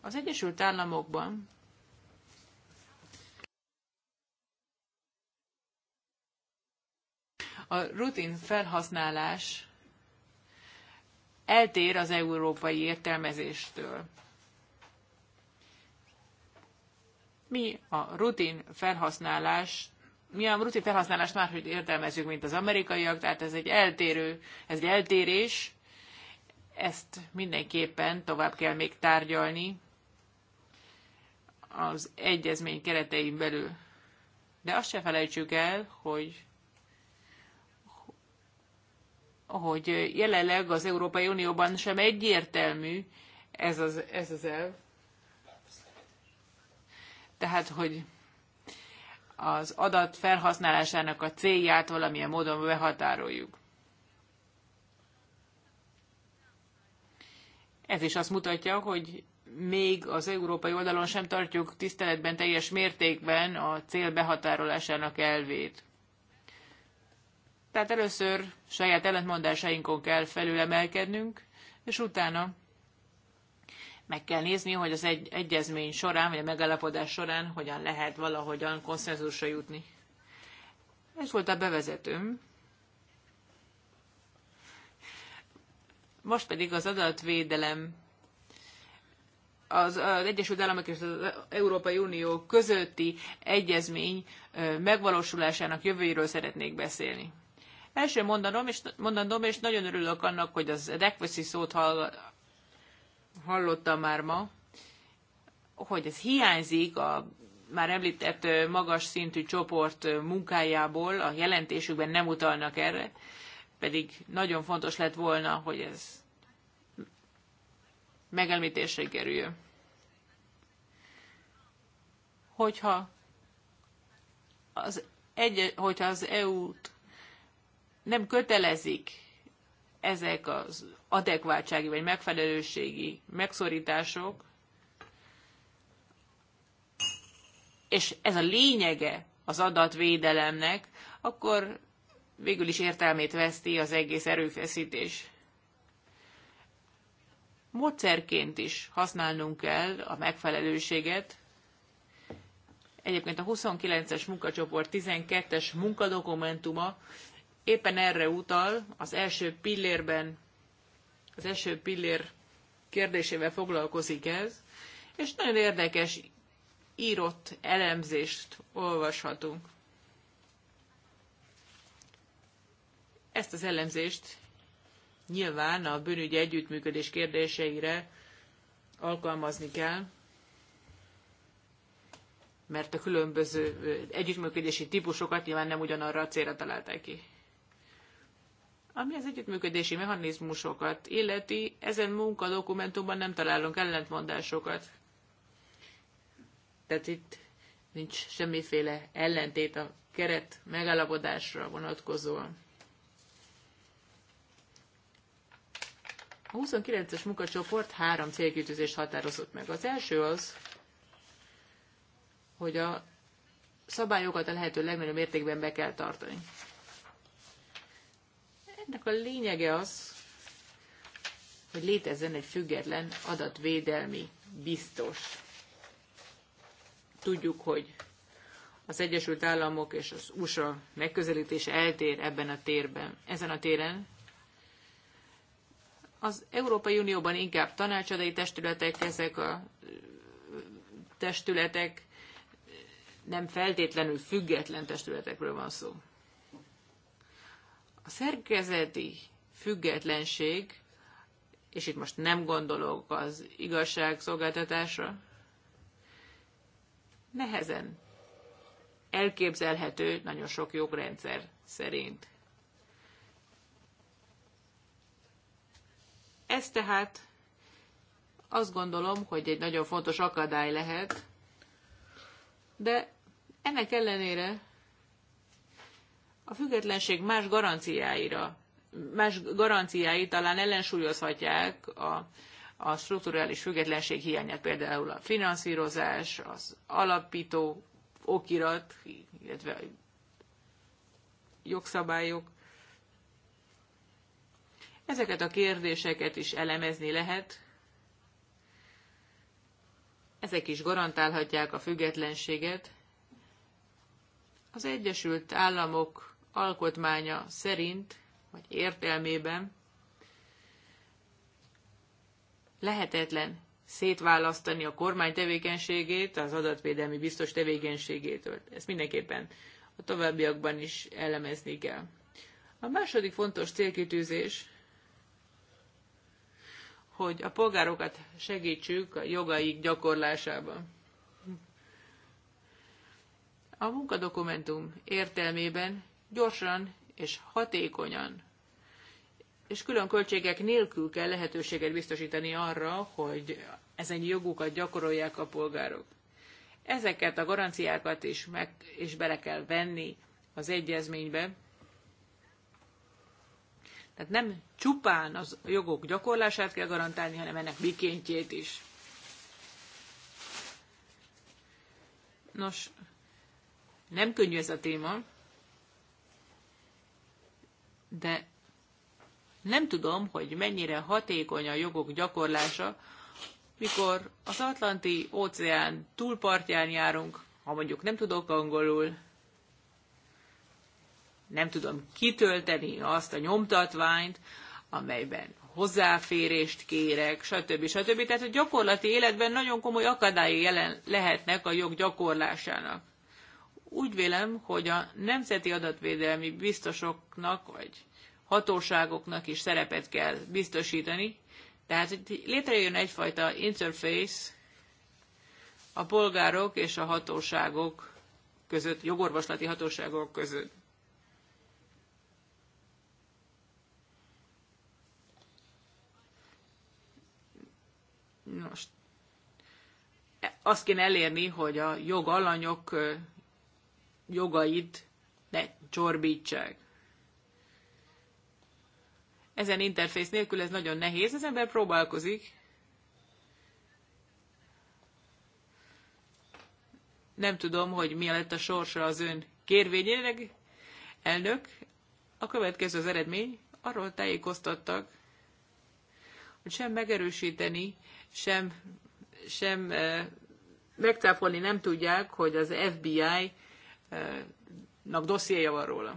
Speaker 1: Az Egyesült Államokban a rutin felhasználás eltér az európai értelmezéstől. Mi a rutin felhasználás, mi a rutin felhasználást máshogy értelmezzük, mint az amerikaiak, tehát ez egy eltérő, ez egy eltérés, ezt mindenképpen tovább kell még tárgyalni az egyezmény keretein belül. De azt se felejtsük el, hogy hogy jelenleg az Európai Unióban sem egyértelmű ez az, ez az elv. Tehát, hogy az adat felhasználásának a célját valamilyen módon behatároljuk. Ez is azt mutatja, hogy még az európai oldalon sem tartjuk tiszteletben teljes mértékben a cél behatárolásának elvét. Tehát először saját ellentmondásainkon kell felülemelkednünk, és utána meg kell nézni, hogy az egy, egyezmény során, vagy a megállapodás során hogyan lehet valahogyan konszenzusra jutni. Ez volt a bevezetőm. Most pedig az adatvédelem az, az Egyesült Államok és az Európai Unió közötti egyezmény megvalósulásának jövőjéről szeretnék beszélni. Első mondanom, és, mondanom és nagyon örülök annak, hogy az adequacy szót hall, hallottam már ma, hogy ez hiányzik a már említett magas szintű csoport munkájából, a jelentésükben nem utalnak erre pedig nagyon fontos lett volna, hogy ez megelmítésre kerüljön. Hogyha az, egy, hogyha az EU-t nem kötelezik ezek az adekváltsági vagy megfelelőségi megszorítások, és ez a lényege az adatvédelemnek, akkor végül is értelmét veszti az egész erőfeszítés. Módszerként is használnunk kell a megfelelőséget. Egyébként a 29-es munkacsoport 12-es munkadokumentuma éppen erre utal, az első pillérben, az első pillér kérdésével foglalkozik ez, és nagyon érdekes írott elemzést olvashatunk. Ezt az elemzést nyilván a bűnügyi együttműködés kérdéseire alkalmazni kell, mert a különböző együttműködési típusokat nyilván nem ugyanarra a célra találták ki. Ami az együttműködési mechanizmusokat illeti, ezen munkadokumentumban nem találunk ellentmondásokat. Tehát itt nincs semmiféle ellentét a keret megállapodásra vonatkozóan. A 29-es munkacsoport három célkitűzést határozott meg. Az első az, hogy a szabályokat a lehető legnagyobb mértékben be kell tartani. Ennek a lényege az, hogy létezzen egy független adatvédelmi biztos. Tudjuk, hogy az Egyesült Államok és az USA megközelítése eltér ebben a térben, ezen a téren, az Európai Unióban inkább tanácsadai testületek, ezek a testületek nem feltétlenül független testületekről van szó. A szerkezeti függetlenség, és itt most nem gondolok az igazságszolgáltatásra, nehezen elképzelhető nagyon sok jogrendszer szerint. Ez tehát azt gondolom, hogy egy nagyon fontos akadály lehet, de ennek ellenére a függetlenség más garanciáira, más garanciái talán ellensúlyozhatják a, a strukturális függetlenség hiányát, például a finanszírozás, az alapító okirat, illetve jogszabályok. Ezeket a kérdéseket is elemezni lehet. Ezek is garantálhatják a függetlenséget. Az Egyesült Államok alkotmánya szerint, vagy értelmében lehetetlen szétválasztani a kormány tevékenységét az adatvédelmi biztos tevékenységétől. Ezt mindenképpen a továbbiakban is elemezni kell. A második fontos célkitűzés hogy a polgárokat segítsük a jogaik gyakorlásában. A munkadokumentum értelmében gyorsan és hatékonyan és külön költségek nélkül kell lehetőséget biztosítani arra, hogy ezen jogukat gyakorolják a polgárok. Ezeket a garanciákat is, meg, is bele kell venni az egyezménybe, tehát nem csupán az jogok gyakorlását kell garantálni, hanem ennek mikéntjét is. Nos, nem könnyű ez a téma, de nem tudom, hogy mennyire hatékony a jogok gyakorlása, mikor az Atlanti óceán túlpartján járunk, ha mondjuk nem tudok angolul, nem tudom kitölteni azt a nyomtatványt, amelyben hozzáférést kérek, stb. stb. Tehát a gyakorlati életben nagyon komoly akadályi jelen lehetnek a jog gyakorlásának. Úgy vélem, hogy a nemzeti adatvédelmi biztosoknak vagy hatóságoknak is szerepet kell biztosítani, tehát hogy létrejön egyfajta interface a polgárok és a hatóságok között, jogorvoslati hatóságok között. Nos, azt kéne elérni, hogy a jogalanyok jogait ne csorbítsák. Ezen interfész nélkül ez nagyon nehéz, az ember próbálkozik. Nem tudom, hogy mi lett a sorsa az ön kérvényének, elnök. A következő az eredmény, arról tájékoztattak, hogy sem megerősíteni, sem, sem megtáfolni nem tudják, hogy az FBI-nak dossziéja van róla.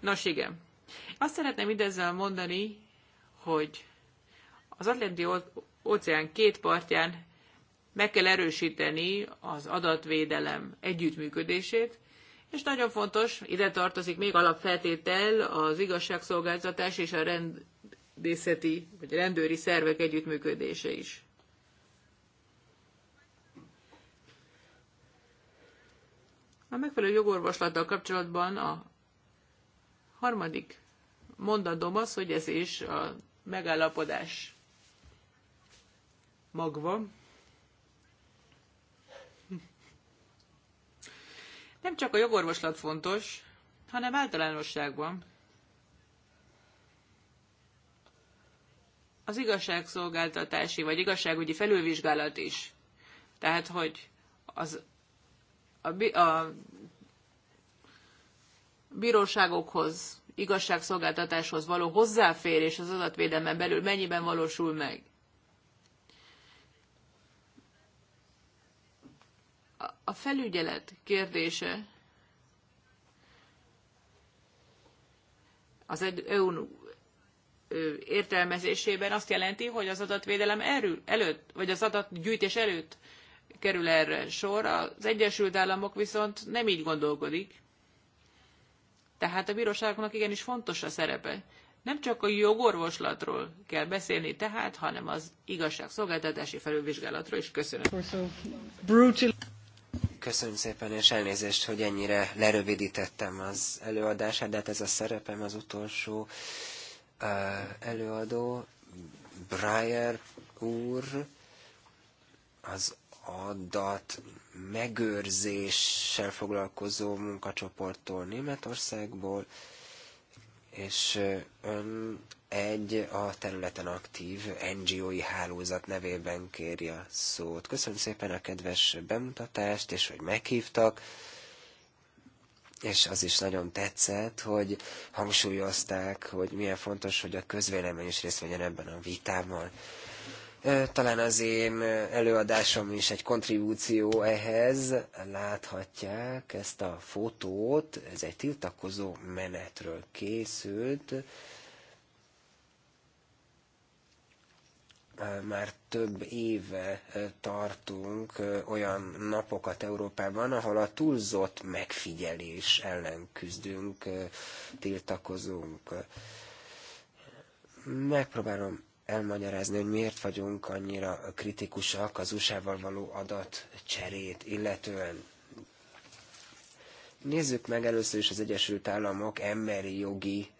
Speaker 1: Nos, igen. Azt szeretném idezzel mondani, hogy az Atlanti óceán két partján meg kell erősíteni az adatvédelem együttműködését, és nagyon fontos, ide tartozik még alapfeltétel az igazságszolgáltatás és a rend, rendészeti vagy rendőri szervek együttműködése is. A megfelelő jogorvoslattal kapcsolatban a harmadik mondatom az, hogy ez is a megállapodás magva. Nem csak a jogorvoslat fontos, hanem általánosságban az igazságszolgáltatási vagy igazságügyi felülvizsgálat is. Tehát, hogy az, a, a bíróságokhoz, igazságszolgáltatáshoz való hozzáférés az adatvédelmen belül mennyiben valósul meg. A felügyelet kérdése az EU értelmezésében azt jelenti, hogy az adatvédelem erő, előtt, vagy az adatgyűjtés előtt kerül erre sor. Az Egyesült Államok viszont nem így gondolkodik. Tehát a bíróságoknak igenis fontos a szerepe. Nem csak a jogorvoslatról kell beszélni tehát, hanem az igazságszolgáltatási felülvizsgálatról is.
Speaker 2: Köszönöm. Köszönöm szépen, és elnézést, hogy ennyire lerövidítettem az előadását, de hát ez a szerepem az utolsó előadó, Breyer úr, az adat megőrzéssel foglalkozó munkacsoporttól Németországból, és ön egy a területen aktív NGO-i hálózat nevében kéri a szót. Köszönöm szépen a kedves bemutatást, és hogy meghívtak és az is nagyon tetszett, hogy hangsúlyozták, hogy milyen fontos, hogy a közvélemény is részt vegyen ebben a vitában. Talán az én előadásom is egy kontribúció ehhez. Láthatják ezt a fotót, ez egy tiltakozó menetről készült. már több éve tartunk olyan napokat Európában, ahol a túlzott megfigyelés ellen küzdünk, tiltakozunk. Megpróbálom elmagyarázni, hogy miért vagyunk annyira kritikusak az USA-val való adatcserét, illetően nézzük meg először is az Egyesült Államok emberi jogi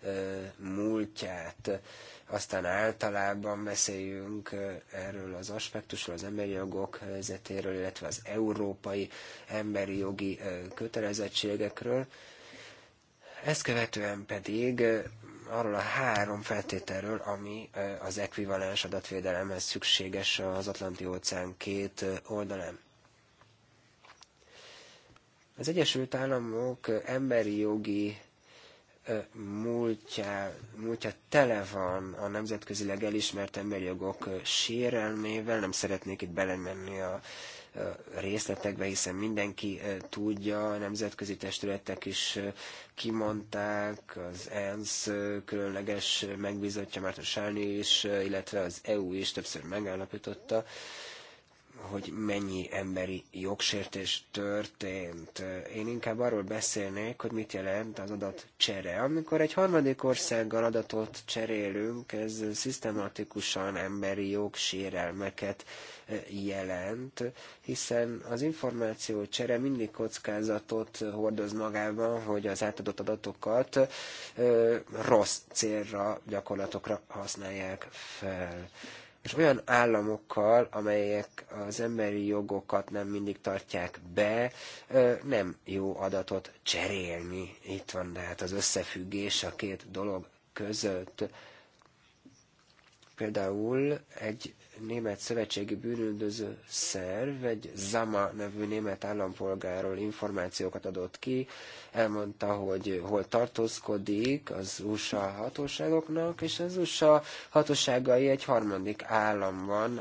Speaker 2: múltját aztán általában beszéljünk erről az aspektusról, az emberi jogok helyzetéről, illetve az európai emberi jogi kötelezettségekről. Ezt követően pedig arról a három feltételről, ami az ekvivalens adatvédelemhez szükséges az Atlanti-óceán két oldalán. Az Egyesült Államok emberi jogi múltja, múltja tele van a nemzetközileg elismert emberi jogok sérelmével. Nem szeretnék itt belemenni a részletekbe, hiszen mindenki tudja, a nemzetközi testületek is kimondták, az ENSZ különleges megbízottja Márton Sálni is, illetve az EU is többször megállapította, hogy mennyi emberi jogsértés történt. Én inkább arról beszélnék, hogy mit jelent az adat csere. Amikor egy harmadik országgal adatot cserélünk, ez szisztematikusan emberi jogsérelmeket eh, jelent, hiszen az információ csere mindig kockázatot hordoz magában, hogy az átadott adatokat eh, rossz célra, gyakorlatokra használják fel és olyan államokkal, amelyek az emberi jogokat nem mindig tartják be, nem jó adatot cserélni. Itt van tehát az összefüggés a két dolog között. Például egy német szövetségi bűnüldöző szerv egy Zama nevű német állampolgáról információkat adott ki, elmondta, hogy hol tartózkodik az USA hatóságoknak, és az USA hatóságai egy harmadik államban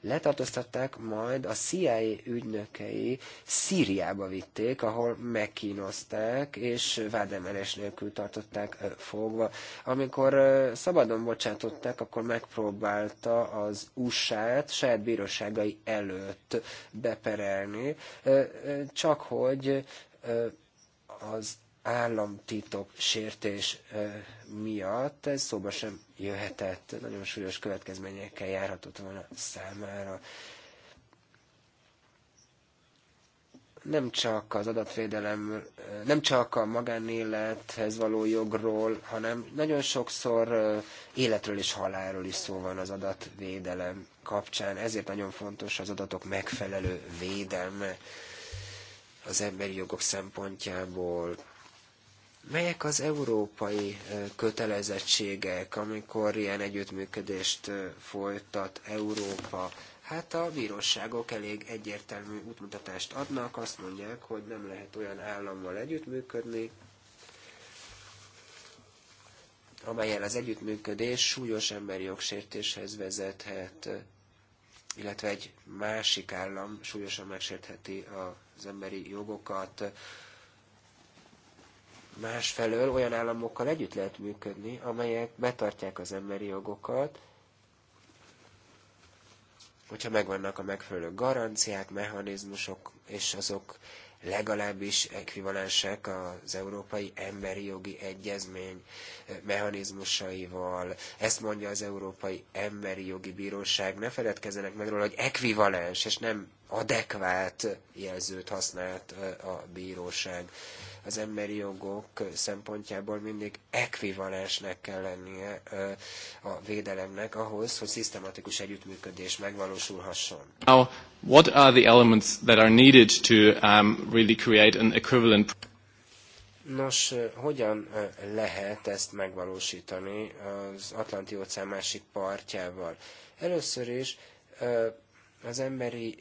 Speaker 2: letartóztatták, majd a CIA ügynökei Szíriába vitték, ahol megkínozták, és vádemelés nélkül tartották fogva. Amikor szabadon bocsátották, akkor megpróbálta az USA-t saját bíróságai előtt beperelni, csak hogy az államtitok sértés miatt ez szóba sem jöhetett, nagyon súlyos következményekkel járhatott volna számára. nem csak az adatvédelem, nem csak a magánélethez való jogról, hanem nagyon sokszor életről és halálról is szó van az adatvédelem kapcsán. Ezért nagyon fontos az adatok megfelelő védelme az emberi jogok szempontjából. Melyek az európai kötelezettségek, amikor ilyen együttműködést folytat Európa Hát a bíróságok elég egyértelmű útmutatást adnak, azt mondják, hogy nem lehet olyan állammal együttműködni, amelyen az együttműködés súlyos emberi jogsértéshez vezethet, illetve egy másik állam súlyosan megsértheti az emberi jogokat. Másfelől olyan államokkal együtt lehet működni, amelyek betartják az emberi jogokat, hogyha megvannak a megfelelő garanciák, mechanizmusok, és azok legalábbis ekvivalensek az Európai Emberi Jogi Egyezmény eh, mechanizmusaival. Ezt mondja az Európai Emberi Jogi Bíróság. Ne feledkezzenek meg róla, hogy ekvivalens és nem adekvát jelzőt használt eh, a bíróság az emberi jogok szempontjából mindig ekvivalensnek kell lennie a védelemnek ahhoz, hogy szisztematikus együttműködés megvalósulhasson.
Speaker 1: Now, what are the elements that are needed to um, really create an equivalent
Speaker 2: Nos, hogyan lehet ezt megvalósítani az Atlanti-óceán másik partjával? Először is az emberi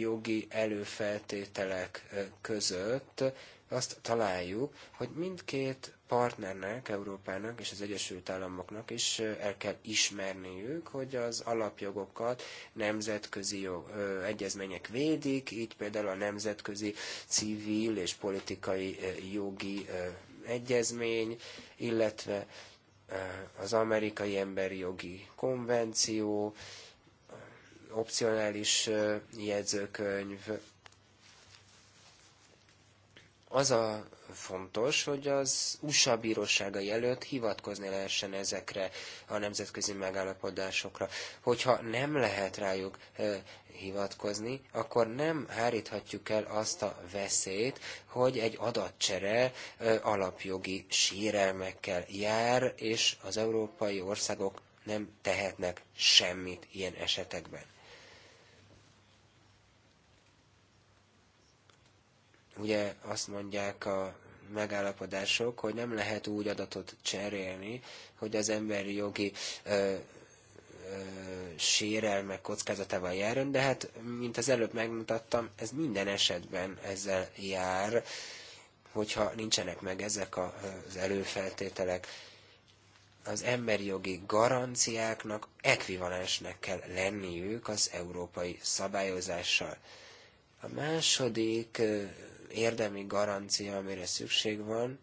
Speaker 2: jogi előfeltételek között azt találjuk, hogy mindkét partnernek, Európának és az Egyesült Államoknak is el kell ismerniük, hogy az alapjogokat nemzetközi jog, ö, egyezmények védik, így például a nemzetközi civil és politikai ö, jogi ö, egyezmény, illetve ö, az amerikai emberi jogi konvenció, opcionális jegyzőkönyv, az a fontos, hogy az USA bíróságai előtt hivatkozni lehessen ezekre a nemzetközi megállapodásokra. Hogyha nem lehet rájuk hivatkozni, akkor nem háríthatjuk el azt a veszélyt, hogy egy adatcsere alapjogi sérelmekkel jár, és az európai országok nem tehetnek semmit ilyen esetekben. Ugye azt mondják a megállapodások, hogy nem lehet úgy adatot cserélni, hogy az emberi jogi ö, ö, sérelmek kockázatával járjon, de hát, mint az előbb megmutattam, ez minden esetben ezzel jár, hogyha nincsenek meg ezek az előfeltételek. Az emberi jogi garanciáknak ekvivalensnek kell lenniük az európai szabályozással. A második érdemi garancia, amire szükség van,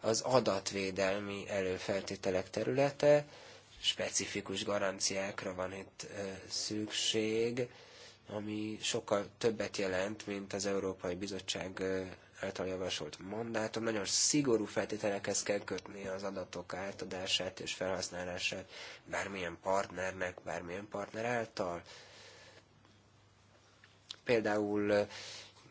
Speaker 2: az adatvédelmi előfeltételek területe, specifikus garanciákra van itt szükség, ami sokkal többet jelent, mint az Európai Bizottság által javasolt mandátum. Nagyon szigorú feltételekhez kell kötni az adatok átadását és felhasználását bármilyen partnernek, bármilyen partner által. Például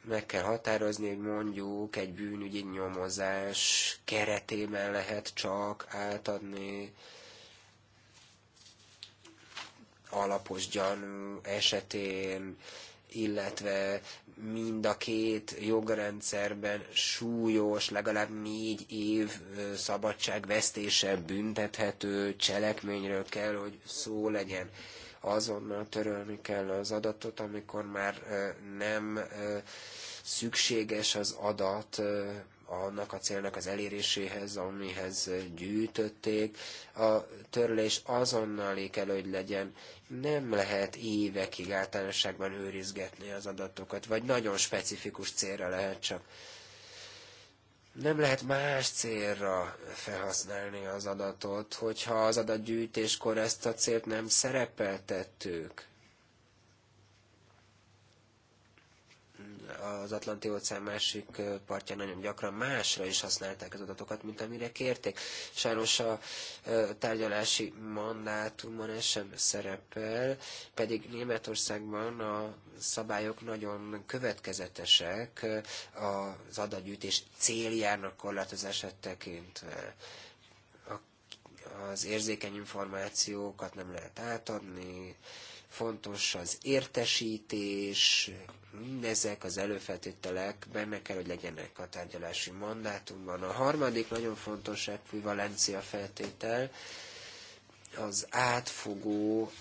Speaker 2: meg kell határozni, hogy mondjuk egy bűnügyi nyomozás keretében lehet csak átadni alapos gyanú esetén, illetve mind a két jogrendszerben súlyos, legalább négy év szabadságvesztése büntethető cselekményről kell, hogy szó legyen azonnal törölni kell az adatot, amikor már nem szükséges az adat annak a célnak az eléréséhez, amihez gyűjtötték. A törlés azonnali kell, hogy legyen. Nem lehet évekig általánosságban őrizgetni az adatokat, vagy nagyon specifikus célra lehet csak nem lehet más célra felhasználni az adatot, hogyha az adatgyűjtéskor ezt a célt nem szerepeltettük. az Atlanti óceán másik partján nagyon gyakran másra is használták az adatokat, mint amire kérték. Sajnos a tárgyalási mandátumon ez sem szerepel, pedig Németországban a szabályok nagyon következetesek az adatgyűjtés céljának korlátozását tekintve az érzékeny információkat nem lehet átadni, fontos az értesítés, Mindezek az előfeltételek benne kell, hogy legyenek a tárgyalási mandátumban. A harmadik nagyon fontos ekvivalencia feltétel az átfogó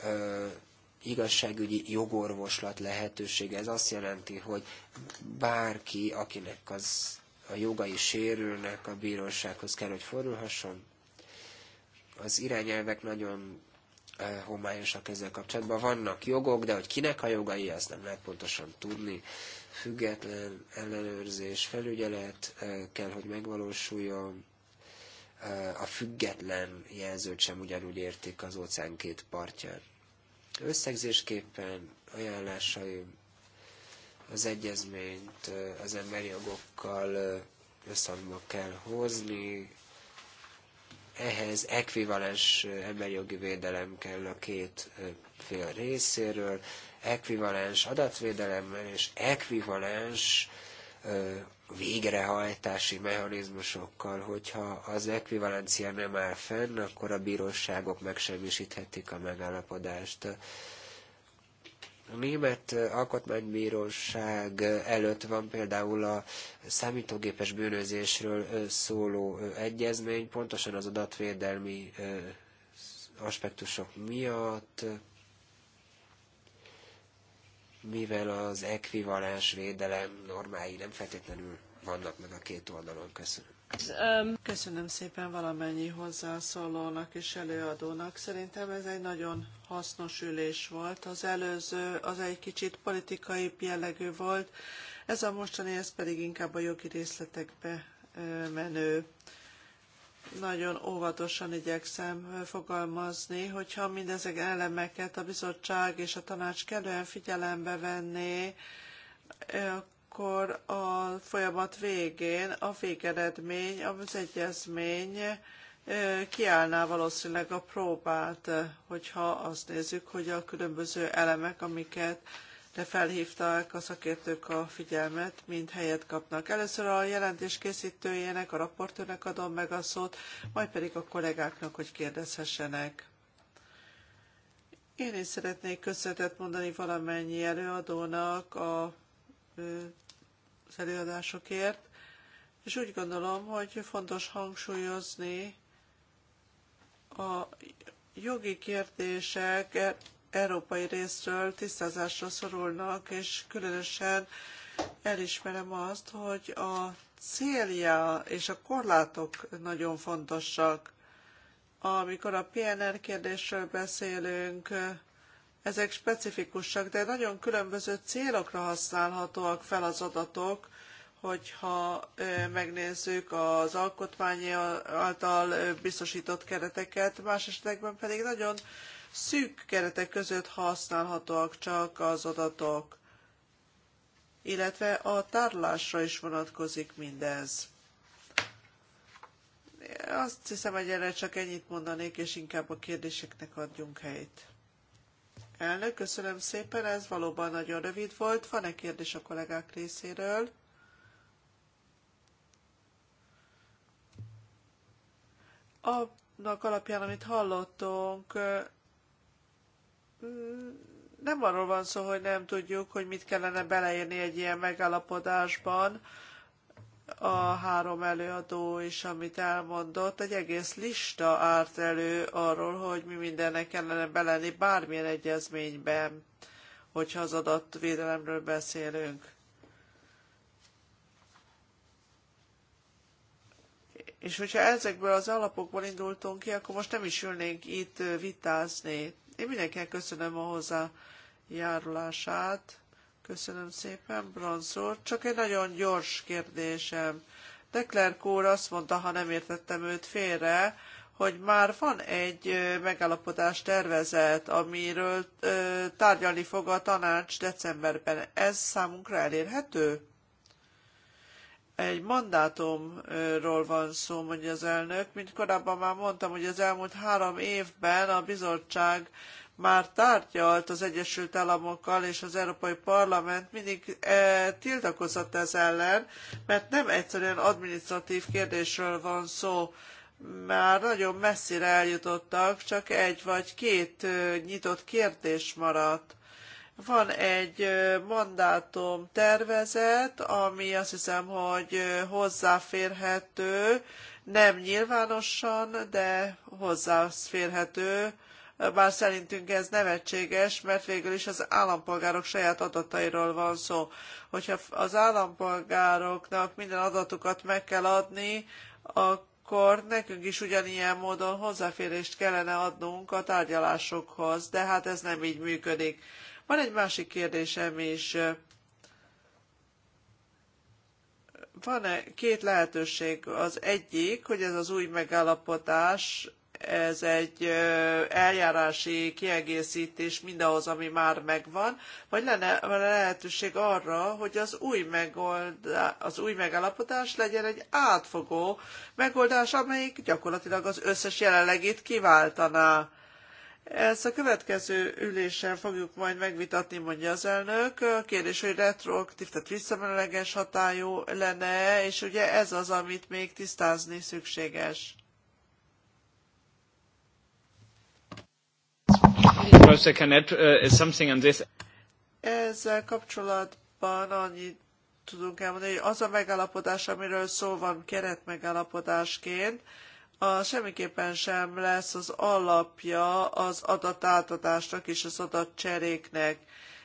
Speaker 2: igazságügyi jogorvoslat lehetősége. Ez azt jelenti, hogy bárki, akinek az a jogai sérülnek, a bírósághoz kell, hogy fordulhasson. Az irányelvek nagyon E, homályosak ezzel kapcsolatban. Vannak jogok, de hogy kinek a jogai, azt nem lehet pontosan tudni. Független ellenőrzés, felügyelet e, kell, hogy megvalósuljon. E, a független jelzőt sem ugyanúgy értik az óceán két partján. Összegzésképpen ajánlásai az egyezményt az emberi jogokkal összhangba kell hozni, ehhez ekvivalens emberjogi védelem kell a két fél részéről, ekvivalens adatvédelemmel és ekvivalens végrehajtási mechanizmusokkal, hogyha az ekvivalencia nem áll fenn, akkor a bíróságok megsemmisíthetik a megállapodást. A német alkotmánybíróság előtt van például a számítógépes bűnözésről szóló egyezmény, pontosan az adatvédelmi aspektusok miatt, mivel az ekvivalens védelem normái nem feltétlenül vannak meg a két oldalon. Köszönöm.
Speaker 3: Um, Köszönöm szépen valamennyi hozzászólónak és előadónak. Szerintem ez egy nagyon hasznos ülés volt. Az előző az egy kicsit politikai jellegű volt, ez a mostani, ez pedig inkább a jogi részletekbe menő. Nagyon óvatosan igyekszem fogalmazni, hogyha mindezek elemeket a bizottság és a tanács kellően figyelembe venné, akkor a folyamat végén a végeredmény, az egyezmény kiállná valószínűleg a próbát, hogyha azt nézzük, hogy a különböző elemek, amiket de felhívták a szakértők a figyelmet, mind helyet kapnak. Először a jelentés készítőjének, a raportőrnek adom meg a szót, majd pedig a kollégáknak, hogy kérdezhessenek. Én is szeretnék köszönetet mondani valamennyi előadónak a az előadásokért, és úgy gondolom, hogy fontos hangsúlyozni a jogi kérdések e, európai részről tisztázásra szorulnak, és különösen elismerem azt, hogy a célja és a korlátok nagyon fontosak. Amikor a PNR kérdésről beszélünk, ezek specifikusak, de nagyon különböző célokra használhatóak fel az adatok, hogyha megnézzük az alkotmány által biztosított kereteket, más esetekben pedig nagyon szűk keretek között használhatóak csak az adatok, illetve a tárlásra is vonatkozik mindez. Azt hiszem, hogy erre csak ennyit mondanék, és inkább a kérdéseknek adjunk helyt. Elnök, köszönöm szépen, ez valóban nagyon rövid volt. Van-e kérdés a kollégák részéről? Annak alapján, amit hallottunk, nem arról van szó, hogy nem tudjuk, hogy mit kellene beleírni egy ilyen megállapodásban, a három előadó is, amit elmondott, egy egész lista árt elő arról, hogy mi mindennek kellene belenni bármilyen egyezményben, hogyha az adatvédelemről beszélünk. És hogyha ezekből az alapokból indultunk ki, akkor most nem is ülnénk itt vitázni. Én mindenkinek köszönöm a hozzájárulását Köszönöm szépen, Bronzor. Csak egy nagyon gyors kérdésem. Deklerk úr azt mondta, ha nem értettem őt félre, hogy már van egy megállapodás tervezet, amiről tárgyalni fog a tanács decemberben. Ez számunkra elérhető? Egy mandátumról van szó, mondja az elnök. Mint korábban már mondtam, hogy az elmúlt három évben a bizottság már tárgyalt az Egyesült Államokkal, és az Európai Parlament mindig e, tiltakozott ez ellen, mert nem egyszerűen administratív kérdésről van szó, már nagyon messzire eljutottak, csak egy vagy két nyitott kérdés maradt. Van egy mandátum tervezet, ami azt hiszem, hogy hozzáférhető, nem nyilvánosan, de hozzáférhető bár szerintünk ez nevetséges, mert végül is az állampolgárok saját adatairól van szó. Hogyha az állampolgároknak minden adatukat meg kell adni, akkor nekünk is ugyanilyen módon hozzáférést kellene adnunk a tárgyalásokhoz, de hát ez nem így működik. Van egy másik kérdésem is. Van-e két lehetőség? Az egyik, hogy ez az új megállapodás ez egy eljárási kiegészítés mindahhoz, ami már megvan, vagy lenne lehetőség arra, hogy az új, megoldá, az új megállapodás legyen egy átfogó megoldás, amelyik gyakorlatilag az összes jelenlegét kiváltaná. Ezt a következő ülésen fogjuk majd megvitatni, mondja az elnök. A kérdés, hogy retroaktív, tehát visszamenőleges hatályú lenne, és ugye ez az, amit még tisztázni szükséges.
Speaker 1: Uh, Ezzel kapcsolatban annyit
Speaker 3: tudunk elmondani, hogy az a megállapodás, amiről szó van keretmegállapodásként, a semmiképpen sem lesz az alapja az adatátadásnak és az adatcseréknek.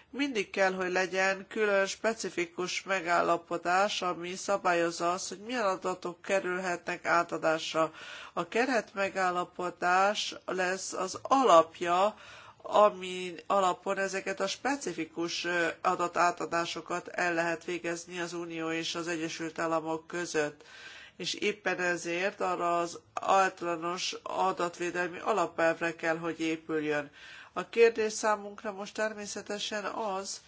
Speaker 3: Mindig kell, hogy legyen külön specifikus megállapodás, ami szabályozza azt, hogy milyen adatok kerülhetnek átadásra. A keretmegállapodás lesz az alapja ami alapon ezeket a specifikus adatátadásokat el lehet végezni az Unió és az Egyesült Államok között. És éppen ezért arra az általános adatvédelmi alapelvre kell, hogy épüljön. A kérdés számunkra most természetesen az,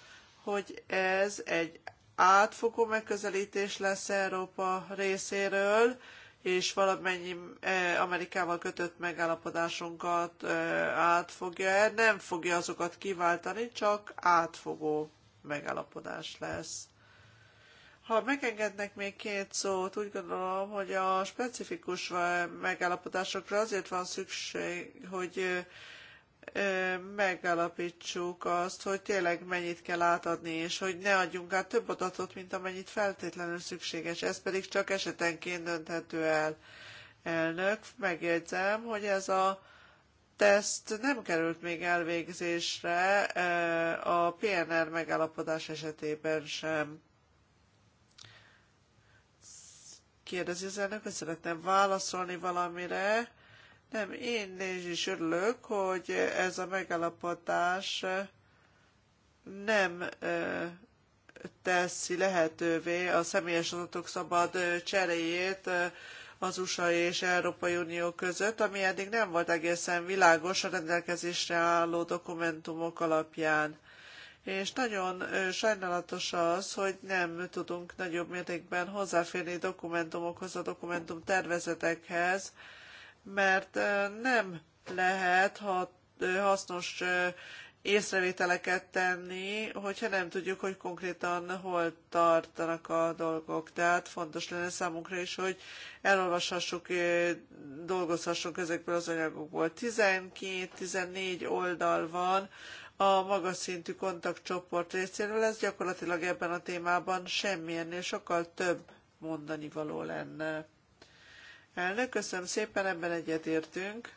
Speaker 3: hogy ez egy átfogó megközelítés lesz Európa részéről, és valamennyi eh, Amerikával kötött megállapodásunkat eh, átfogja, nem fogja azokat kiváltani, csak átfogó megállapodás lesz. Ha megengednek még két szót, úgy gondolom, hogy a specifikus megállapodásokra azért van szükség, hogy eh, megállapítsuk azt, hogy tényleg mennyit kell átadni, és hogy ne adjunk át több adatot, mint amennyit feltétlenül szükséges. Ez pedig csak esetenként dönthető el. Elnök, megjegyzem, hogy ez a teszt nem került még elvégzésre a PNR megállapodás esetében sem. Kérdezi az elnök, hogy szeretne válaszolni valamire nem, én is örülök, hogy ez a megállapodás nem teszi lehetővé a személyes adatok szabad cseréjét az USA és Európai Unió között, ami eddig nem volt egészen világos a rendelkezésre álló dokumentumok alapján. És nagyon sajnálatos az, hogy nem tudunk nagyobb mértékben hozzáférni dokumentumokhoz, a dokumentum tervezetekhez, mert nem lehet hasznos észrevételeket tenni, hogyha nem tudjuk, hogy konkrétan hol tartanak a dolgok. Tehát fontos lenne számunkra is, hogy elolvashassuk, dolgozhassunk ezekből az anyagokból. 12-14 oldal van a magas szintű kontaktcsoport részéről, ez gyakorlatilag ebben a témában semmilyennél sokkal több mondani való lenne. Elnök, köszönöm szépen, ebben egyetértünk.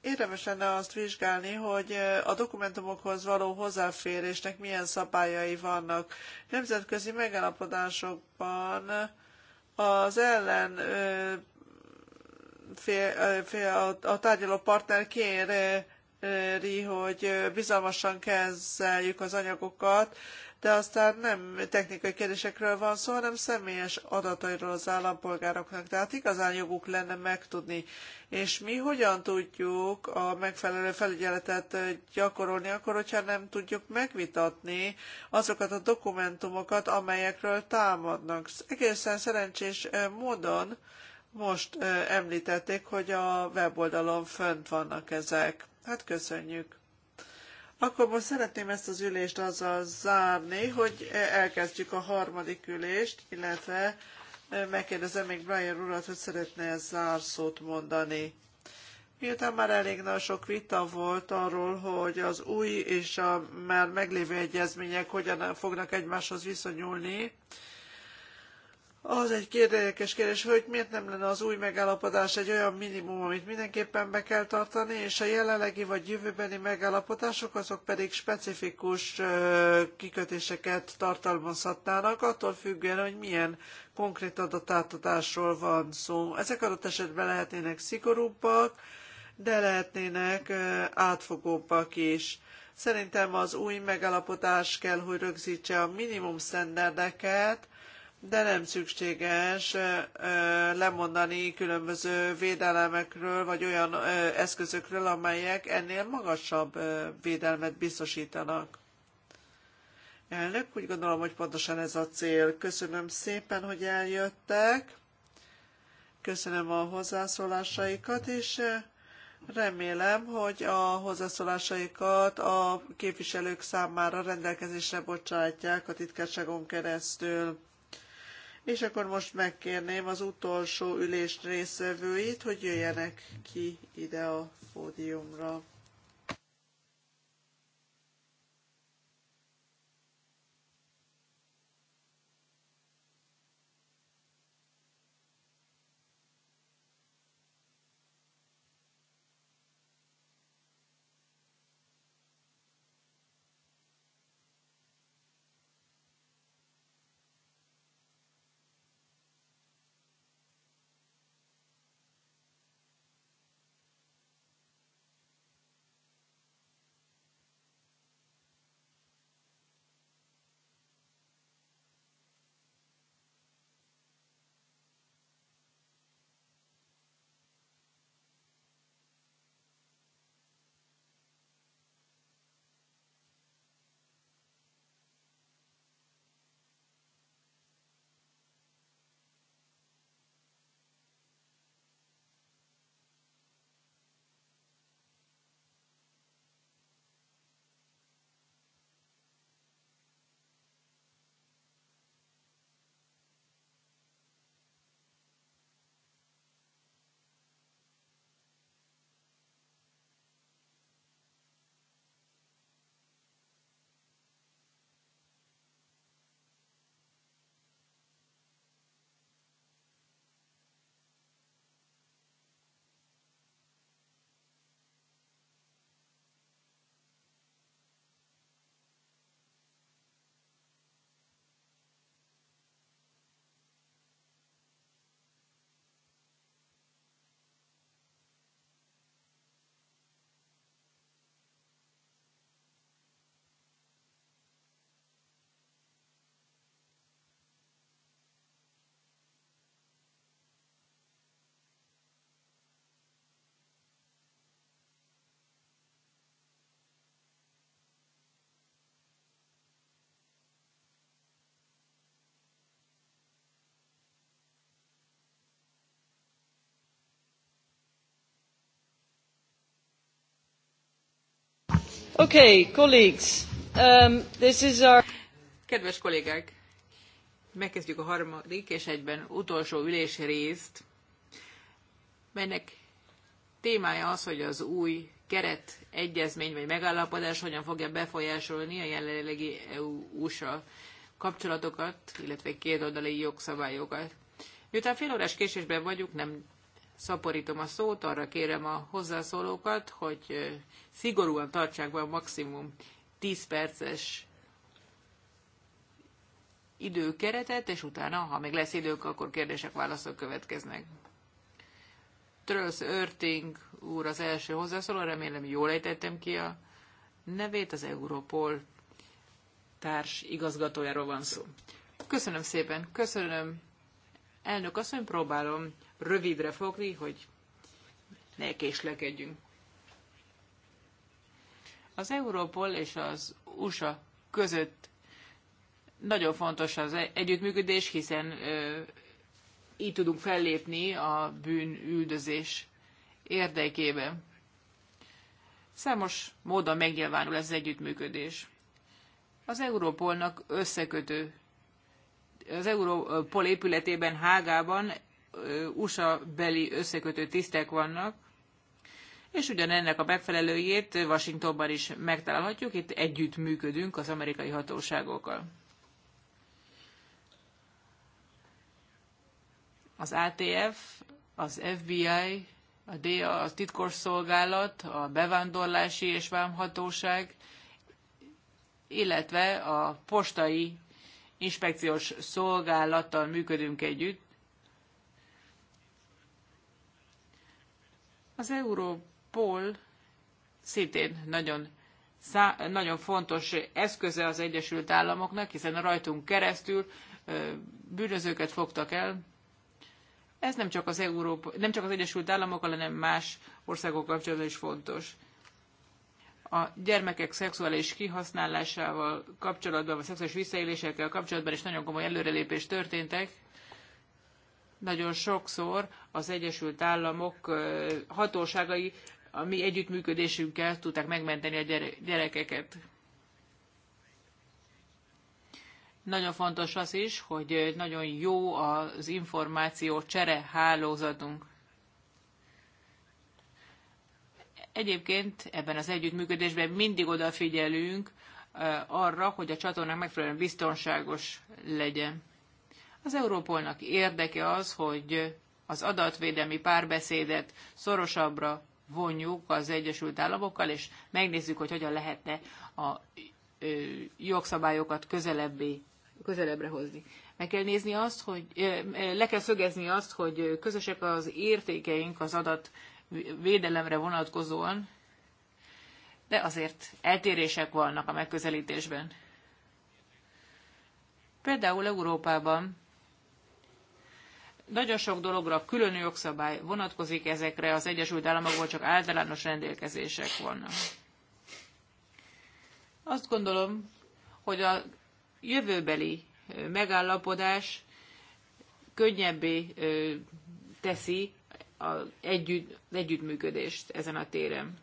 Speaker 3: Érdemes lenne azt vizsgálni, hogy a dokumentumokhoz való hozzáférésnek milyen szabályai vannak. Nemzetközi megállapodásokban az ellen a tárgyaló partner kéri, hogy bizalmasan kezeljük az anyagokat, de aztán nem technikai kérdésekről van szó, hanem személyes adatairól az állampolgároknak. Tehát igazán joguk lenne megtudni. És mi hogyan tudjuk a megfelelő felügyeletet gyakorolni, akkor, hogyha nem tudjuk megvitatni azokat a dokumentumokat, amelyekről támadnak. Egészen szerencsés módon most említették, hogy a weboldalon fönt vannak ezek. Hát köszönjük. Akkor most szeretném ezt az ülést azzal zárni, hogy elkezdjük a harmadik ülést, illetve megkérdezem még Brian urat, hogy szeretne ezt zárszót mondani. Miután már elég nagy sok vita volt arról, hogy az új és a már meglévő egyezmények hogyan fognak egymáshoz viszonyulni, az egy kérdékes kérdés, hogy miért nem lenne az új megállapodás egy olyan minimum, amit mindenképpen be kell tartani, és a jelenlegi vagy jövőbeni megállapodások azok pedig specifikus kikötéseket tartalmazhatnának, attól függően, hogy milyen konkrét adatátadásról van szó. Ezek adott esetben lehetnének szigorúbbak, de lehetnének átfogóbbak is. Szerintem az új megállapodás kell, hogy rögzítse a minimum sztenderdeket, de nem szükséges lemondani különböző védelemekről, vagy olyan eszközökről, amelyek ennél magasabb védelmet biztosítanak. Elnök, úgy gondolom, hogy pontosan ez a cél. Köszönöm szépen, hogy eljöttek. Köszönöm a hozzászólásaikat, és remélem, hogy a hozzászólásaikat a képviselők számára rendelkezésre bocsátják a titkárságon keresztül. És akkor most megkérném az utolsó ülés részvevőit, hogy jöjjenek ki ide a pódiumra.
Speaker 2: Um,
Speaker 1: Kedves kollégák, megkezdjük a harmadik és egyben utolsó ülésrészt melynek témája az, hogy az új keret vagy megállapodás hogyan fogja befolyásolni a jelenlegi EU-USA kapcsolatokat, illetve kétoldali jogszabályokat. Miután fél órás késésben vagyunk, nem szaporítom a szót, arra kérem a hozzászólókat, hogy szigorúan tartsák be a maximum 10 perces időkeretet, és utána, ha még lesz idők, akkor kérdések, válaszok következnek. Trölsz Örting úr az első hozzászóló, remélem jól ejtettem ki a nevét, az Europol társ igazgatójáról van szó. Köszönöm szépen, köszönöm. Elnök asszony, próbálom rövidre fogni, hogy ne késlekedjünk. Az Európol és az USA között nagyon fontos az e- együttműködés, hiszen ö, így tudunk fellépni a bűnüldözés érdekében. Számos módon megnyilvánul ez az együttműködés. Az Európolnak összekötő, az Európol épületében Hágában USA beli összekötő tisztek vannak, és ugyanennek a megfelelőjét Washingtonban is megtalálhatjuk, itt együtt működünk az amerikai hatóságokkal. Az ATF, az FBI, a DA, a titkosszolgálat, a bevándorlási és vámhatóság, illetve a postai inspekciós szolgálattal működünk együtt, Az Európol szintén nagyon, szá- nagyon fontos eszköze az Egyesült Államoknak, hiszen a rajtunk keresztül bűnözőket fogtak el. Ez nem csak, az Európa, nem csak az Egyesült Államok, hanem más országok kapcsolatban is fontos. A gyermekek szexuális kihasználásával kapcsolatban, vagy szexuális visszaélésekkel kapcsolatban is nagyon komoly előrelépés történtek. Nagyon sokszor az Egyesült Államok hatóságai a mi együttműködésünkkel tudták megmenteni a gyerekeket. Nagyon fontos az is, hogy nagyon jó az információ csere hálózatunk. Egyébként ebben az együttműködésben mindig odafigyelünk arra, hogy a csatornák megfelelően biztonságos legyen. Az Európolnak érdeke az, hogy az adatvédelmi párbeszédet szorosabbra vonjuk az Egyesült Államokkal, és megnézzük, hogy hogyan lehetne a jogszabályokat közelebbé, közelebbre hozni. Meg kell nézni azt, hogy le kell szögezni azt, hogy közösek az értékeink az adat védelemre vonatkozóan, de azért eltérések vannak a megközelítésben. Például Európában nagyon sok dologra külön jogszabály vonatkozik, ezekre az Egyesült Államokból csak általános rendelkezések vannak. Azt gondolom, hogy a jövőbeli megállapodás könnyebbé teszi az együtt, együttműködést ezen a téren.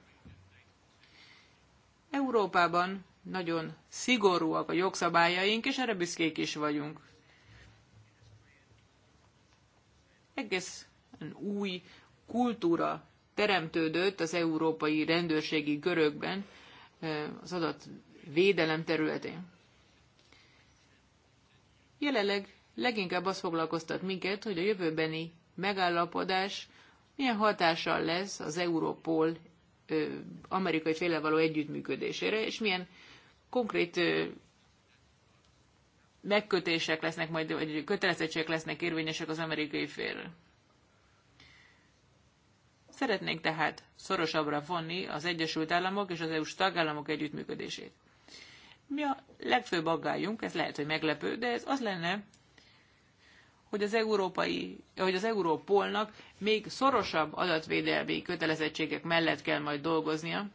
Speaker 1: Európában nagyon szigorúak a jogszabályaink, és erre büszkék is vagyunk. egész új kultúra teremtődött az európai rendőrségi körökben eh, az adatvédelem területén. Jelenleg leginkább az foglalkoztat minket, hogy a jövőbeni megállapodás milyen hatással lesz az Európol eh, amerikai félre való együttműködésére, és milyen konkrét eh, megkötések lesznek majd, vagy kötelezettségek lesznek érvényesek az amerikai fél. Szeretnénk tehát szorosabbra vonni az Egyesült Államok és az EU-s tagállamok együttműködését. Mi a legfőbb aggályunk, ez lehet, hogy meglepő, de ez az lenne, hogy az, európai, hogy az Európolnak még szorosabb adatvédelmi kötelezettségek mellett kell majd dolgoznia,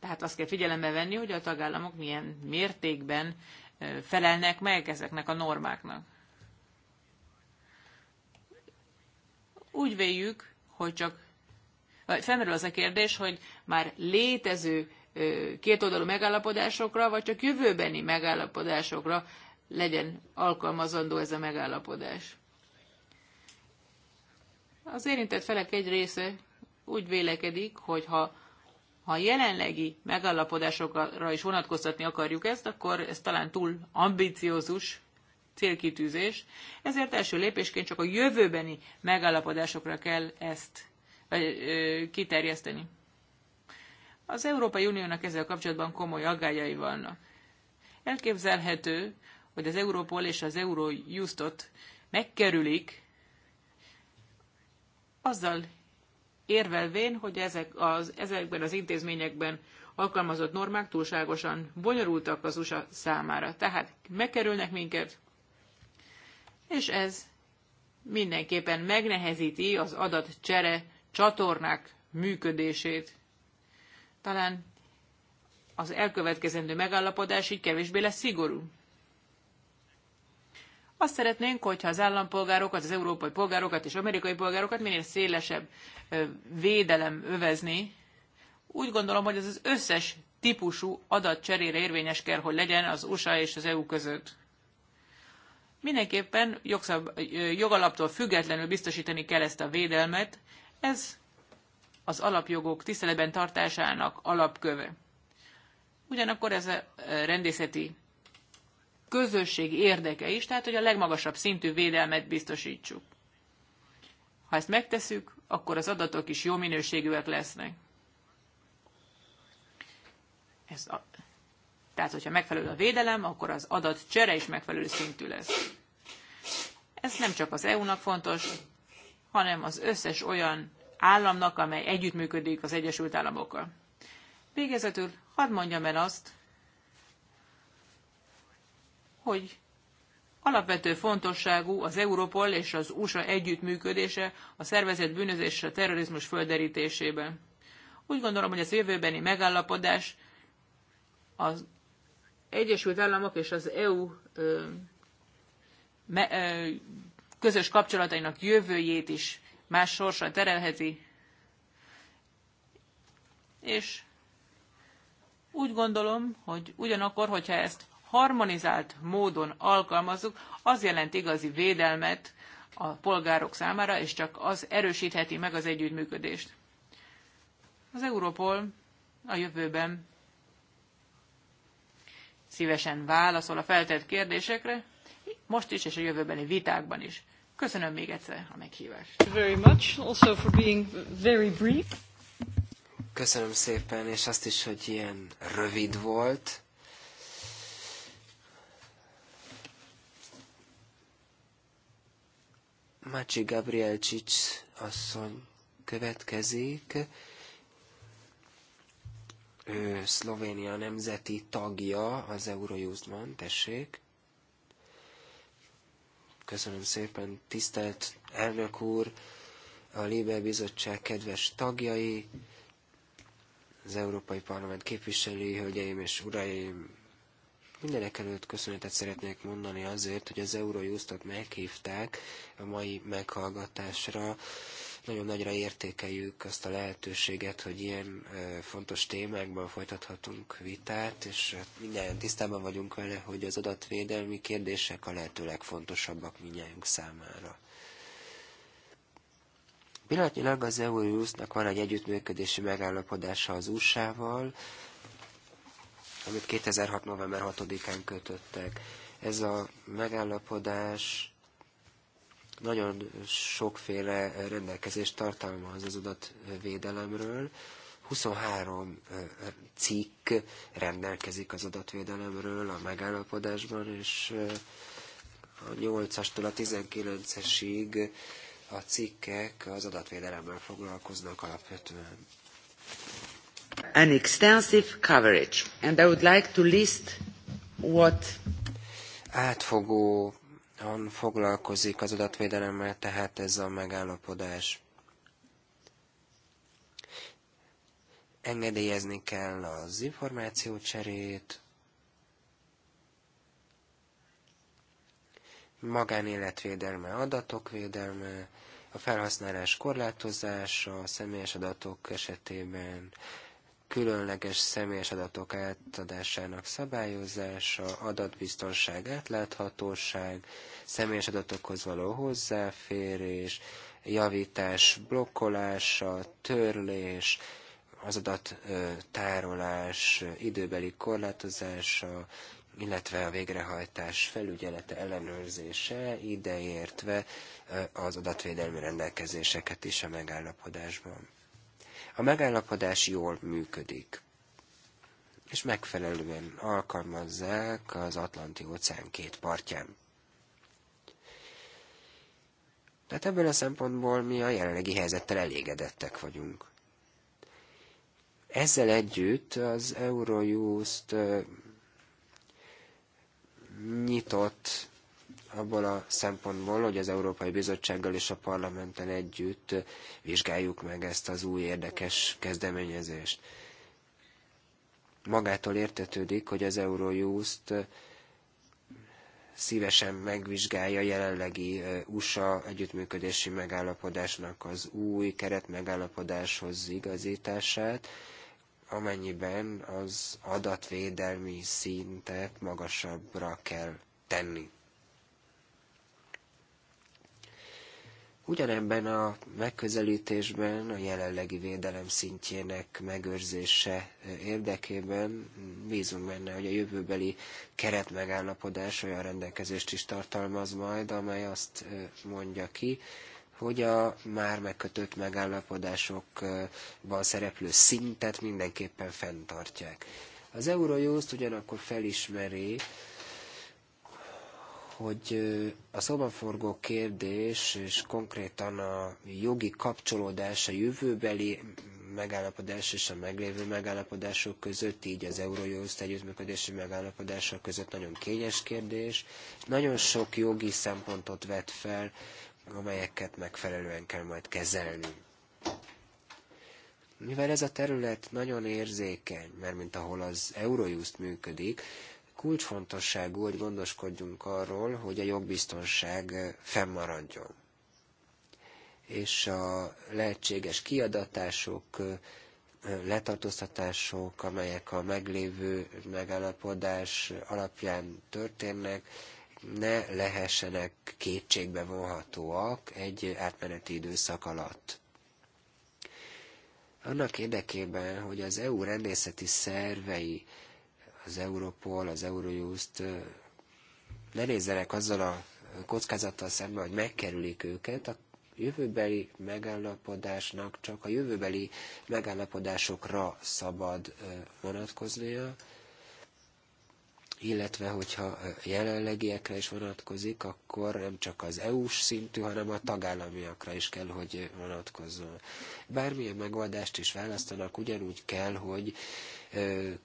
Speaker 1: tehát azt kell figyelembe venni, hogy a tagállamok milyen mértékben felelnek meg ezeknek a normáknak. Úgy véljük, hogy csak felmerül az a kérdés, hogy már létező kétoldalú megállapodásokra, vagy csak jövőbeni megállapodásokra legyen alkalmazandó ez a megállapodás. Az érintett felek egy része úgy vélekedik, hogy ha ha a jelenlegi megállapodásokra is vonatkoztatni akarjuk ezt, akkor ez talán túl ambiciózus célkitűzés, ezért első lépésként csak a jövőbeni megállapodásokra kell ezt vagy, ö, kiterjeszteni. Az Európai Uniónak ezzel kapcsolatban komoly aggályai vannak. Elképzelhető, hogy az Európol és az Eurojustot megkerülik, azzal érvelvén, hogy ezek az, ezekben az intézményekben alkalmazott normák túlságosan bonyolultak az USA számára. Tehát megkerülnek minket, és ez mindenképpen megnehezíti az adatcsere csatornák működését. Talán az elkövetkezendő megállapodás így kevésbé lesz szigorú. Azt szeretnénk, hogyha az állampolgárokat, az európai polgárokat és amerikai polgárokat minél szélesebb védelem övezni. Úgy gondolom, hogy ez az összes típusú adatcserére érvényes kell, hogy legyen az USA és az EU között. Mindenképpen jogszab, jogalaptól függetlenül biztosítani kell ezt a védelmet, ez az alapjogok tiszteletben tartásának alapköve. Ugyanakkor ez a rendészeti közösség érdeke is, tehát hogy a legmagasabb szintű védelmet biztosítsuk. Ha ezt megteszük, akkor az adatok is jó minőségűek lesznek. Ez a, tehát, hogyha megfelelő a védelem, akkor az adat csere is megfelelő szintű lesz. Ez nem csak az EU-nak fontos, hanem az összes olyan államnak, amely együttműködik az Egyesült Államokkal. Végezetül hadd mondjam el azt, hogy alapvető fontosságú az Europol és az USA együttműködése a szervezett bűnözés és a terrorizmus földerítésében. Úgy gondolom, hogy az jövőbeni megállapodás az Egyesült Államok és az EU ö, me, ö, közös kapcsolatainak jövőjét is más sorsra terelheti, és úgy gondolom, hogy ugyanakkor, hogyha ezt harmonizált módon alkalmazzuk, az jelent igazi védelmet a polgárok számára, és csak az erősítheti meg az együttműködést. Az Europol a jövőben szívesen válaszol a feltett kérdésekre, most is és a jövőbeni vitákban is. Köszönöm még egyszer a meghívást.
Speaker 2: Very much, also for being very brief. Köszönöm szépen, és azt is, hogy ilyen rövid volt. Mácsi Gabriel Csics asszony következik. Ő Szlovénia nemzeti tagja az Eurojustban, tessék. Köszönöm szépen, tisztelt elnök úr, a Libe Bizottság kedves tagjai, az Európai Parlament képviselői, hölgyeim és uraim, Mindenek előtt köszönetet szeretnék mondani azért, hogy az Eurojustot meghívták a mai meghallgatásra. Nagyon nagyra értékeljük azt a lehetőséget, hogy ilyen fontos témákban folytathatunk vitát, és hát minden tisztában vagyunk vele, hogy az adatvédelmi kérdések a lehető legfontosabbak minnyájunk számára. Pillanatnyilag az Eurojustnak van egy együttműködési megállapodása az USA-val, amit 2006. november 6-án kötöttek. Ez a megállapodás nagyon sokféle rendelkezést tartalmaz az adatvédelemről. 23 cikk rendelkezik az adatvédelemről a megállapodásban, és a 8-astól a 19-esig a cikkek az adatvédelemmel foglalkoznak alapvetően an extensive coverage. And I would like to list what átfogóan foglalkozik az adatvédelemmel, tehát ez a megállapodás. Engedélyezni kell az információcserét, magánéletvédelme, adatok védelme, a felhasználás korlátozása a személyes adatok esetében, különleges személyes adatok átadásának szabályozása, adatbiztonság, átláthatóság, személyes adatokhoz való hozzáférés, javítás, blokkolása, törlés, az adat tárolás, időbeli korlátozása, illetve a végrehajtás felügyelete ellenőrzése, ideértve az adatvédelmi rendelkezéseket is a megállapodásban. A megállapodás jól működik, és megfelelően alkalmazzák az Atlanti-óceán két partján. Tehát ebből a szempontból mi a jelenlegi helyzettel elégedettek vagyunk. Ezzel együtt az Eurojust nyitott abból a szempontból, hogy az Európai Bizottsággal és a parlamenten együtt vizsgáljuk meg ezt az új érdekes kezdeményezést. Magától értetődik, hogy az Eurojust szívesen megvizsgálja jelenlegi USA együttműködési megállapodásnak az új keret megállapodáshoz igazítását, amennyiben az adatvédelmi szintet magasabbra kell tenni. Ugyanebben a megközelítésben a jelenlegi védelem szintjének megőrzése eh, érdekében bízunk benne, hogy a jövőbeli keretmegállapodás olyan rendelkezést is tartalmaz majd, amely azt eh, mondja ki, hogy a már megkötött megállapodásokban szereplő szintet mindenképpen fenntartják. Az Eurojust ugyanakkor felismeri, hogy a szóban forgó kérdés, és konkrétan a jogi kapcsolódás a jövőbeli megállapodás és a meglévő megállapodások között, így az Eurojust együttműködési megállapodások között nagyon kényes kérdés. Nagyon sok jogi szempontot vet fel, amelyeket megfelelően kell majd kezelni. Mivel ez a terület nagyon érzékeny, mert mint ahol az Eurojust működik, kulcsfontosságú, hogy gondoskodjunk arról, hogy a jogbiztonság fennmaradjon. És a lehetséges kiadatások, letartóztatások, amelyek a meglévő megállapodás alapján történnek, ne lehessenek kétségbe vonhatóak egy átmeneti időszak alatt. Annak érdekében, hogy az EU rendészeti szervei az Europol, az Eurojust lenézzenek azzal a kockázattal szemben, hogy megkerülik őket, a jövőbeli megállapodásnak csak a jövőbeli megállapodásokra szabad vonatkoznia, illetve hogyha jelenlegiekre is vonatkozik, akkor nem csak az EU-s szintű, hanem a tagállamiakra is kell, hogy vonatkozzon. Bármilyen megoldást is választanak, ugyanúgy kell, hogy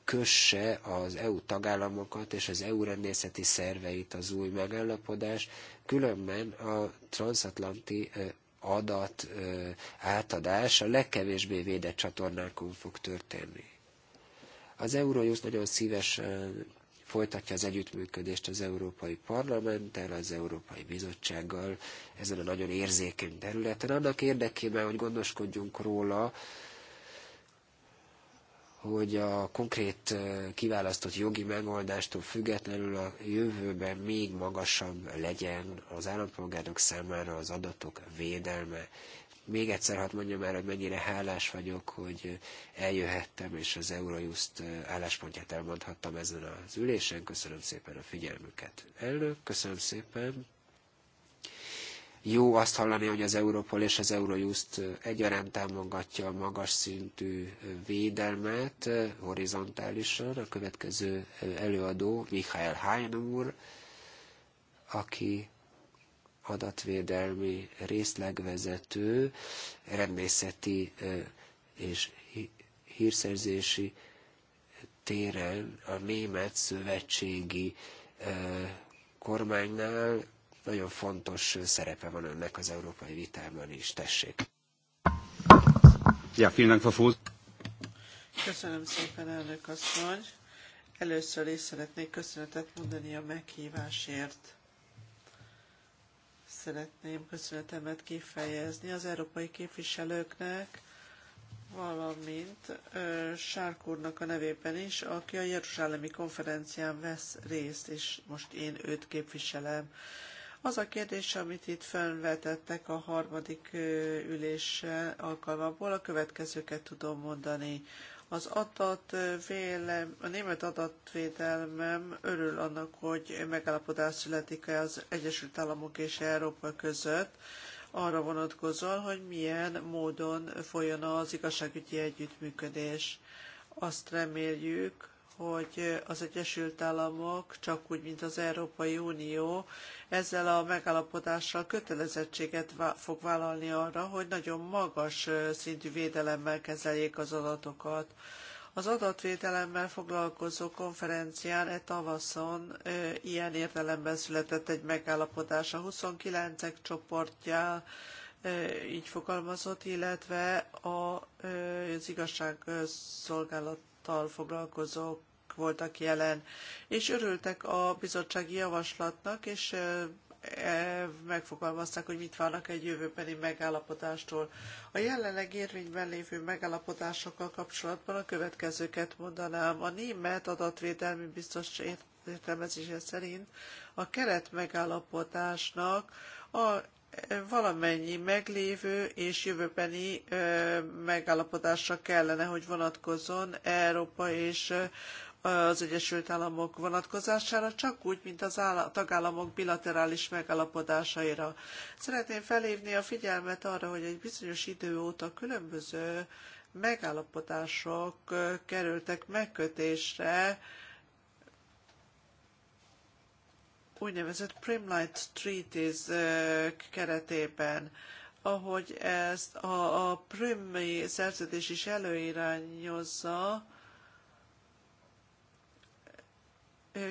Speaker 2: kösse az EU tagállamokat és az EU rendészeti szerveit az új megállapodás, különben a transatlanti adat átadás a legkevésbé védett csatornákon fog történni. Az Eurojust nagyon szívesen folytatja az együttműködést az Európai Parlamenttel, az Európai Bizottsággal ezen a nagyon érzékeny területen, annak érdekében, hogy gondoskodjunk róla, hogy a konkrét kiválasztott jogi megoldástól függetlenül a jövőben még magasabb legyen az állampolgárok számára az adatok védelme. Még egyszer hadd mondjam el, hogy mennyire hálás vagyok, hogy eljöhettem, és az Eurojust álláspontját elmondhattam ezen az ülésen. Köszönöm szépen a figyelmüket. Elnök, köszönöm szépen. Jó azt hallani, hogy az Europol és az Eurojust egyaránt támogatja a magas szintű védelmet horizontálisan. A következő előadó Michael Hein úr, aki adatvédelmi részlegvezető, rendészeti és hírszerzési téren a német szövetségi kormánynál nagyon fontos szerepe van önnek az európai vitában is. Tessék! Ja, vielen Dank, Köszönöm szépen, elnök asszony. Először is
Speaker 3: szeretnék köszönetet mondani a meghívásért. Szeretném köszönetemet kifejezni az európai képviselőknek, valamint Sárk úrnak a nevében is, aki a Jeruzsálemi konferencián vesz részt, és most én őt képviselem. Az a kérdés, amit itt felvetettek a harmadik ülés alkalmából, a következőket tudom mondani. Az adat vélem, a német adatvédelmem örül annak, hogy megállapodás születik az Egyesült Államok és Európa között, arra vonatkozóan, hogy milyen módon folyjon az igazságügyi együttműködés. Azt reméljük, hogy az Egyesült Államok, csak úgy, mint az Európai Unió, ezzel a megállapodással kötelezettséget fog vállalni arra, hogy nagyon magas szintű védelemmel kezeljék az adatokat. Az adatvédelemmel foglalkozó konferencián e tavaszon e, ilyen értelemben született egy megállapodás a 29-ek csoportjá, e, így fogalmazott, illetve a, e, az igazságszolgálat tudattal foglalkozók voltak jelen, és örültek a bizottsági javaslatnak, és e, megfogalmazták, hogy mit várnak egy jövőbeni megállapodástól. A jelenleg érvényben lévő megállapodásokkal kapcsolatban a következőket mondanám. A német adatvédelmi biztos értelmezése szerint a keret megállapodásnak a valamennyi meglévő és jövőbeni megállapodásra kellene, hogy vonatkozzon Európa és az Egyesült Államok vonatkozására, csak úgy, mint az tagállamok bilaterális megállapodásaira. Szeretném felhívni a figyelmet arra, hogy egy bizonyos idő óta különböző megállapodások kerültek megkötésre, úgynevezett Primlight Treaties keretében, ahogy ezt a, a primi szerződés is előirányozza,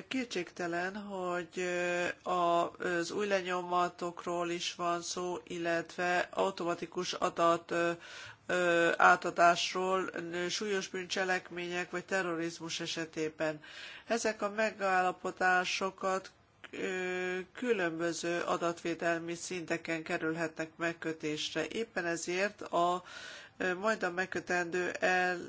Speaker 3: Kétségtelen, hogy az új lenyomatokról is van szó, illetve automatikus adat átadásról súlyos bűncselekmények vagy terrorizmus esetében. Ezek a megállapodásokat különböző adatvédelmi szinteken kerülhetnek megkötésre. Éppen ezért a majd a megkötendő el,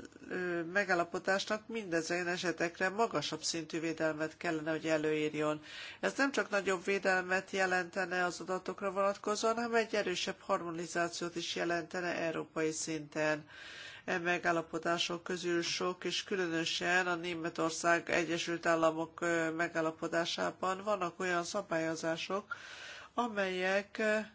Speaker 3: megállapotásnak mindezen esetekre magasabb szintű védelmet kellene, hogy előírjon. Ez nem csak nagyobb védelmet jelentene az adatokra vonatkozóan, hanem egy erősebb harmonizációt is jelentene európai szinten. E megállapodások közül sok, és különösen a Németország Egyesült Államok e, megállapodásában vannak olyan szabályozások, amelyek e,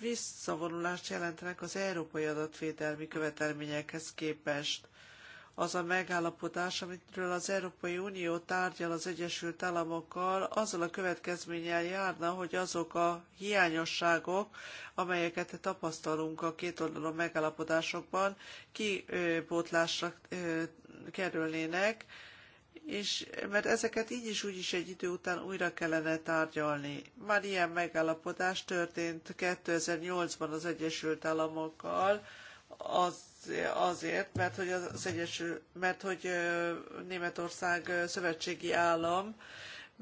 Speaker 3: visszavonulást jelentenek az európai adatvédelmi követelményekhez képest az a megállapodás, amitről az Európai Unió tárgyal az Egyesült Államokkal, azzal a következménnyel járna, hogy azok a hiányosságok, amelyeket tapasztalunk a kétoldalú megállapodásokban, kibótlásra kerülnének, és mert ezeket így is úgy is egy idő után újra kellene tárgyalni. Már ilyen megállapodás történt 2008-ban az Egyesült Államokkal, az azért, mert hogy az Egyesül, mert hogy Németország szövetségi állam,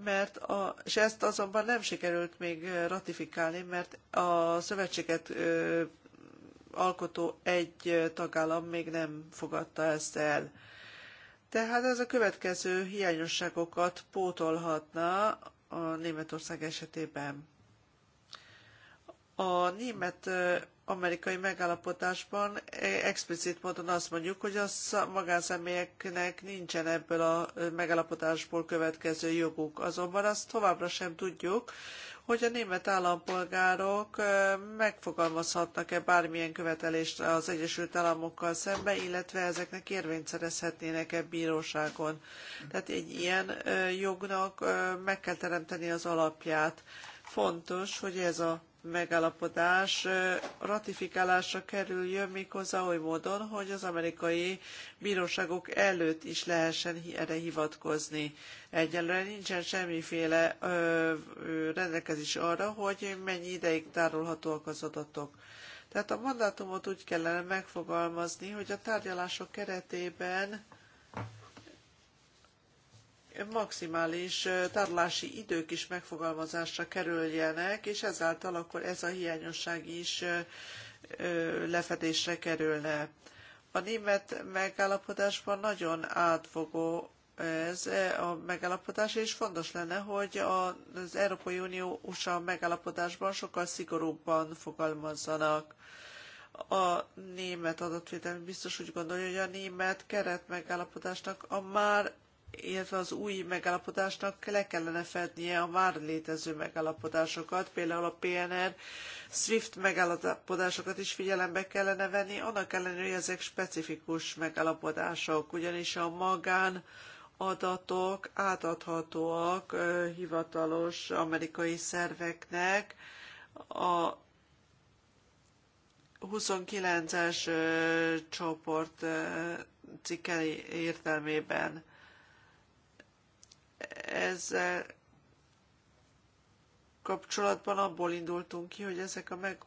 Speaker 3: mert a, és ezt azonban nem sikerült még ratifikálni, mert a szövetséget ö, alkotó egy tagállam még nem fogadta ezt el. Tehát ez a következő hiányosságokat pótolhatna a Németország esetében. A német amerikai megállapodásban e, explicit módon azt mondjuk, hogy a magánszemélyeknek nincsen ebből a megállapodásból következő joguk. Azonban azt továbbra sem tudjuk, hogy a német állampolgárok megfogalmazhatnak-e bármilyen követelést az Egyesült Államokkal szembe, illetve ezeknek érvényt szerezhetnének-e bíróságon. Tehát egy ilyen jognak meg kell teremteni az alapját. Fontos, hogy ez a megállapodás ratifikálásra kerüljön méghozzá oly módon, hogy az amerikai bíróságok előtt is lehessen erre hivatkozni. Egyelőre nincsen semmiféle rendelkezés arra, hogy mennyi ideig tárolhatóak az adatok. Tehát a mandátumot úgy kellene megfogalmazni, hogy a tárgyalások keretében maximális tárolási idők is megfogalmazásra kerüljenek, és ezáltal akkor ez a hiányosság is lefedésre kerülne. A német megállapodásban nagyon átfogó ez a megállapodás, és fontos lenne, hogy az Európai Unió USA megállapodásban sokkal szigorúbban fogalmazzanak. A német adatvédelmi biztos úgy gondolja, hogy a német keretmegállapodásnak a már illetve az új megállapodásnak le kellene fednie a már létező megállapodásokat, például a PNR, SWIFT megállapodásokat is figyelembe kellene venni, annak ellenére, hogy ezek specifikus megállapodások, ugyanis a magán adatok átadhatóak hivatalos amerikai szerveknek a 29-es csoport cikke értelmében ezzel kapcsolatban abból indultunk ki, hogy ezek a, meg,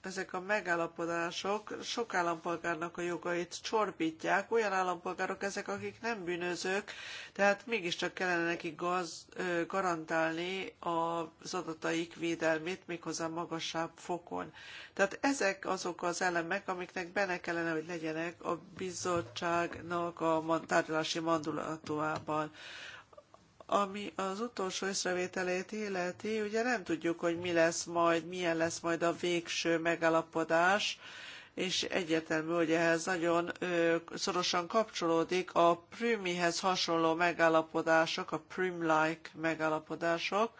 Speaker 3: ezek a megállapodások sok állampolgárnak a jogait csorbítják, olyan állampolgárok ezek, akik nem bűnözők, tehát mégiscsak kellene nekik gaz, garantálni az adataik védelmét méghozzá magasabb fokon. Tehát ezek azok az elemek, amiknek benne kellene, hogy legyenek a bizottságnak a tárgyalási mandulatúában. Ami az utolsó észrevételét illeti, ugye nem tudjuk, hogy mi lesz majd, milyen lesz majd a végső megállapodás, és egyértelmű, hogy ehhez nagyon szorosan kapcsolódik a Prümihez hasonló megállapodások, a Prüm-like megállapodások,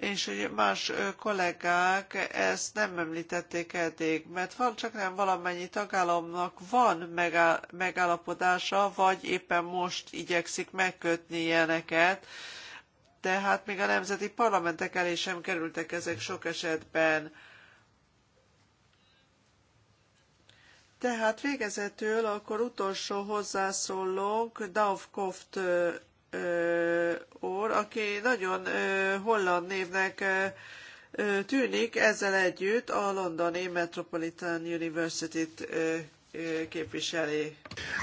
Speaker 3: és hogy más kollégák ezt nem említették eddig, mert van csak nem valamennyi tagállamnak van megállapodása, vagy éppen most igyekszik megkötni ilyeneket, de hát még a nemzeti parlamentek elé sem kerültek ezek sok esetben. Tehát végezetül akkor utolsó hozzászólónk Davkoft úr, aki nagyon holland névnek tűnik, ezzel együtt a londoni Metropolitan University-t képviseli.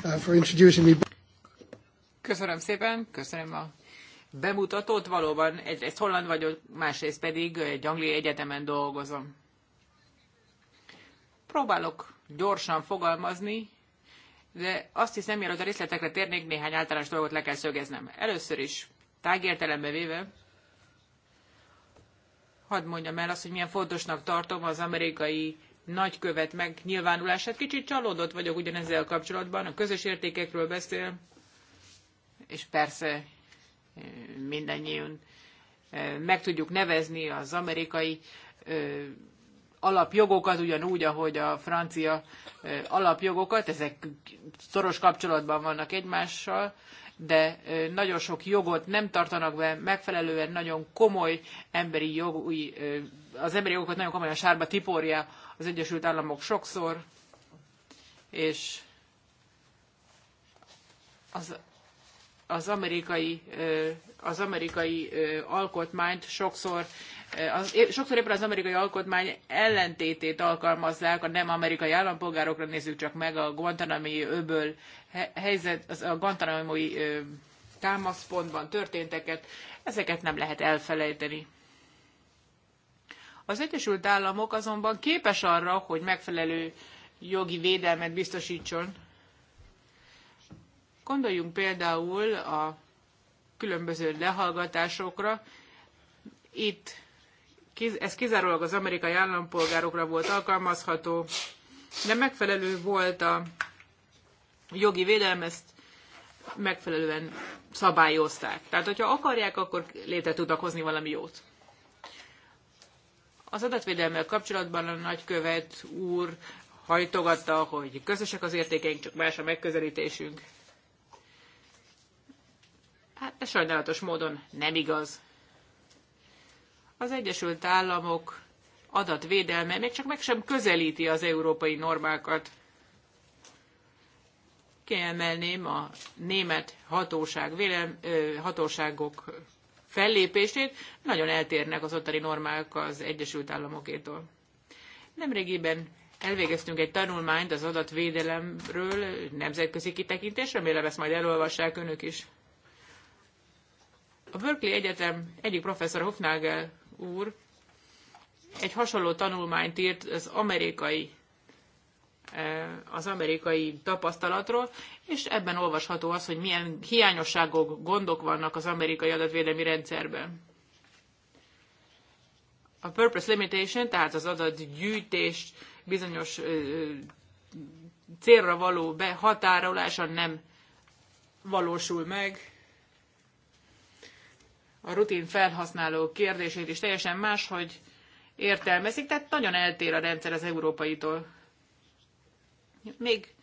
Speaker 3: Uh, köszönöm szépen, köszönöm
Speaker 1: a bemutatót. Valóban egyrészt holland vagyok, másrészt pedig egy angliai egyetemen dolgozom. Próbálok gyorsan fogalmazni, de azt hiszem, mielőtt a részletekre térnék, néhány általános dolgot le kell szögeznem. Először is, tágértelembe véve, hadd mondjam el azt, hogy milyen fontosnak tartom az amerikai nagykövet megnyilvánulását. Kicsit csalódott vagyok ugyanezzel kapcsolatban, a közös értékekről beszél, és persze mindannyiunk meg tudjuk nevezni az amerikai alapjogokat, ugyanúgy, ahogy a francia alapjogokat, ezek szoros kapcsolatban vannak egymással, de nagyon sok jogot nem tartanak be megfelelően, nagyon komoly emberi jogi, az emberi jogokat nagyon komolyan sárba tiporja az Egyesült Államok sokszor, és az, az amerikai, az amerikai alkotmányt sokszor Eh, az, sokszor éppen az amerikai alkotmány ellentétét alkalmazzák a nem amerikai állampolgárokra, nézzük csak meg a Guantanamo-i öböl helyzet, az a Guantanamo-i támaszpontban történteket, ezeket nem lehet elfelejteni. Az Egyesült Államok azonban képes arra, hogy megfelelő jogi védelmet biztosítson. Gondoljunk például a különböző lehallgatásokra. Itt ez kizárólag az amerikai állampolgárokra volt alkalmazható, de megfelelő volt a jogi védelem, ezt megfelelően szabályozták. Tehát, hogyha akarják, akkor létre tudnak hozni valami jót. Az adatvédelmmel kapcsolatban a nagykövet úr hajtogatta, hogy közösek az értékeink, csak más a megközelítésünk. Hát ez sajnálatos módon nem igaz. Az Egyesült Államok adatvédelme még csak meg sem közelíti az európai normákat. Kiemelném a német hatóság, vélem, hatóságok fellépését, nagyon eltérnek az ottani normák az Egyesült Államokétól. Nemrégiben elvégeztünk egy tanulmányt az adatvédelemről, nemzetközi kitekintés, remélem ezt majd elolvassák önök is. A Berkeley Egyetem egyik professzor Hofnagel úr egy hasonló tanulmányt írt az amerikai e, az amerikai tapasztalatról, és ebben olvasható az, hogy milyen hiányosságok, gondok vannak az amerikai adatvédelmi rendszerben. A purpose limitation, tehát az adatgyűjtés bizonyos célra való behatárolása nem valósul meg, a rutin felhasználó kérdését is teljesen máshogy értelmezik, tehát nagyon eltér a rendszer az európaitól. Még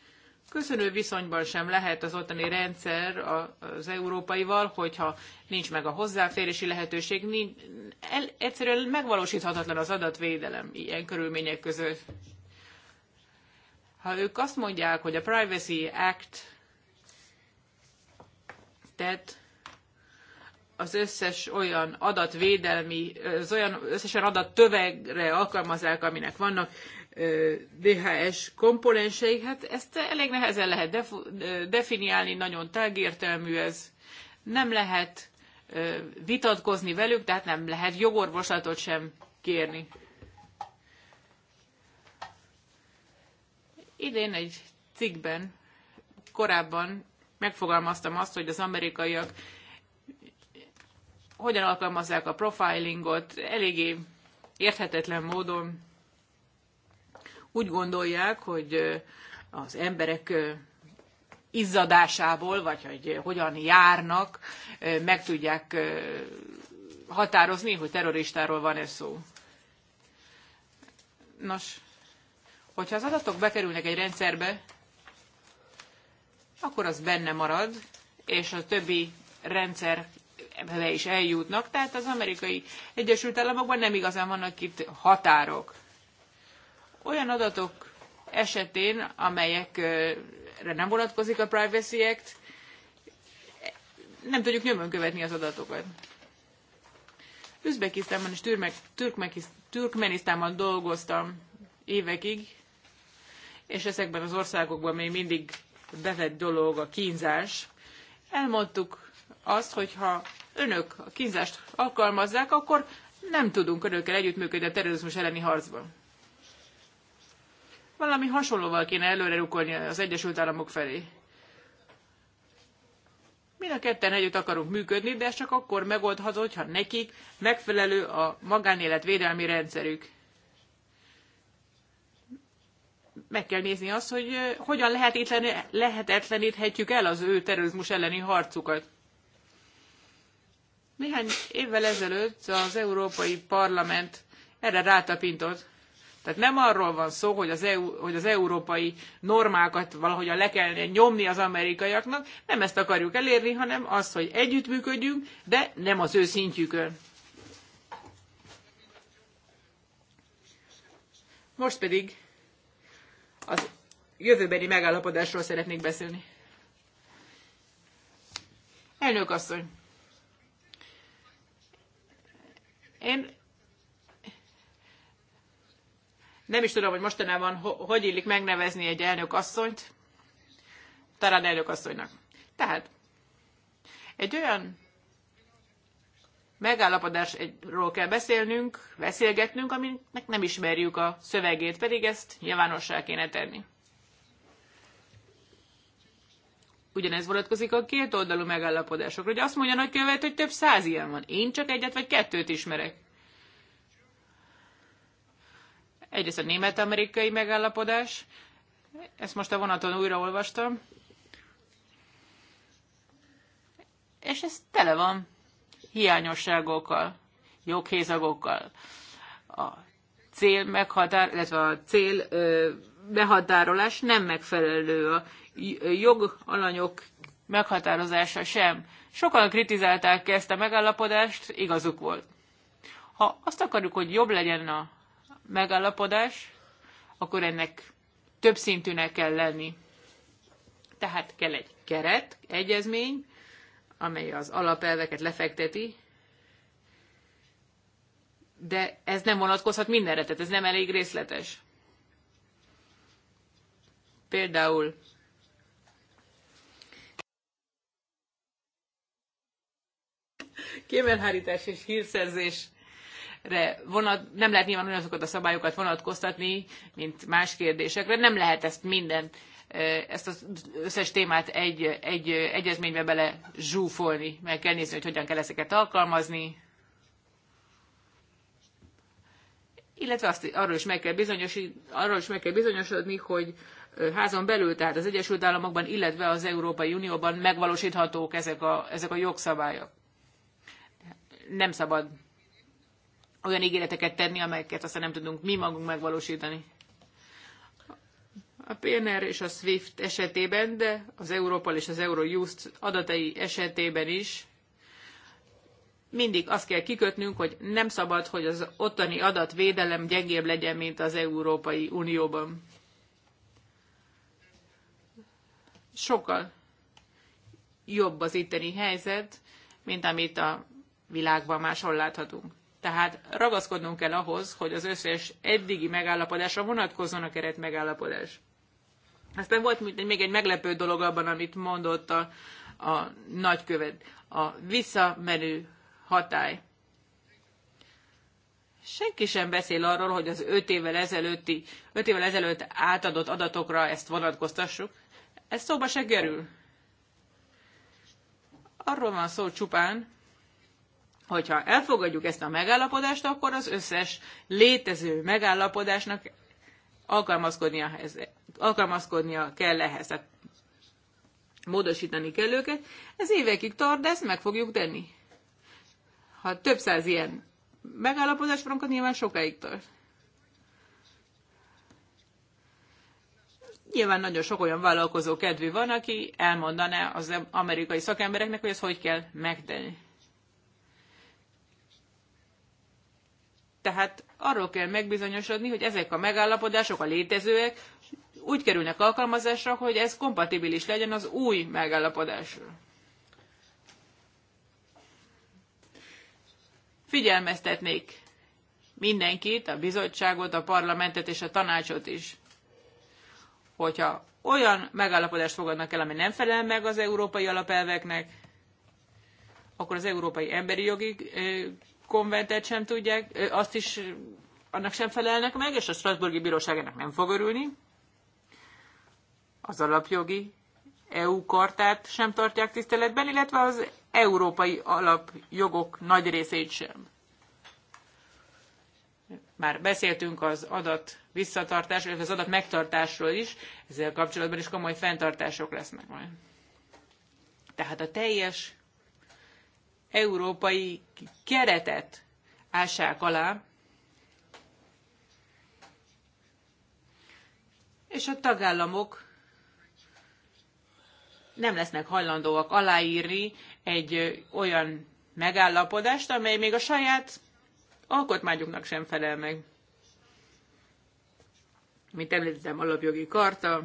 Speaker 1: köszönő viszonyban sem lehet az ottani rendszer az európaival, hogyha nincs meg a hozzáférési lehetőség, nincs, el, egyszerűen megvalósíthatatlan az adatvédelem ilyen körülmények között. Ha ők azt mondják, hogy a Privacy Act, tehát az összes olyan adatvédelmi, az olyan összesen adattövegre alkalmazzák, aminek vannak DHS komponensei, hát ezt elég nehezen lehet definiálni, nagyon tágértelmű ez. Nem lehet vitatkozni velük, tehát nem lehet jogorvoslatot sem kérni. Idén egy cikkben korábban megfogalmaztam azt, hogy az amerikaiak hogyan alkalmazzák a profilingot, eléggé érthetetlen módon úgy gondolják, hogy az emberek izzadásából, vagy hogy hogyan járnak, meg tudják határozni, hogy terroristáról van-e szó. Nos, hogyha az adatok bekerülnek egy rendszerbe, akkor az benne marad, és a többi rendszer ebbe is eljutnak, tehát az amerikai Egyesült Államokban nem igazán vannak itt határok. Olyan adatok esetén, amelyekre nem vonatkozik a Privacy Act, nem tudjuk nyomon követni az adatokat. Üzbekisztánban és Türkmenisztánban dolgoztam évekig, és ezekben az országokban még mindig bevett dolog a kínzás. Elmondtuk azt, hogy ha önök a kínzást alkalmazzák, akkor nem tudunk önökkel együttműködni a terrorizmus elleni harcban. Valami hasonlóval kéne előre rukolni az Egyesült Államok felé. Mind a ketten együtt akarunk működni, de ez csak akkor megoldható, hogyha nekik megfelelő a magánélet védelmi rendszerük. Meg kell nézni azt, hogy eh, hogyan lehetetleníthetjük el az ő terrorizmus elleni harcukat. Néhány évvel ezelőtt az Európai Parlament erre rátapintott. Tehát nem arról van szó, hogy az, EU, hogy az európai normákat valahogyan le kellene nyomni az amerikaiaknak, nem ezt akarjuk elérni, hanem az, hogy együttműködjünk, de nem az ő szintjükön. Most pedig az jövőbeni megállapodásról szeretnék beszélni. Elnök asszony! Én nem is tudom, hogy mostanában hogy illik megnevezni egy elnök asszonyt, talán elnök asszonynak. Tehát egy olyan megállapodásról kell beszélnünk, beszélgetnünk, aminek nem ismerjük a szövegét, pedig ezt nyilvánossá kéne tenni. Ugyanez vonatkozik a két oldalú megállapodásokra, hogy azt mondja nagykövet, hogy több száz ilyen van. Én csak egyet vagy kettőt ismerek. Egyrészt a német-amerikai megállapodás, ezt most a vonaton újra olvastam, és ez tele van hiányosságokkal, joghézagokkal. A cél meghatár, illetve a cél ö, behatárolás nem megfelelő a jogalanyok meghatározása sem. Sokan kritizálták ezt a megállapodást, igazuk volt. Ha azt akarjuk, hogy jobb legyen a megállapodás, akkor ennek több szintűnek kell lenni. Tehát kell egy keret, egyezmény, amely az alapelveket lefekteti, de ez nem vonatkozhat mindenre, tehát ez nem elég részletes. Például kémelhárítás és hírszerzés vonat, nem lehet nyilván azokat a szabályokat vonatkoztatni, mint más kérdésekre. Nem lehet ezt minden, ezt az összes témát egy, egy egyezménybe bele zsúfolni, meg kell nézni, hogy hogyan kell ezeket alkalmazni. Illetve azt, arról, is meg kell arról is meg kell bizonyosodni, hogy házon belül, tehát az Egyesült Államokban, illetve az Európai Unióban megvalósíthatók ezek a, ezek a jogszabályok nem szabad olyan ígéreteket tenni, amelyeket aztán nem tudunk mi magunk megvalósítani. A PNR és a SWIFT esetében, de az Europol és az Eurojust adatai esetében is mindig azt kell kikötnünk, hogy nem szabad, hogy az ottani adatvédelem gyengébb legyen, mint az Európai Unióban. Sokkal jobb az itteni helyzet, mint amit a világban máshol láthatunk. Tehát ragaszkodnunk kell ahhoz, hogy az összes eddigi megállapodásra vonatkozzon a keret megállapodás. Aztán volt még egy meglepő dolog abban, amit mondott a, a nagykövet, a visszamenő hatály. Senki sem beszél arról, hogy az öt évvel, ezelőtti, öt évvel ezelőtt átadott adatokra ezt vonatkoztassuk. Ez szóba se kerül. Arról van szó csupán, Hogyha elfogadjuk ezt a megállapodást, akkor az összes létező megállapodásnak alkalmazkodnia, ehhez, alkalmazkodnia kell ehhez. Tehát módosítani kell őket. Ez évekig tart, de ezt meg fogjuk tenni. Ha több száz ilyen megállapodás van, akkor nyilván sokáig tart. Nyilván nagyon sok olyan vállalkozó kedvű van, aki elmondaná az amerikai szakembereknek, hogy ezt hogy kell megtenni. Tehát arról kell megbizonyosodni, hogy ezek a megállapodások, a létezőek úgy kerülnek alkalmazásra, hogy ez kompatibilis legyen az új megállapodásra. Figyelmeztetnék mindenkit, a bizottságot, a parlamentet és a tanácsot is, hogyha olyan megállapodást fogadnak el, ami nem felel meg az európai alapelveknek, akkor az Európai Emberi Jogi konventet sem tudják, azt is annak sem felelnek meg, és a Strasburgi Bíróság ennek nem fog örülni. Az alapjogi EU kartát sem tartják tiszteletben, illetve az európai alapjogok nagy részét sem. Már beszéltünk az adat visszatartásról, illetve az adat megtartásról is, ezzel kapcsolatban is komoly fenntartások lesznek majd. Tehát a teljes európai keretet ássák alá, és a tagállamok nem lesznek hajlandóak aláírni egy olyan megállapodást, amely még a saját alkotmányuknak sem felel meg. Mint említettem, alapjogi karta,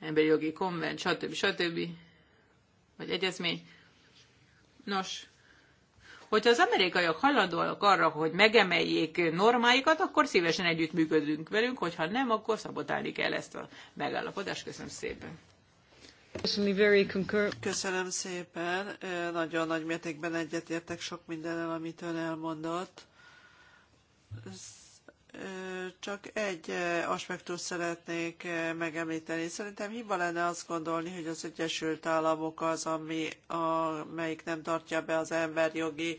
Speaker 1: emberi jogi konvent, stb. stb vagy egyezmény. Nos, hogyha az amerikaiak hajlandóak arra, hogy megemeljék normáikat, akkor szívesen együttműködünk velünk, hogyha nem, akkor szabotálni kell ezt a megállapodást. Köszönöm szépen.
Speaker 3: Köszönöm szépen. Nagyon nagy mértékben egyetértek sok mindennel, amit ön elmondott csak egy aspektust szeretnék megemlíteni. Szerintem hiba lenne azt gondolni, hogy az Egyesült Államok az, ami, amelyik nem tartja be az emberjogi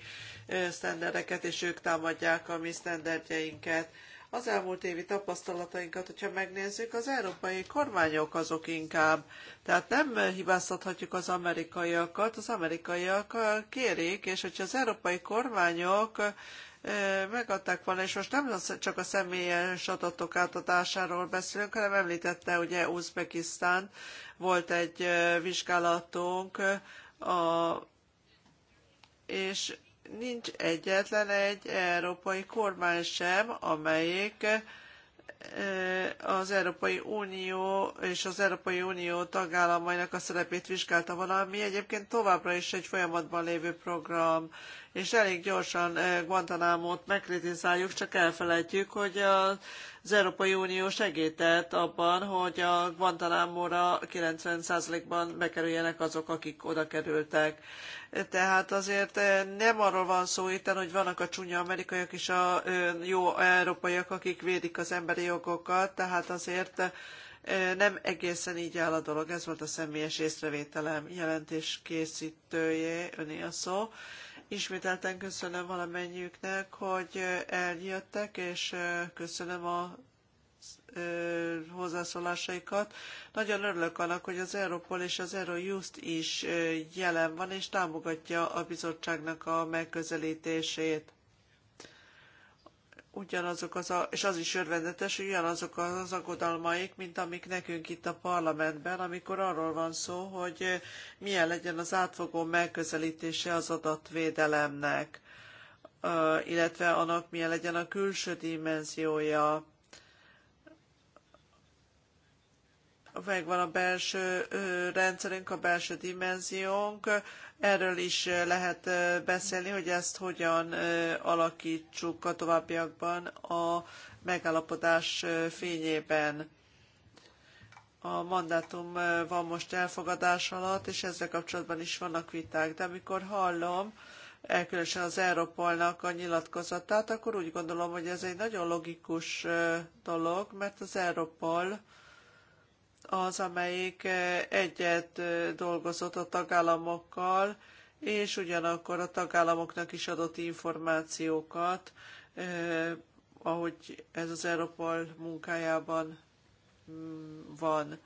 Speaker 3: sztendereket, és ők támadják a mi sztenderdjeinket. Az elmúlt évi tapasztalatainkat, hogyha megnézzük, az európai kormányok azok inkább. Tehát nem hibáztathatjuk az amerikaiakat, az amerikaiak kérik, és hogyha az európai kormányok megadták volna, és most nem csak a személyes adatok átadásáról beszélünk, hanem említette, ugye Uzbekisztán volt egy vizsgálatunk, a, és nincs egyetlen egy európai kormány sem, amelyik az Európai Unió és az Európai Unió tagállamainak a szerepét vizsgálta valami, egyébként továbbra is egy folyamatban lévő program, és elég gyorsan Guantanamo-t megkritizáljuk, csak elfelejtjük, hogy a az Európai Unió segített abban, hogy a Guantanamo-ra 90%-ban bekerüljenek azok, akik oda kerültek. Tehát azért eh, nem arról van szó itt, hogy vannak a csúnya amerikaiak és a jó európaiak, akik védik az emberi jogokat, tehát azért eh, nem egészen így áll a dolog. Ez volt a személyes észrevételem jelentés készítője, öné a szó. Ismételten köszönöm valamennyiüknek, hogy eljöttek, és köszönöm a hozzászólásaikat. Nagyon örülök annak, hogy az Europol és az Eurojust is jelen van, és támogatja a bizottságnak a megközelítését ugyanazok az, a, és az is örvendetes, hogy ugyanazok az, aggodalmaik, mint amik nekünk itt a parlamentben, amikor arról van szó, hogy milyen legyen az átfogó megközelítése az adatvédelemnek, illetve annak milyen legyen a külső dimenziója, megvan a belső rendszerünk, a belső dimenziónk, Erről is lehet beszélni, hogy ezt hogyan alakítsuk a továbbiakban a megállapodás fényében. A mandátum van most elfogadás alatt, és ezzel kapcsolatban is vannak viták, de amikor hallom, e, különösen az Európolnak a nyilatkozatát, akkor úgy gondolom, hogy ez egy nagyon logikus dolog, mert az Európol az, amelyik eh, egyet eh, dolgozott a tagállamokkal, és ugyanakkor a tagállamoknak is adott információkat, eh, ahogy ez az Europol munkájában mm, van.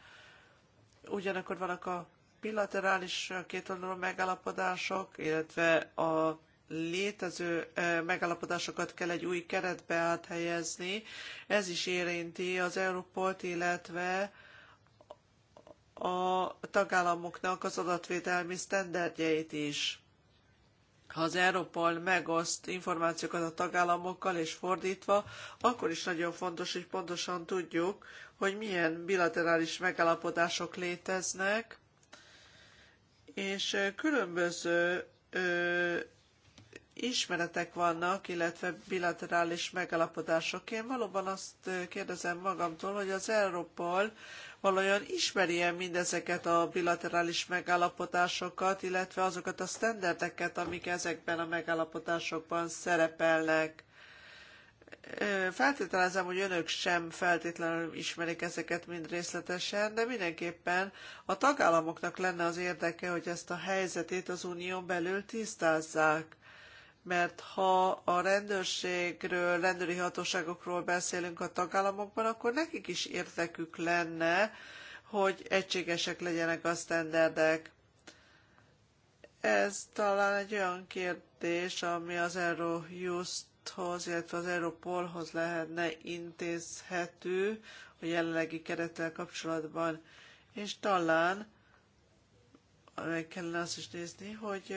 Speaker 3: Ugyanakkor vannak a bilaterális kétoldalú megállapodások, illetve a létező megállapodásokat kell egy új keretbe áthelyezni. Ez is érinti az Europolt, illetve a tagállamoknak az adatvédelmi sztenderdjeit is. Ha az Európol megoszt információkat a tagállamokkal és fordítva, akkor is nagyon fontos, hogy pontosan tudjuk, hogy milyen bilaterális megállapodások léteznek, és különböző ö, ismeretek vannak, illetve bilaterális megállapodások. Én valóban azt kérdezem magamtól, hogy az Europol valójában ismeri-e mindezeket a bilaterális megállapodásokat, illetve azokat a sztenderdeket, amik ezekben a megállapodásokban szerepelnek. Feltételezem, hogy önök sem feltétlenül ismerik ezeket mind részletesen, de mindenképpen a tagállamoknak lenne az érdeke, hogy ezt a helyzetét az unión belül tisztázzák mert ha a rendőrségről, rendőri hatóságokról beszélünk a tagállamokban, akkor nekik is érdekük lenne, hogy egységesek legyenek a sztenderdek. Ez talán egy olyan kérdés, ami az Eurojusthoz, illetve az Europolhoz lehetne intézhető a jelenlegi kerettel kapcsolatban. És talán meg kellene azt is nézni, hogy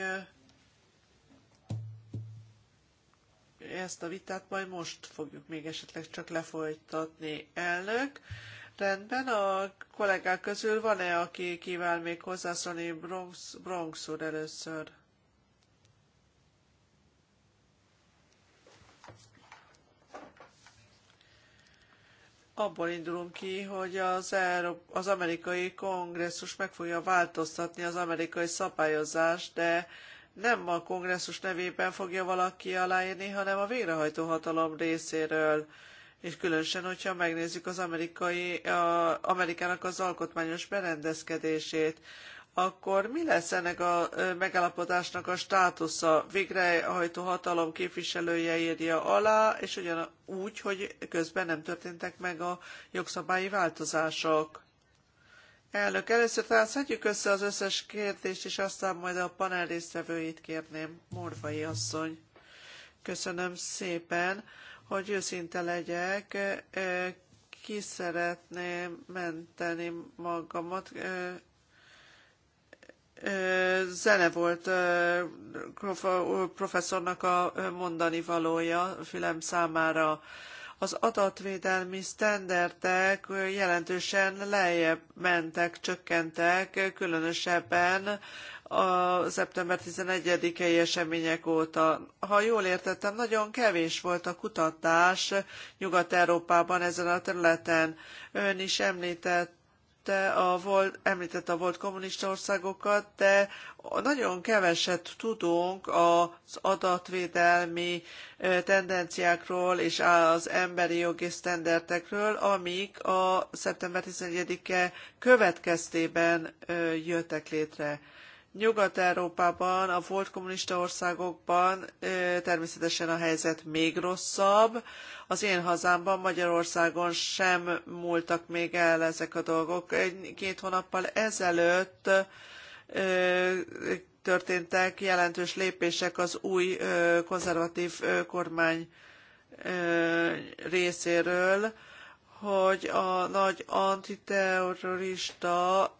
Speaker 3: ezt a vitát majd most fogjuk még esetleg csak lefolytatni. Elnök, rendben, a kollégák közül van-e, aki kíván még hozzászólni Bronx, Bronx úr először? abból indulunk ki, hogy az, Euró- az amerikai kongresszus meg fogja változtatni az amerikai szabályozást, de nem a kongresszus nevében fogja valaki aláírni, hanem a végrehajtó hatalom részéről. És különösen, hogyha megnézzük az amerikai, a, Amerikának az alkotmányos berendezkedését, akkor mi lesz ennek a megállapodásnak a státusza? Végrehajtó hatalom képviselője írja alá, és ugyan úgy, hogy közben nem történtek meg a jogszabályi változások. Elnök, először talán szedjük össze az összes kérdést, és aztán majd a panel résztvevőit kérném. Morvai asszony, köszönöm szépen, hogy őszinte legyek. Ki szeretné menteni magamat? Zene volt professzornak a mondani valója a film számára az adatvédelmi sztenderdek jelentősen lejjebb mentek, csökkentek, különösebben a szeptember 11-i események óta. Ha jól értettem, nagyon kevés volt a kutatás Nyugat-Európában ezen a területen. Ön is említett említette a volt, említette a volt kommunista országokat, de nagyon keveset tudunk az adatvédelmi tendenciákról és az emberi jogi sztenderdekről, amik a szeptember 11-e következtében jöttek létre. Nyugat-Európában, a volt kommunista országokban természetesen a helyzet még rosszabb. Az én hazámban, Magyarországon sem múltak még el ezek a dolgok. Két hónappal ezelőtt történtek jelentős lépések az új konzervatív kormány részéről, hogy a nagy antiterrorista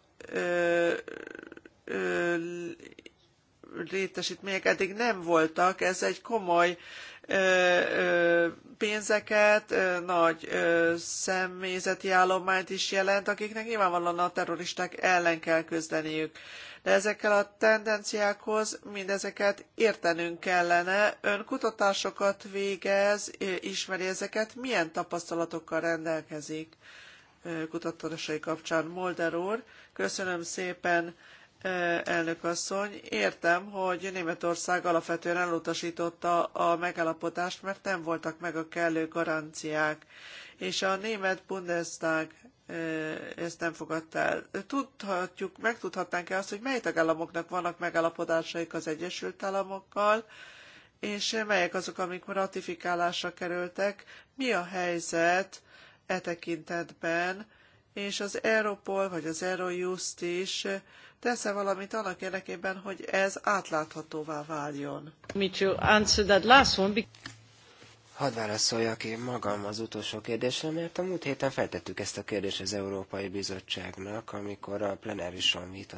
Speaker 3: létesítmények eddig nem voltak. Ez egy komoly pénzeket, nagy személyzeti állományt is jelent, akiknek nyilvánvalóan a terroristák ellen kell küzdeniük. De ezekkel a tendenciákhoz mindezeket értenünk kellene. Ön kutatásokat végez, ismeri ezeket, milyen tapasztalatokkal rendelkezik kutatásai kapcsán, Molder úr. Köszönöm szépen elnök asszony. Értem, hogy Németország alapvetően elutasította a megállapodást, mert nem voltak meg a kellő garanciák, és a német Bundestag ezt nem fogadta el. Tudhatjuk, megtudhatnánk-e azt, hogy mely tagállamoknak vannak megállapodásaik az Egyesült Államokkal, és melyek azok, amik ratifikálásra kerültek, mi a helyzet e tekintetben, és az Europol vagy az Eurojust is tesz-e valamit annak érdekében, hogy ez átláthatóvá váljon?
Speaker 2: Hadd válaszoljak én magam az utolsó kérdésre, mert a múlt héten feltettük ezt a kérdést az Európai Bizottságnak, amikor a plenárison vita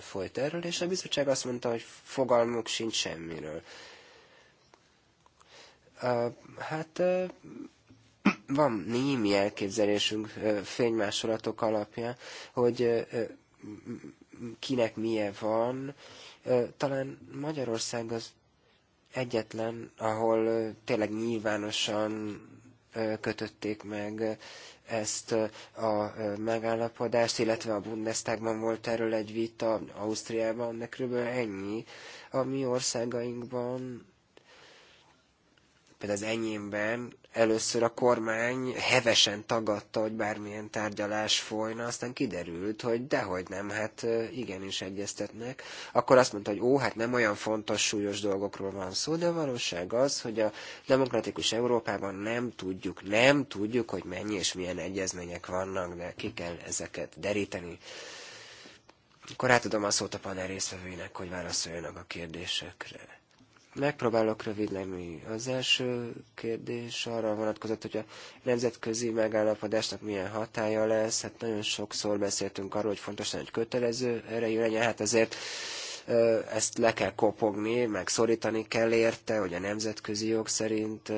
Speaker 2: folyt erről, és a bizottság azt mondta, hogy fogalmuk sincs semmiről. Hát van némi elképzelésünk fénymásolatok alapján, hogy kinek milyen van. Talán Magyarország az egyetlen, ahol tényleg nyilvánosan kötötték meg ezt a megállapodást, illetve a Bundestagban volt erről egy vita, Ausztriában, de körülbelül ennyi. A mi országainkban például az enyémben először a kormány hevesen tagadta, hogy bármilyen tárgyalás folyna, aztán kiderült, hogy dehogy nem, hát igenis egyeztetnek. Akkor azt mondta, hogy ó, hát nem olyan fontos, súlyos dolgokról van szó, de a valóság az, hogy a demokratikus Európában nem tudjuk, nem tudjuk, hogy mennyi és milyen egyezmények vannak, de ki kell ezeket deríteni. Akkor átadom a szót a panel részvevőinek, hogy válaszoljanak a kérdésekre. Megpróbálok rövid lenni. Az első kérdés arra vonatkozott, hogy a nemzetközi megállapodásnak milyen hatája lesz. Hát nagyon sokszor beszéltünk arról, hogy fontos hogy kötelező erejű legyen, hát azért ezt le kell kopogni, meg szorítani kell érte, hogy a nemzetközi jog szerint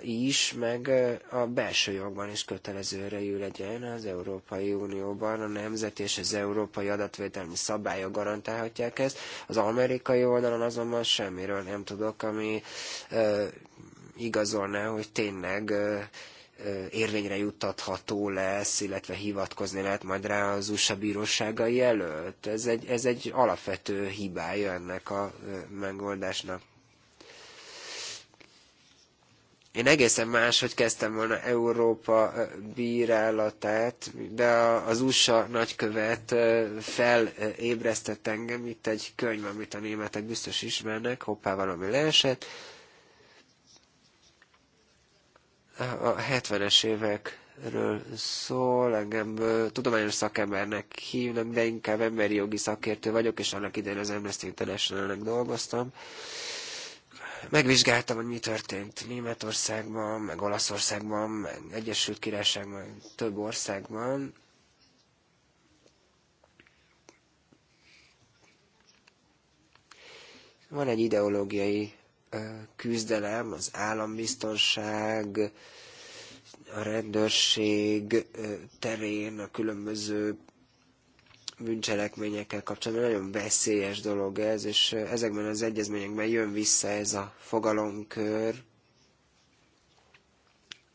Speaker 2: is, meg a belső jogban is kötelező erejű legyen az Európai Unióban. A nemzet és az európai adatvédelmi szabályok garantálhatják ezt. Az amerikai oldalon azonban semmiről nem tudok, ami igazolná, hogy tényleg érvényre juttatható lesz, illetve hivatkozni lehet majd rá az USA bíróságai előtt. Ez egy, ez egy alapvető hibája ennek a megoldásnak. Én egészen máshogy kezdtem volna Európa bírálatát, de az USA nagykövet felébresztett engem, itt egy könyv, amit a németek biztos ismernek, hoppá valami leesett, a 70-es évekről szól, engem tudományos szakembernek hívnak, de inkább emberi jogi szakértő vagyok, és annak idején az Amnesty international dolgoztam. Megvizsgáltam, hogy mi történt Németországban, meg Olaszországban, meg Egyesült Királyságban, több országban, van egy ideológiai küzdelem, az állambiztonság, a rendőrség terén a különböző bűncselekményekkel kapcsolatban nagyon veszélyes dolog ez, és ezekben az egyezményekben jön vissza ez a fogalomkör,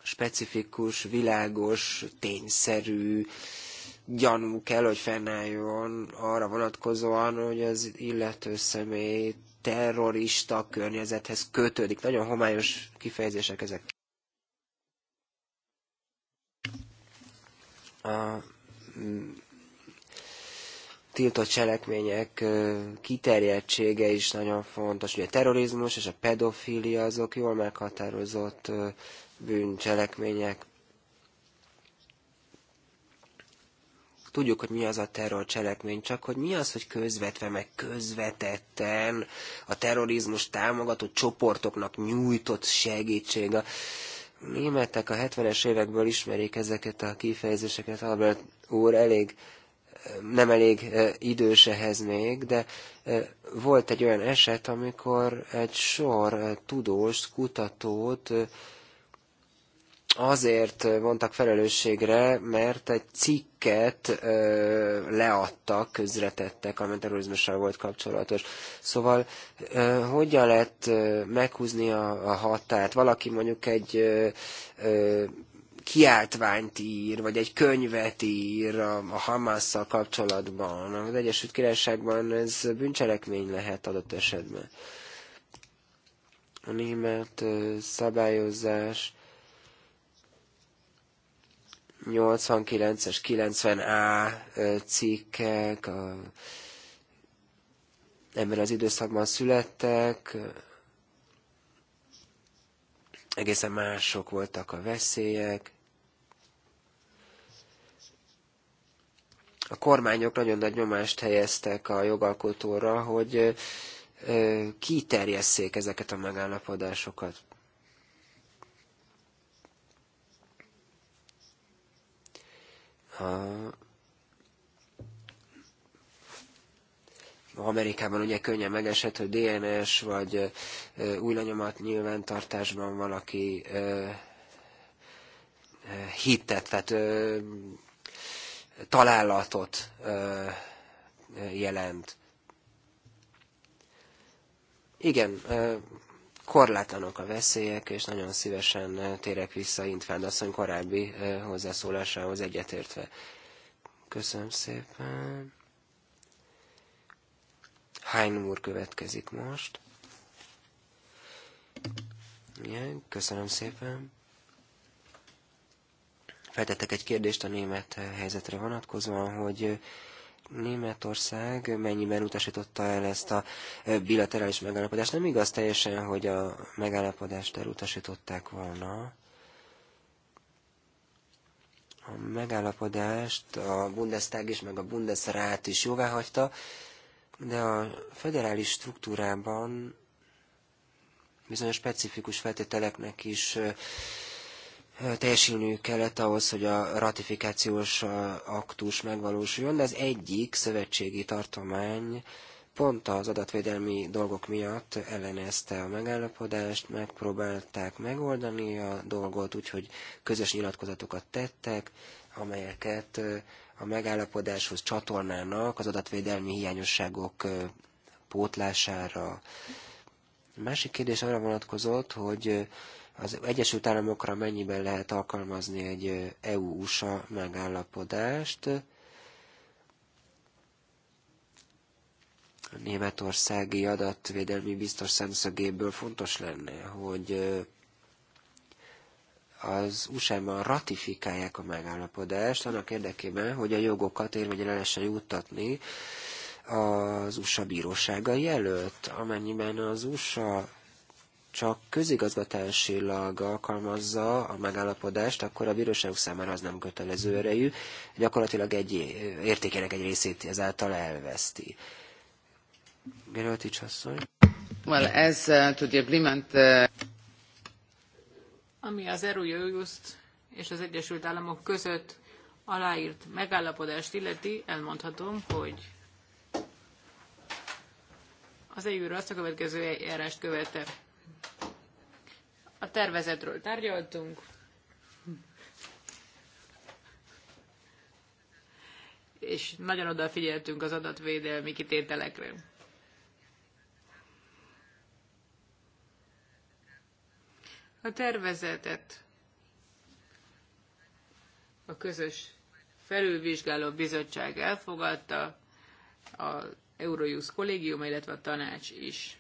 Speaker 2: specifikus, világos, tényszerű gyanú kell, hogy fennálljon arra vonatkozóan, hogy az illető személyt terrorista környezethez kötődik. Nagyon homályos kifejezések ezek. A mm, tiltott cselekmények kiterjedtsége is nagyon fontos. Ugye a terrorizmus és a pedofília azok jól meghatározott bűncselekmények. tudjuk, hogy mi az a terrorcselekmény, csak hogy mi az, hogy közvetve, meg közvetetten a terrorizmus támogató csoportoknak nyújtott segítség. A németek a 70-es évekből ismerik ezeket a kifejezéseket, Albert úr elég nem elég idős ehhez még, de volt egy olyan eset, amikor egy sor tudós, kutatót azért vontak felelősségre, mert egy cikket ö, leadtak, közretettek, a terrorizmussal volt kapcsolatos. Szóval ö, hogyan lehet ö, meghúzni a, a határt? Valaki mondjuk egy ö, ö, kiáltványt ír, vagy egy könyvet ír a, a Hamasszal kapcsolatban. Az Egyesült Királyságban ez bűncselekmény lehet adott esetben. A német szabályozás 89-es, 90A cikkek a, ebben az időszakban születtek, egészen mások voltak a veszélyek. A kormányok nagyon nagy nyomást helyeztek a jogalkotóra, hogy kiterjesszék ezeket a megállapodásokat. A Amerikában ugye könnyen megesett, hogy DNS vagy új lenyomat nyilvántartásban valaki hittet, tehát találatot jelent. Igen, korlátlanok a veszélyek, és nagyon szívesen térek vissza Intvánd asszony korábbi hozzászólásához egyetértve. Köszönöm szépen. Hány úr következik most? Igen, köszönöm szépen. Feltettek egy kérdést a német helyzetre vonatkozóan, hogy Németország mennyiben utasította el ezt a bilaterális megállapodást? Nem igaz teljesen, hogy a megállapodást elutasították volna. A megállapodást a Bundestag is, meg a Bundesrat is jóváhagyta, de a federális struktúrában bizonyos specifikus feltételeknek is teljesülniük kellett ahhoz, hogy a ratifikációs aktus megvalósuljon, de az egyik szövetségi tartomány pont az adatvédelmi dolgok miatt ellenezte a megállapodást, megpróbálták megoldani a dolgot, úgyhogy közös nyilatkozatokat tettek, amelyeket a megállapodáshoz csatolnának az adatvédelmi hiányosságok pótlására. A másik kérdés arra vonatkozott, hogy az Egyesült Államokra mennyiben lehet alkalmazni egy EU-USA megállapodást? A németországi adatvédelmi biztos szemszögéből fontos lenne, hogy az USA-ban ratifikálják a megállapodást annak érdekében, hogy a jogokat érvényre lehessen juttatni az USA bírósága jelölt, amennyiben az USA csak közigazgatásilag alkalmazza a megállapodást, akkor a bíróság számára az nem kötelező erejű, gyakorlatilag egy értékének egy részét ezáltal elveszti. Gerolti Csasszony? Well, ez uh, to the agreement, uh...
Speaker 1: Ami az Eurojust és az Egyesült Államok között aláírt megállapodást illeti, elmondhatom, hogy az EU-ra azt a következő eljárást követte a tervezetről tárgyaltunk. És nagyon odafigyeltünk az adatvédelmi kitételekre. A tervezetet a közös felülvizsgáló bizottság elfogadta, a Eurojust kollégium, illetve a tanács is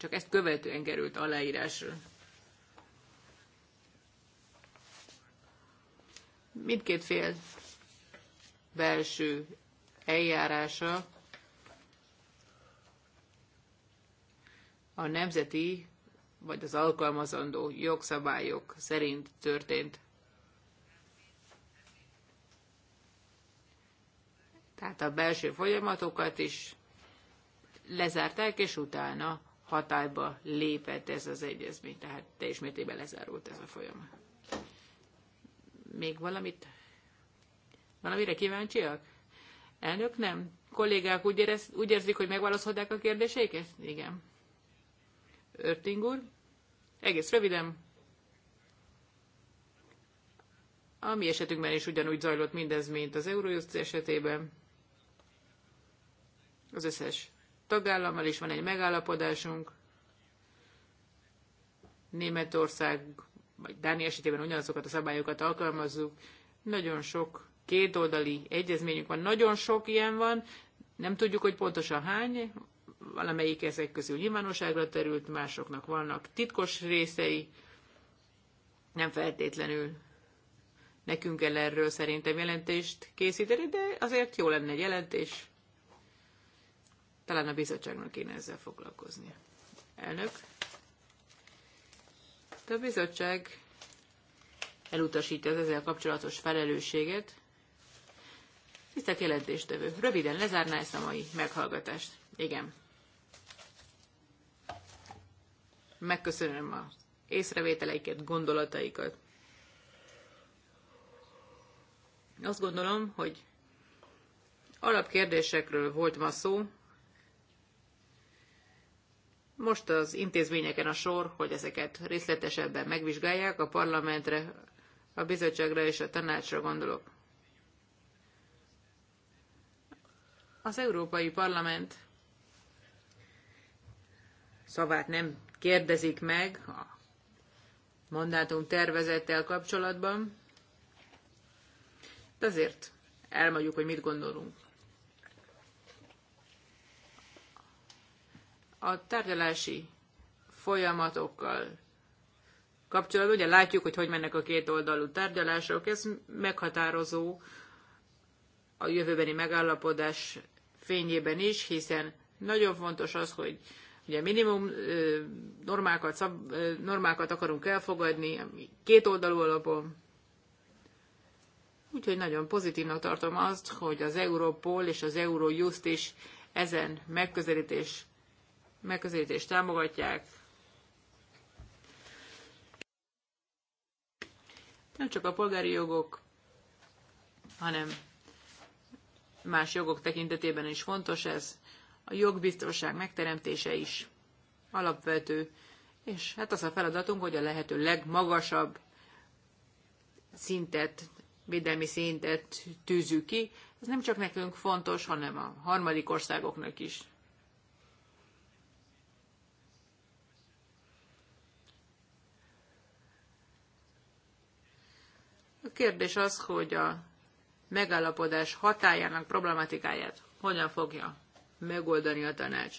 Speaker 1: csak ezt követően került aláírásra. Mindkét fél belső eljárása a nemzeti vagy az alkalmazandó jogszabályok szerint történt. Tehát a belső folyamatokat is lezárták, és utána hatályba lépett ez az egyezmény, tehát teljes mértékben lezárult ez a folyamat. Még valamit? Valamire kíváncsiak? Elnök nem? Kollégák úgy, érez, úgy érzik, hogy megválaszolták a kérdéseiket? Igen. Örting úr? Egész röviden. A mi esetünkben is ugyanúgy zajlott mindez, mint az Eurojust esetében. Az összes tagállammal is van egy megállapodásunk. Németország vagy Dánia esetében ugyanazokat a szabályokat alkalmazzuk. Nagyon sok kétoldali egyezményünk van, nagyon sok ilyen van, nem tudjuk, hogy pontosan hány, valamelyik ezek közül nyilvánosságra terült, másoknak vannak titkos részei, nem feltétlenül nekünk kell erről szerintem jelentést készíteni, de azért jó lenne egy jelentés. Talán a bizottságnak kéne ezzel foglalkoznia. Elnök. De a bizottság elutasítja az ezzel kapcsolatos felelősséget. Tisztelt jelentéstevő, röviden lezárná ezt a mai meghallgatást. Igen. Megköszönöm a észrevételeiket, gondolataikat. Azt gondolom, hogy alapkérdésekről volt ma szó, most az intézményeken a sor, hogy ezeket részletesebben megvizsgálják, a parlamentre, a bizottságra és a tanácsra gondolok. Az Európai Parlament szavát nem kérdezik meg a mandátum tervezettel kapcsolatban, de azért elmondjuk, hogy mit gondolunk. a tárgyalási folyamatokkal kapcsolatban, ugye látjuk, hogy hogy mennek a két oldalú tárgyalások, ez meghatározó a jövőbeni megállapodás fényében is, hiszen nagyon fontos az, hogy ugye minimum normákat, szab, normákat akarunk elfogadni, két oldalú alapon. Úgyhogy nagyon pozitívnak tartom azt, hogy az Europol és az Eurojust is ezen megközelítés megközelítést támogatják. Nem csak a polgári jogok, hanem más jogok tekintetében is fontos ez. A jogbiztonság megteremtése is alapvető, és hát az a feladatunk, hogy a lehető legmagasabb szintet, védelmi szintet tűzzük ki. Ez nem csak nekünk fontos, hanem a harmadik országoknak is. Kérdés az, hogy a megállapodás hatájának problematikáját hogyan fogja megoldani a tanács.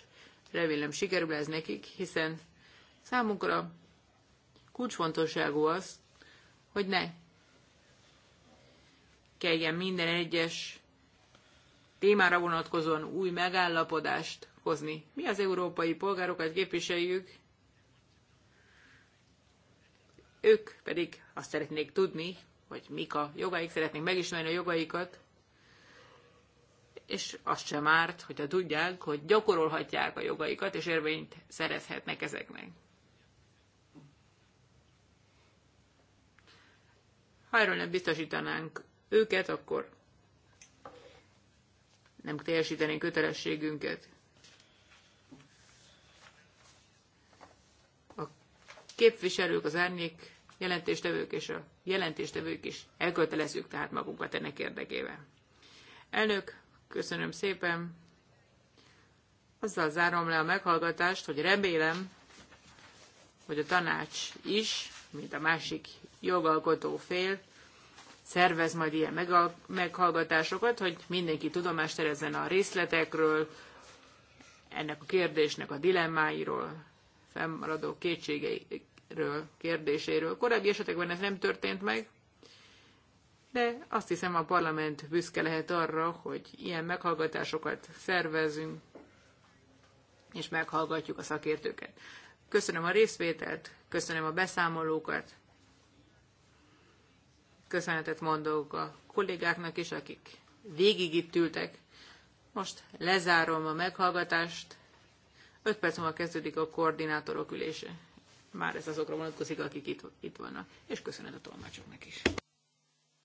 Speaker 1: Remélem sikerül ez nekik, hiszen számunkra kulcsfontosságú az, hogy ne kelljen minden egyes témára vonatkozóan új megállapodást hozni. Mi az európai polgárokat képviseljük, ők pedig azt szeretnék tudni, hogy mik a jogaik, szeretnénk megismerni a jogaikat, és azt sem árt, hogyha tudják, hogy gyakorolhatják a jogaikat, és érvényt szerezhetnek ezeknek. Ha erről nem biztosítanánk őket, akkor nem teljesítenénk kötelességünket. A képviselők, az árnyék jelentéstevők és a jelentéstevők is elkötelezzük tehát magunkat ennek érdekében. Elnök, köszönöm szépen. Azzal zárom le a meghallgatást, hogy remélem, hogy a tanács is, mint a másik jogalkotó fél, szervez majd ilyen meghallgatásokat, hogy mindenki tudomást szerezzen a részletekről, ennek a kérdésnek a dilemmáiról, fennmaradó kétségei, ről, kérdéséről. Korábbi esetekben ez nem történt meg, de azt hiszem a parlament büszke lehet arra, hogy ilyen meghallgatásokat szervezünk, és meghallgatjuk a szakértőket. Köszönöm a részvételt, köszönöm a beszámolókat, köszönetet mondok a kollégáknak is, akik végig itt ültek. Most lezárom a meghallgatást. 5 perc múlva kezdődik a koordinátorok ülése. Már ez azokra vonatkozik, akik itt, itt vannak. És köszönet a tolmácsoknak is.